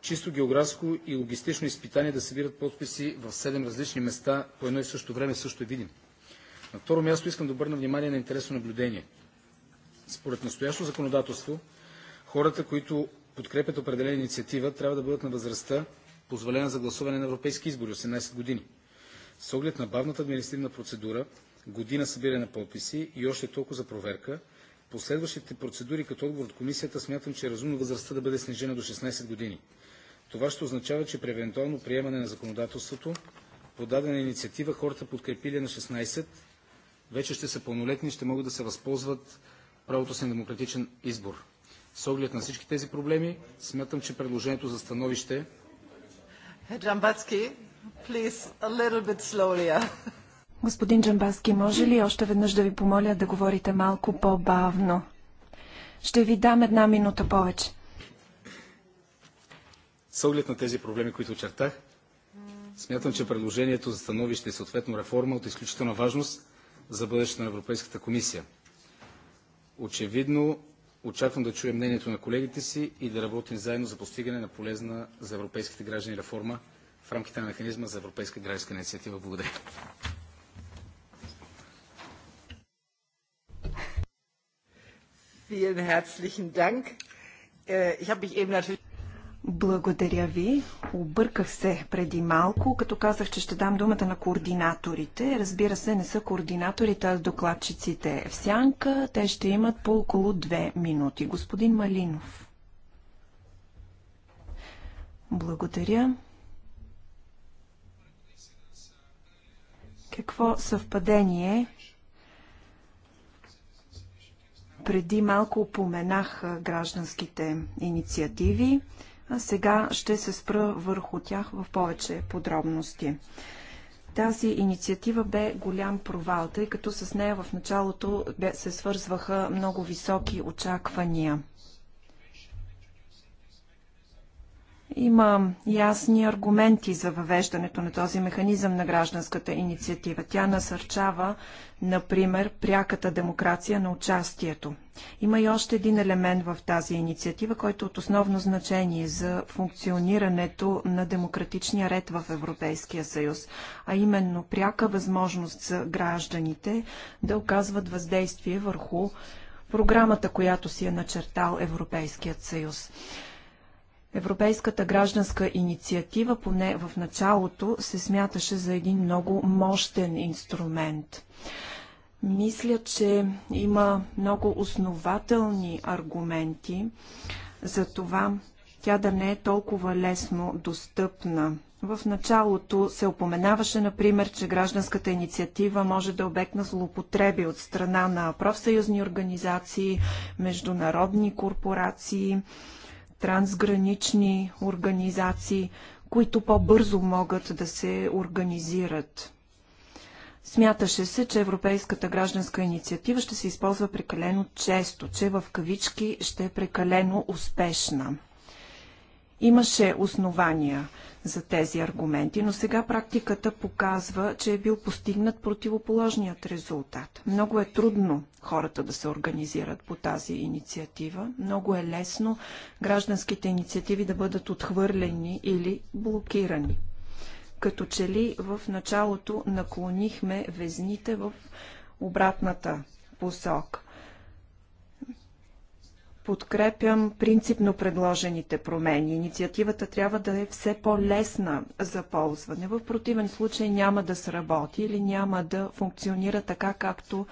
Speaker 2: Чисто географско и логистично изпитание да събират подписи в 7 различни места по едно и също време също е видим. На второ място искам да обърна внимание на интересно наблюдение. Според настоящо законодателство, хората, които подкрепят определена инициатива, трябва да бъдат на възрастта, позволена за гласуване на европейски избори 18 години. С оглед на бавната административна процедура, година събиране на подписи и още толкова за проверка, последващите процедури като отговор от комисията смятам, че е разумно възрастта да бъде снижена до 16 години. Това ще означава, че при евентуално приемане на законодателството, подадена инициатива хората подкрепили на 16, вече ще са пълнолетни и ще могат да се възползват правото си на демократичен избор. С оглед на всички тези проблеми, смятам, че предложението за становище
Speaker 1: Господин Джамбаски, може ли още веднъж да ви помоля да говорите малко по-бавно? Ще ви дам една минута повече.
Speaker 2: С оглед на тези проблеми, които очертах, смятам, че предложението за становище и съответно реформа е от изключителна важност за бъдещето на Европейската комисия. Очевидно, Очаквам да чуя мнението на колегите си и да работим заедно за постигане на полезна за европейските граждани реформа в рамките на механизма за европейска гражданска инициатива. Благодаря.
Speaker 1: Vielen herzlichen Dank. Äh, ich habe mich eben natürlich благодаря ви. Обърках се преди малко, като казах, че ще дам думата на координаторите. Разбира се, не са координаторите, а докладчиците в сянка. Те ще имат по около две минути. Господин Малинов. Благодаря. Какво съвпадение преди малко упоменах гражданските инициативи сега ще се спра върху тях в повече подробности. Тази инициатива бе голям провал, тъй като с нея в началото се свързваха много високи очаквания – Има ясни аргументи за въвеждането на този механизъм на гражданската инициатива. Тя насърчава, например, пряката демокрация на участието. Има и още един елемент в тази инициатива, който е от основно значение за функционирането на демократичния ред в Европейския съюз, а именно пряка възможност за гражданите да оказват въздействие върху програмата, която си е начертал Европейският съюз. Европейската гражданска инициатива, поне в началото, се смяташе за един много мощен инструмент. Мисля, че има много основателни аргументи за това тя да не е толкова лесно достъпна. В началото се опоменаваше, например, че гражданската инициатива може да е обект на злоупотреби от страна на профсъюзни организации, международни корпорации, трансгранични организации, които по-бързо могат да се организират. Смяташе се, че Европейската гражданска инициатива ще се използва прекалено често, че в кавички ще е прекалено успешна. Имаше основания за тези аргументи, но сега практиката показва, че е бил постигнат противоположният резултат. Много е трудно хората да се организират по тази инициатива. Много е лесно гражданските инициативи да бъдат отхвърлени или блокирани. Като че ли в началото наклонихме везните в обратната посока. Подкрепям принципно предложените промени. Инициативата трябва да е все по-лесна за ползване. В противен случай няма да сработи или няма да функционира така, както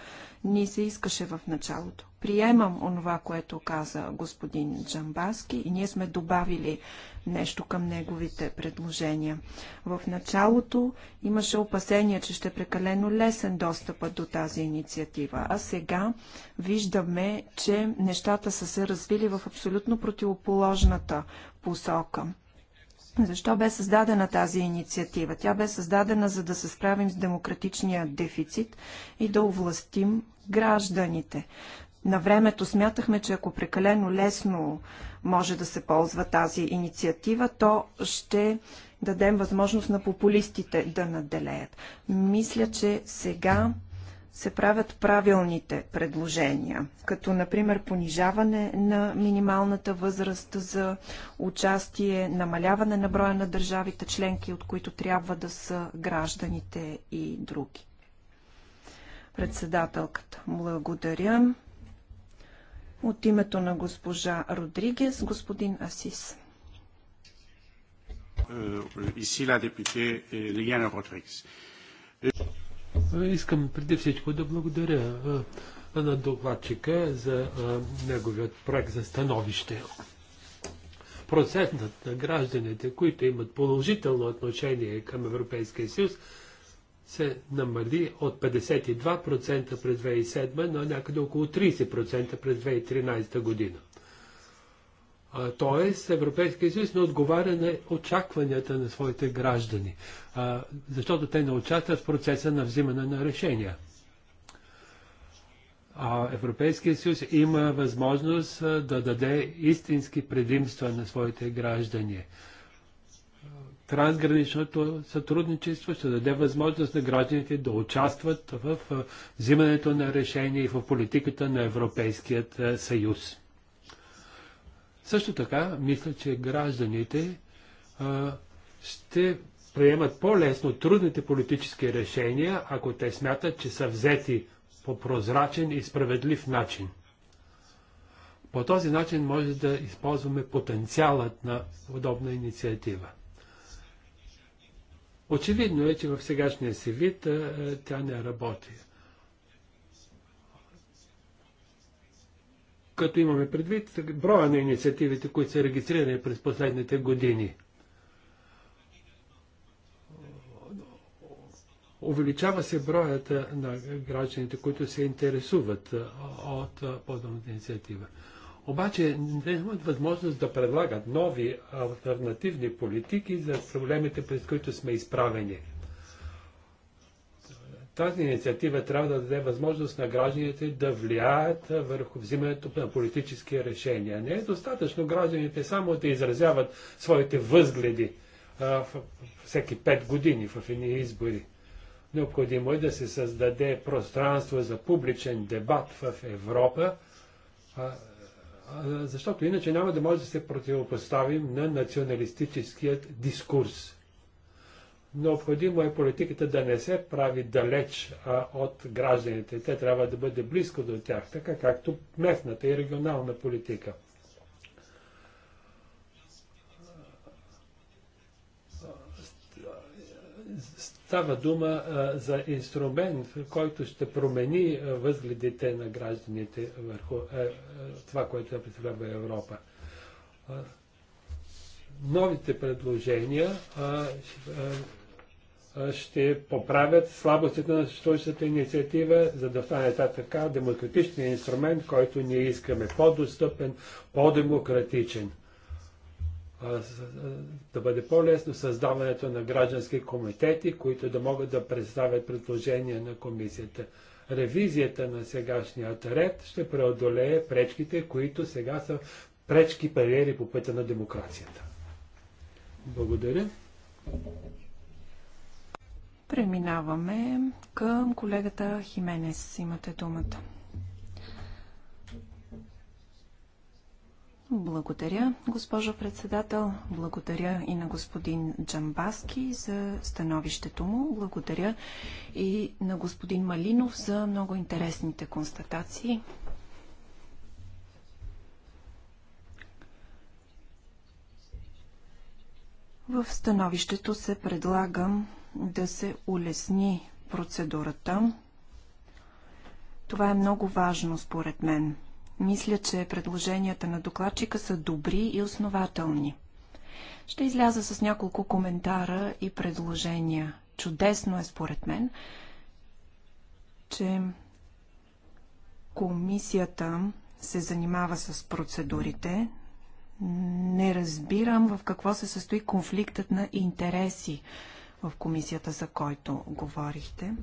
Speaker 1: ни се искаше в началото приемам онова, което каза господин Джамбаски и ние сме добавили нещо към неговите предложения. В началото имаше опасение, че ще е прекалено лесен достъпът до тази инициатива, а сега виждаме, че нещата са се развили в абсолютно противоположната посока. Защо бе създадена тази инициатива? Тя бе създадена за да се справим с демократичния дефицит и да овластим гражданите. На времето смятахме, че ако прекалено лесно може да се ползва тази инициатива, то ще дадем възможност на популистите да наделеят. Мисля, че сега се правят правилните предложения, като например понижаване на минималната възраст за участие, намаляване на броя на държавите членки, от които трябва да са гражданите и други. Председателката. Благодаря. От името на госпожа Родригес, господин Асис. Е, е,
Speaker 4: е, искам преди всичко да благодаря на докладчика за неговият проект за становище. Процентът на гражданите, които имат положително отношение към Европейския съюз, се намали от 52% през 2007 на е някъде около 30% през 2013 година. тоест, Европейския съюз не отговаря на очакванията на своите граждани, защото те не участват в процеса на взимане на решения. А Европейския съюз има възможност да даде истински предимства на своите граждани трансграничното сътрудничество ще даде възможност на гражданите да участват в взимането на решения и в политиката на Европейският съюз. Също така, мисля, че гражданите а, ще приемат по-лесно трудните политически решения, ако те смятат, че са взети по прозрачен и справедлив начин. По този начин може да използваме потенциалът на подобна инициатива. Очевидно е, че в сегашния си вид тя не работи. Като имаме предвид броя на инициативите, които са регистрирани през последните години. Увеличава се броят на гражданите, които се интересуват от подобната инициатива обаче не имат възможност да предлагат нови альтернативни политики за проблемите, през които сме изправени. Тази инициатива трябва да даде възможност на гражданите да влияят върху взимането на политически решения. Не е достатъчно гражданите само да изразяват своите възгледи а, всеки пет години в едни избори. Необходимо е да се създаде пространство за публичен дебат в Европа, а, защото иначе няма да може да се противопоставим на националистическият дискурс. Необходимо е политиката да не се прави далеч а, от гражданите. Те трябва да бъде близко до тях, така както местната и регионална политика. Става дума а, за инструмент, който ще промени а, възгледите на гражданите върху а, това, което е представлява Европа. Новите предложения ще поправят слабостите на съществуващата инициатива, за да стане та така демократичният инструмент, който ние искаме по-достъпен, по-демократичен да бъде по-лесно създаването на граждански комитети, които да могат да представят предложения на комисията. Ревизията на сегашният ред ще преодолее пречките, които сега са пречки париери по пътя на демокрацията. Благодаря.
Speaker 1: Преминаваме към колегата Хименес. Имате думата. Благодаря, госпожо председател. Благодаря и на господин Джамбаски за становището му. Благодаря и на господин Малинов за много интересните констатации. В становището се предлагам да се улесни процедурата. Това е много важно според мен. Мисля, че предложенията на докладчика са добри и основателни. Ще изляза с няколко коментара и предложения. Чудесно е според мен, че комисията се занимава с процедурите. Не разбирам в какво се състои конфликтът на интереси в комисията, за който говорихте.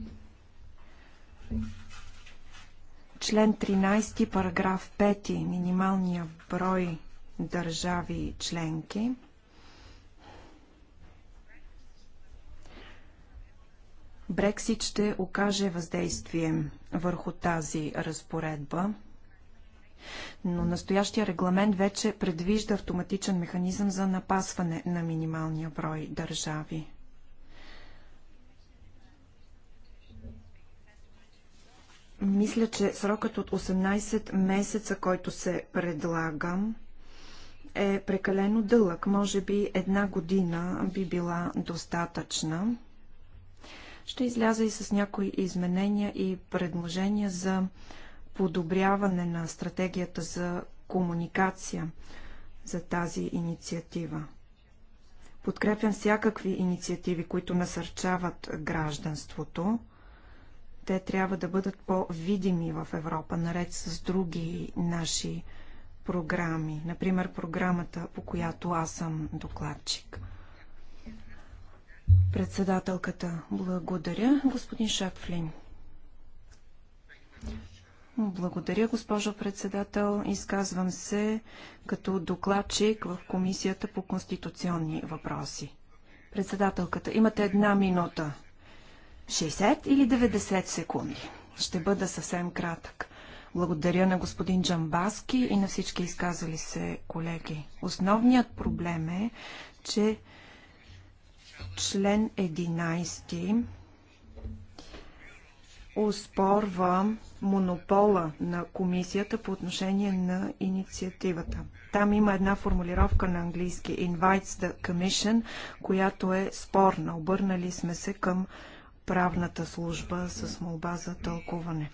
Speaker 1: Член 13, параграф 5, минималния брой държави членки. Брексит ще окаже въздействие върху тази разпоредба, но настоящия регламент вече предвижда автоматичен механизъм за напасване на минималния брой държави. Мисля, че срокът от 18 месеца, който се предлага, е прекалено дълъг. Може би една година би била достатъчна. Ще изляза и с някои изменения и предложения за подобряване на стратегията за комуникация за тази инициатива. Подкрепям всякакви инициативи, които насърчават гражданството. Те трябва да бъдат по-видими в Европа, наред с други наши програми. Например, програмата, по която аз съм докладчик. Председателката, благодаря. Господин Шепфлин. Благодаря, госпожо председател. Изказвам се като докладчик в Комисията по конституционни въпроси. Председателката, имате една минута. 60 или 90 секунди? Ще бъда съвсем кратък. Благодаря на господин Джамбаски и на всички изказали се колеги. Основният проблем е, че член 11 оспорва монопола на комисията по отношение на инициативата. Там има една формулировка на английски invites the commission, която е спорна. Обърнали сме се към правната служба с молба за тълкуване.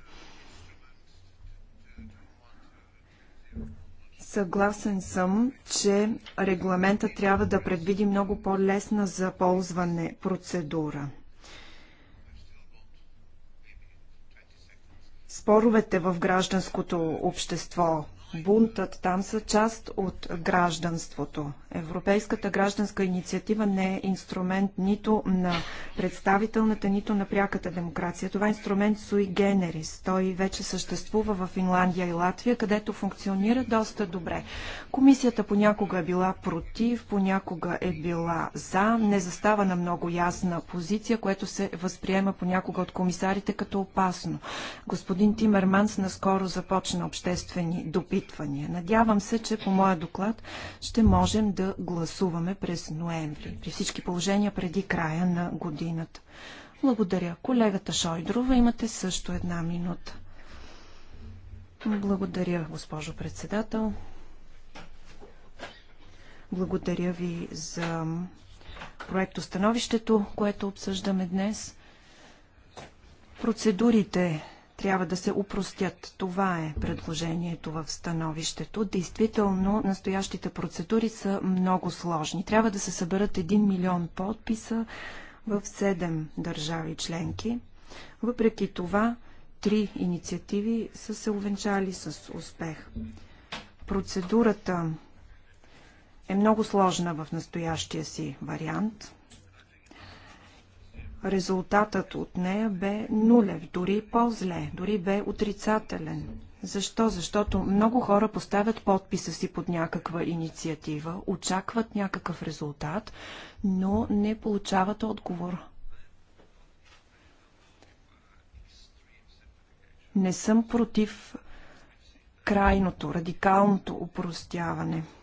Speaker 1: Съгласен съм, че регламента трябва да предвиди много по-лесна за ползване процедура. Споровете в гражданското общество Бунтът там са част от гражданството. Европейската гражданска инициатива не е инструмент нито на представителната, нито на пряката демокрация. Това е инструмент sui generis. Той вече съществува в Финландия и Латвия, където функционира доста добре. Комисията понякога е била против, понякога е била за, не застава на много ясна позиция, което се възприема понякога от комисарите като опасно. Господин Тимерманс наскоро започна обществени допити запитвания. Надявам се, че по моя доклад ще можем да гласуваме през ноември. При всички положения преди края на годината. Благодаря. Колегата Шойдрова, имате също една минута. Благодаря, госпожо председател. Благодаря ви за проектостановището, което обсъждаме днес. Процедурите трябва да се упростят. Това е предложението в становището. Действително, настоящите процедури са много сложни. Трябва да се съберат 1 милион подписа в 7 държави членки. Въпреки това, три инициативи са се увенчали с успех. Процедурата е много сложна в настоящия си вариант – резултатът от нея бе нулев, дори по-зле, дори бе отрицателен. Защо? Защото много хора поставят подписа си под някаква инициатива, очакват някакъв резултат, но не получават отговор. Не съм против крайното, радикалното упростяване –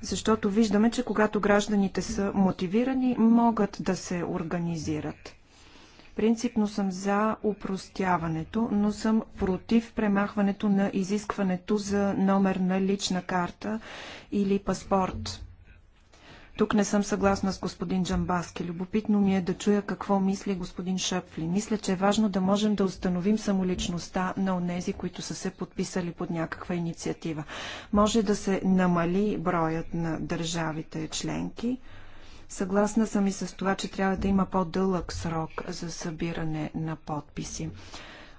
Speaker 1: защото виждаме, че когато гражданите са мотивирани, могат да се организират. Принципно съм за упростяването, но съм против премахването на изискването за номер на лична карта или паспорт. Тук не съм съгласна с господин Джамбаски. Любопитно ми е да чуя какво мисли господин Шъпфли. Мисля, че е важно да можем да установим самоличността на онези, които са се подписали под някаква инициатива. Може да се намали броят на държавите членки. Съгласна съм и с това, че трябва да има по-дълъг срок за събиране на подписи.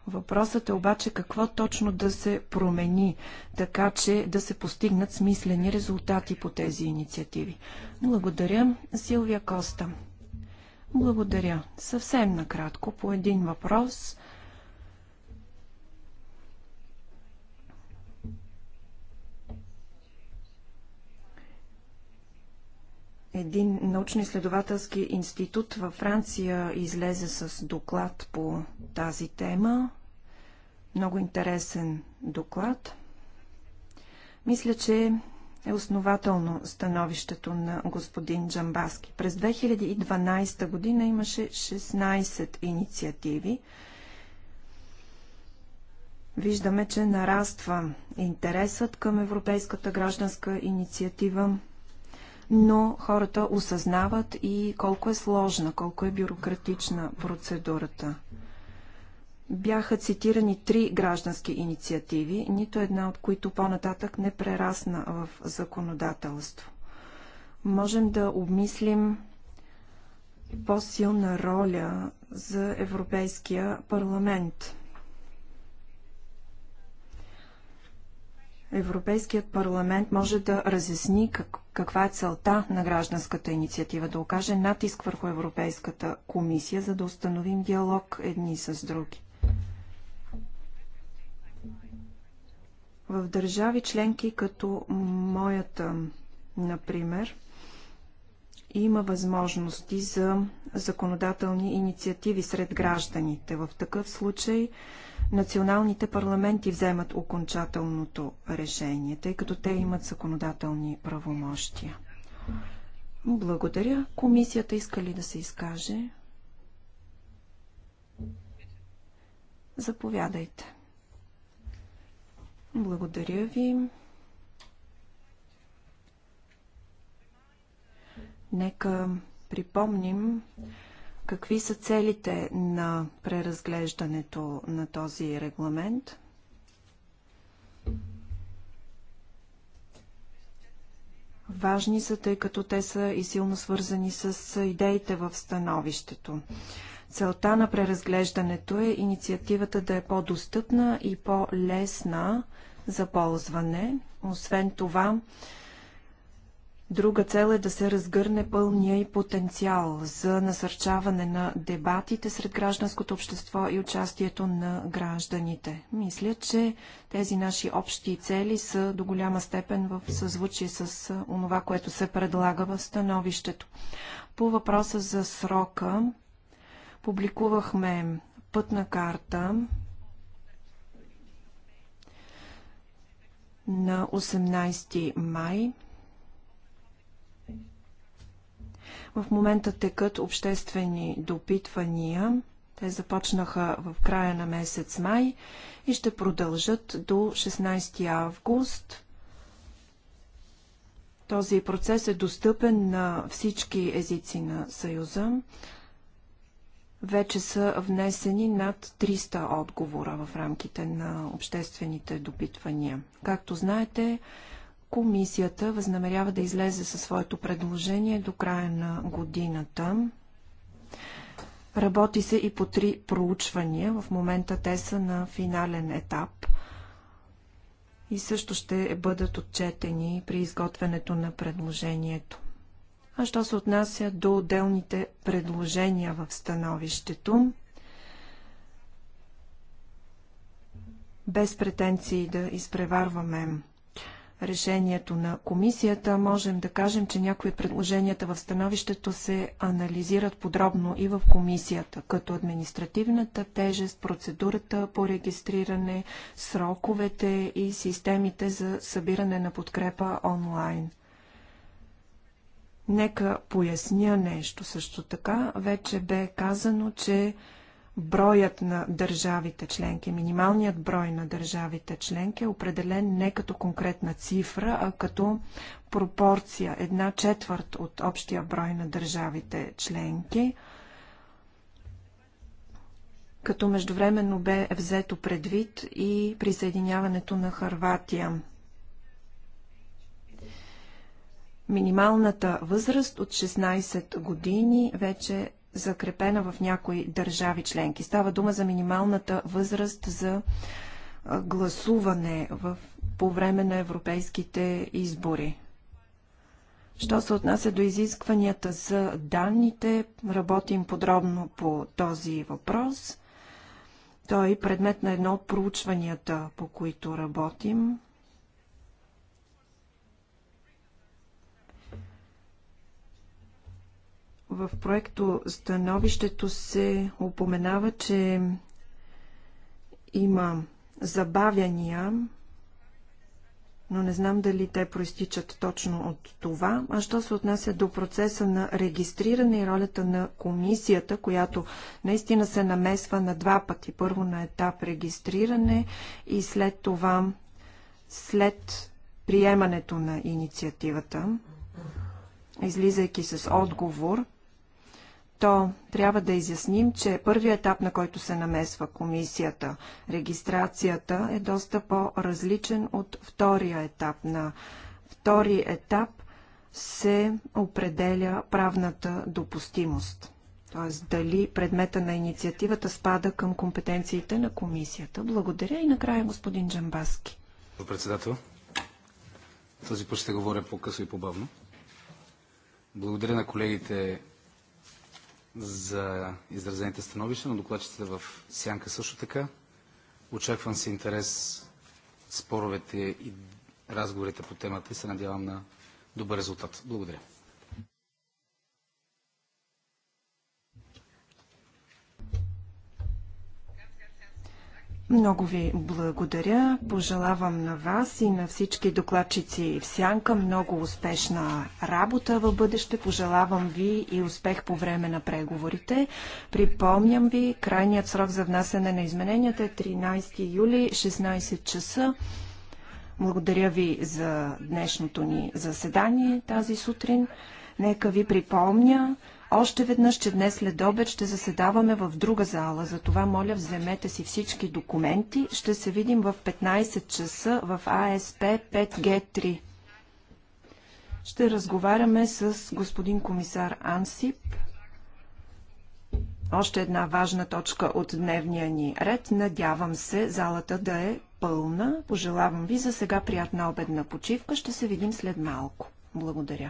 Speaker 1: Въпросът е обаче какво точно да се промени, така че да се постигнат смислени резултати по тези инициативи. Благодаря, Силвия Коста. Благодаря. Съвсем накратко по един въпрос. един научно-изследователски институт във Франция излезе с доклад по тази тема. Много интересен доклад. Мисля, че е основателно становището на господин Джамбаски. През 2012 година имаше 16 инициативи. Виждаме, че нараства интересът към Европейската гражданска инициатива, но хората осъзнават и колко е сложна, колко е бюрократична процедурата. Бяха цитирани три граждански инициативи, нито една от които по-нататък не прерасна в законодателство. Можем да обмислим по-силна роля за Европейския парламент. Европейският парламент може да разясни как, каква е целта на гражданската инициатива, да окаже натиск върху Европейската комисия, за да установим диалог едни с други. В държави членки като моята, например, има възможности за законодателни инициативи сред гражданите. В такъв случай националните парламенти вземат окончателното решение, тъй като те имат законодателни правомощия. Благодаря. Комисията иска ли да се изкаже? Заповядайте. Благодаря ви. Нека припомним какви са целите на преразглеждането на този регламент. Важни са, тъй като те са и силно свързани с идеите в становището. Целта на преразглеждането е инициативата да е по-достъпна и по-лесна за ползване. Освен това, Друга цел е да се разгърне пълния и потенциал за насърчаване на дебатите сред гражданското общество и участието на гражданите. Мисля, че тези наши общи цели са до голяма степен в съзвучие с онова, което се предлага в становището. По въпроса за срока, Публикувахме пътна карта на 18 май. В момента текат обществени допитвания. Те започнаха в края на месец май и ще продължат до 16 август. Този процес е достъпен на всички езици на Съюза. Вече са внесени над 300 отговора в рамките на обществените допитвания. Както знаете, комисията възнамерява да излезе със своето предложение до края на годината. Работи се и по три проучвания. В момента те са на финален етап и също ще бъдат отчетени при изготвянето на предложението. А що се отнася до отделните предложения в становището, без претенции да изпреварваме решението на комисията, можем да кажем, че някои предложенията в становището се анализират подробно и в комисията, като административната тежест, процедурата по регистриране, сроковете и системите за събиране на подкрепа онлайн. Нека поясня нещо също така. Вече бе казано, че броят на държавите членки, минималният брой на държавите членки е определен не като конкретна цифра, а като пропорция, една четвърт от общия брой на държавите членки като междувременно бе взето предвид и присъединяването на Харватия. Минималната възраст от 16 години вече закрепена в някои държави членки. Става дума за минималната възраст за гласуване в, по време на европейските избори. Що се отнася до изискванията за данните, работим подробно по този въпрос. Той е предмет на едно от проучванията, по които работим. В проекто становището се упоменава, че има забавяния, но не знам дали те проистичат точно от това. А що се отнася до процеса на регистриране и ролята на комисията, която наистина се намесва на два пъти. Първо на етап регистриране и след това след приемането на инициативата, излизайки с отговор – то трябва да изясним, че първият етап, на който се намесва комисията, регистрацията, е доста по-различен от втория етап. На втори етап се определя правната допустимост. Т.е. дали предмета на инициативата спада към компетенциите на комисията. Благодаря и накрая господин Джамбаски.
Speaker 2: Председател, този път ще говоря по-късо и по-бавно. Благодаря на колегите за изразените становища на докладчите в Сянка също така. Очаквам се интерес споровете и разговорите по темата и се надявам на добър резултат. Благодаря.
Speaker 1: Много ви благодаря. Пожелавам на вас и на всички докладчици в Сянка много успешна работа в бъдеще. Пожелавам ви и успех по време на преговорите. Припомням ви, крайният срок за внасяне на измененията е 13 юли, 16 часа. Благодаря ви за днешното ни заседание тази сутрин. Нека ви припомня, още веднъж, че днес след обед ще заседаваме в друга зала. Затова моля, вземете си всички документи. Ще се видим в 15 часа в АСП 5G3. Ще разговаряме с господин комисар Ансип. Още една важна точка от дневния ни ред. Надявам се залата да е пълна. Пожелавам ви за сега приятна обедна почивка. Ще се видим след малко.
Speaker 2: Благодаря.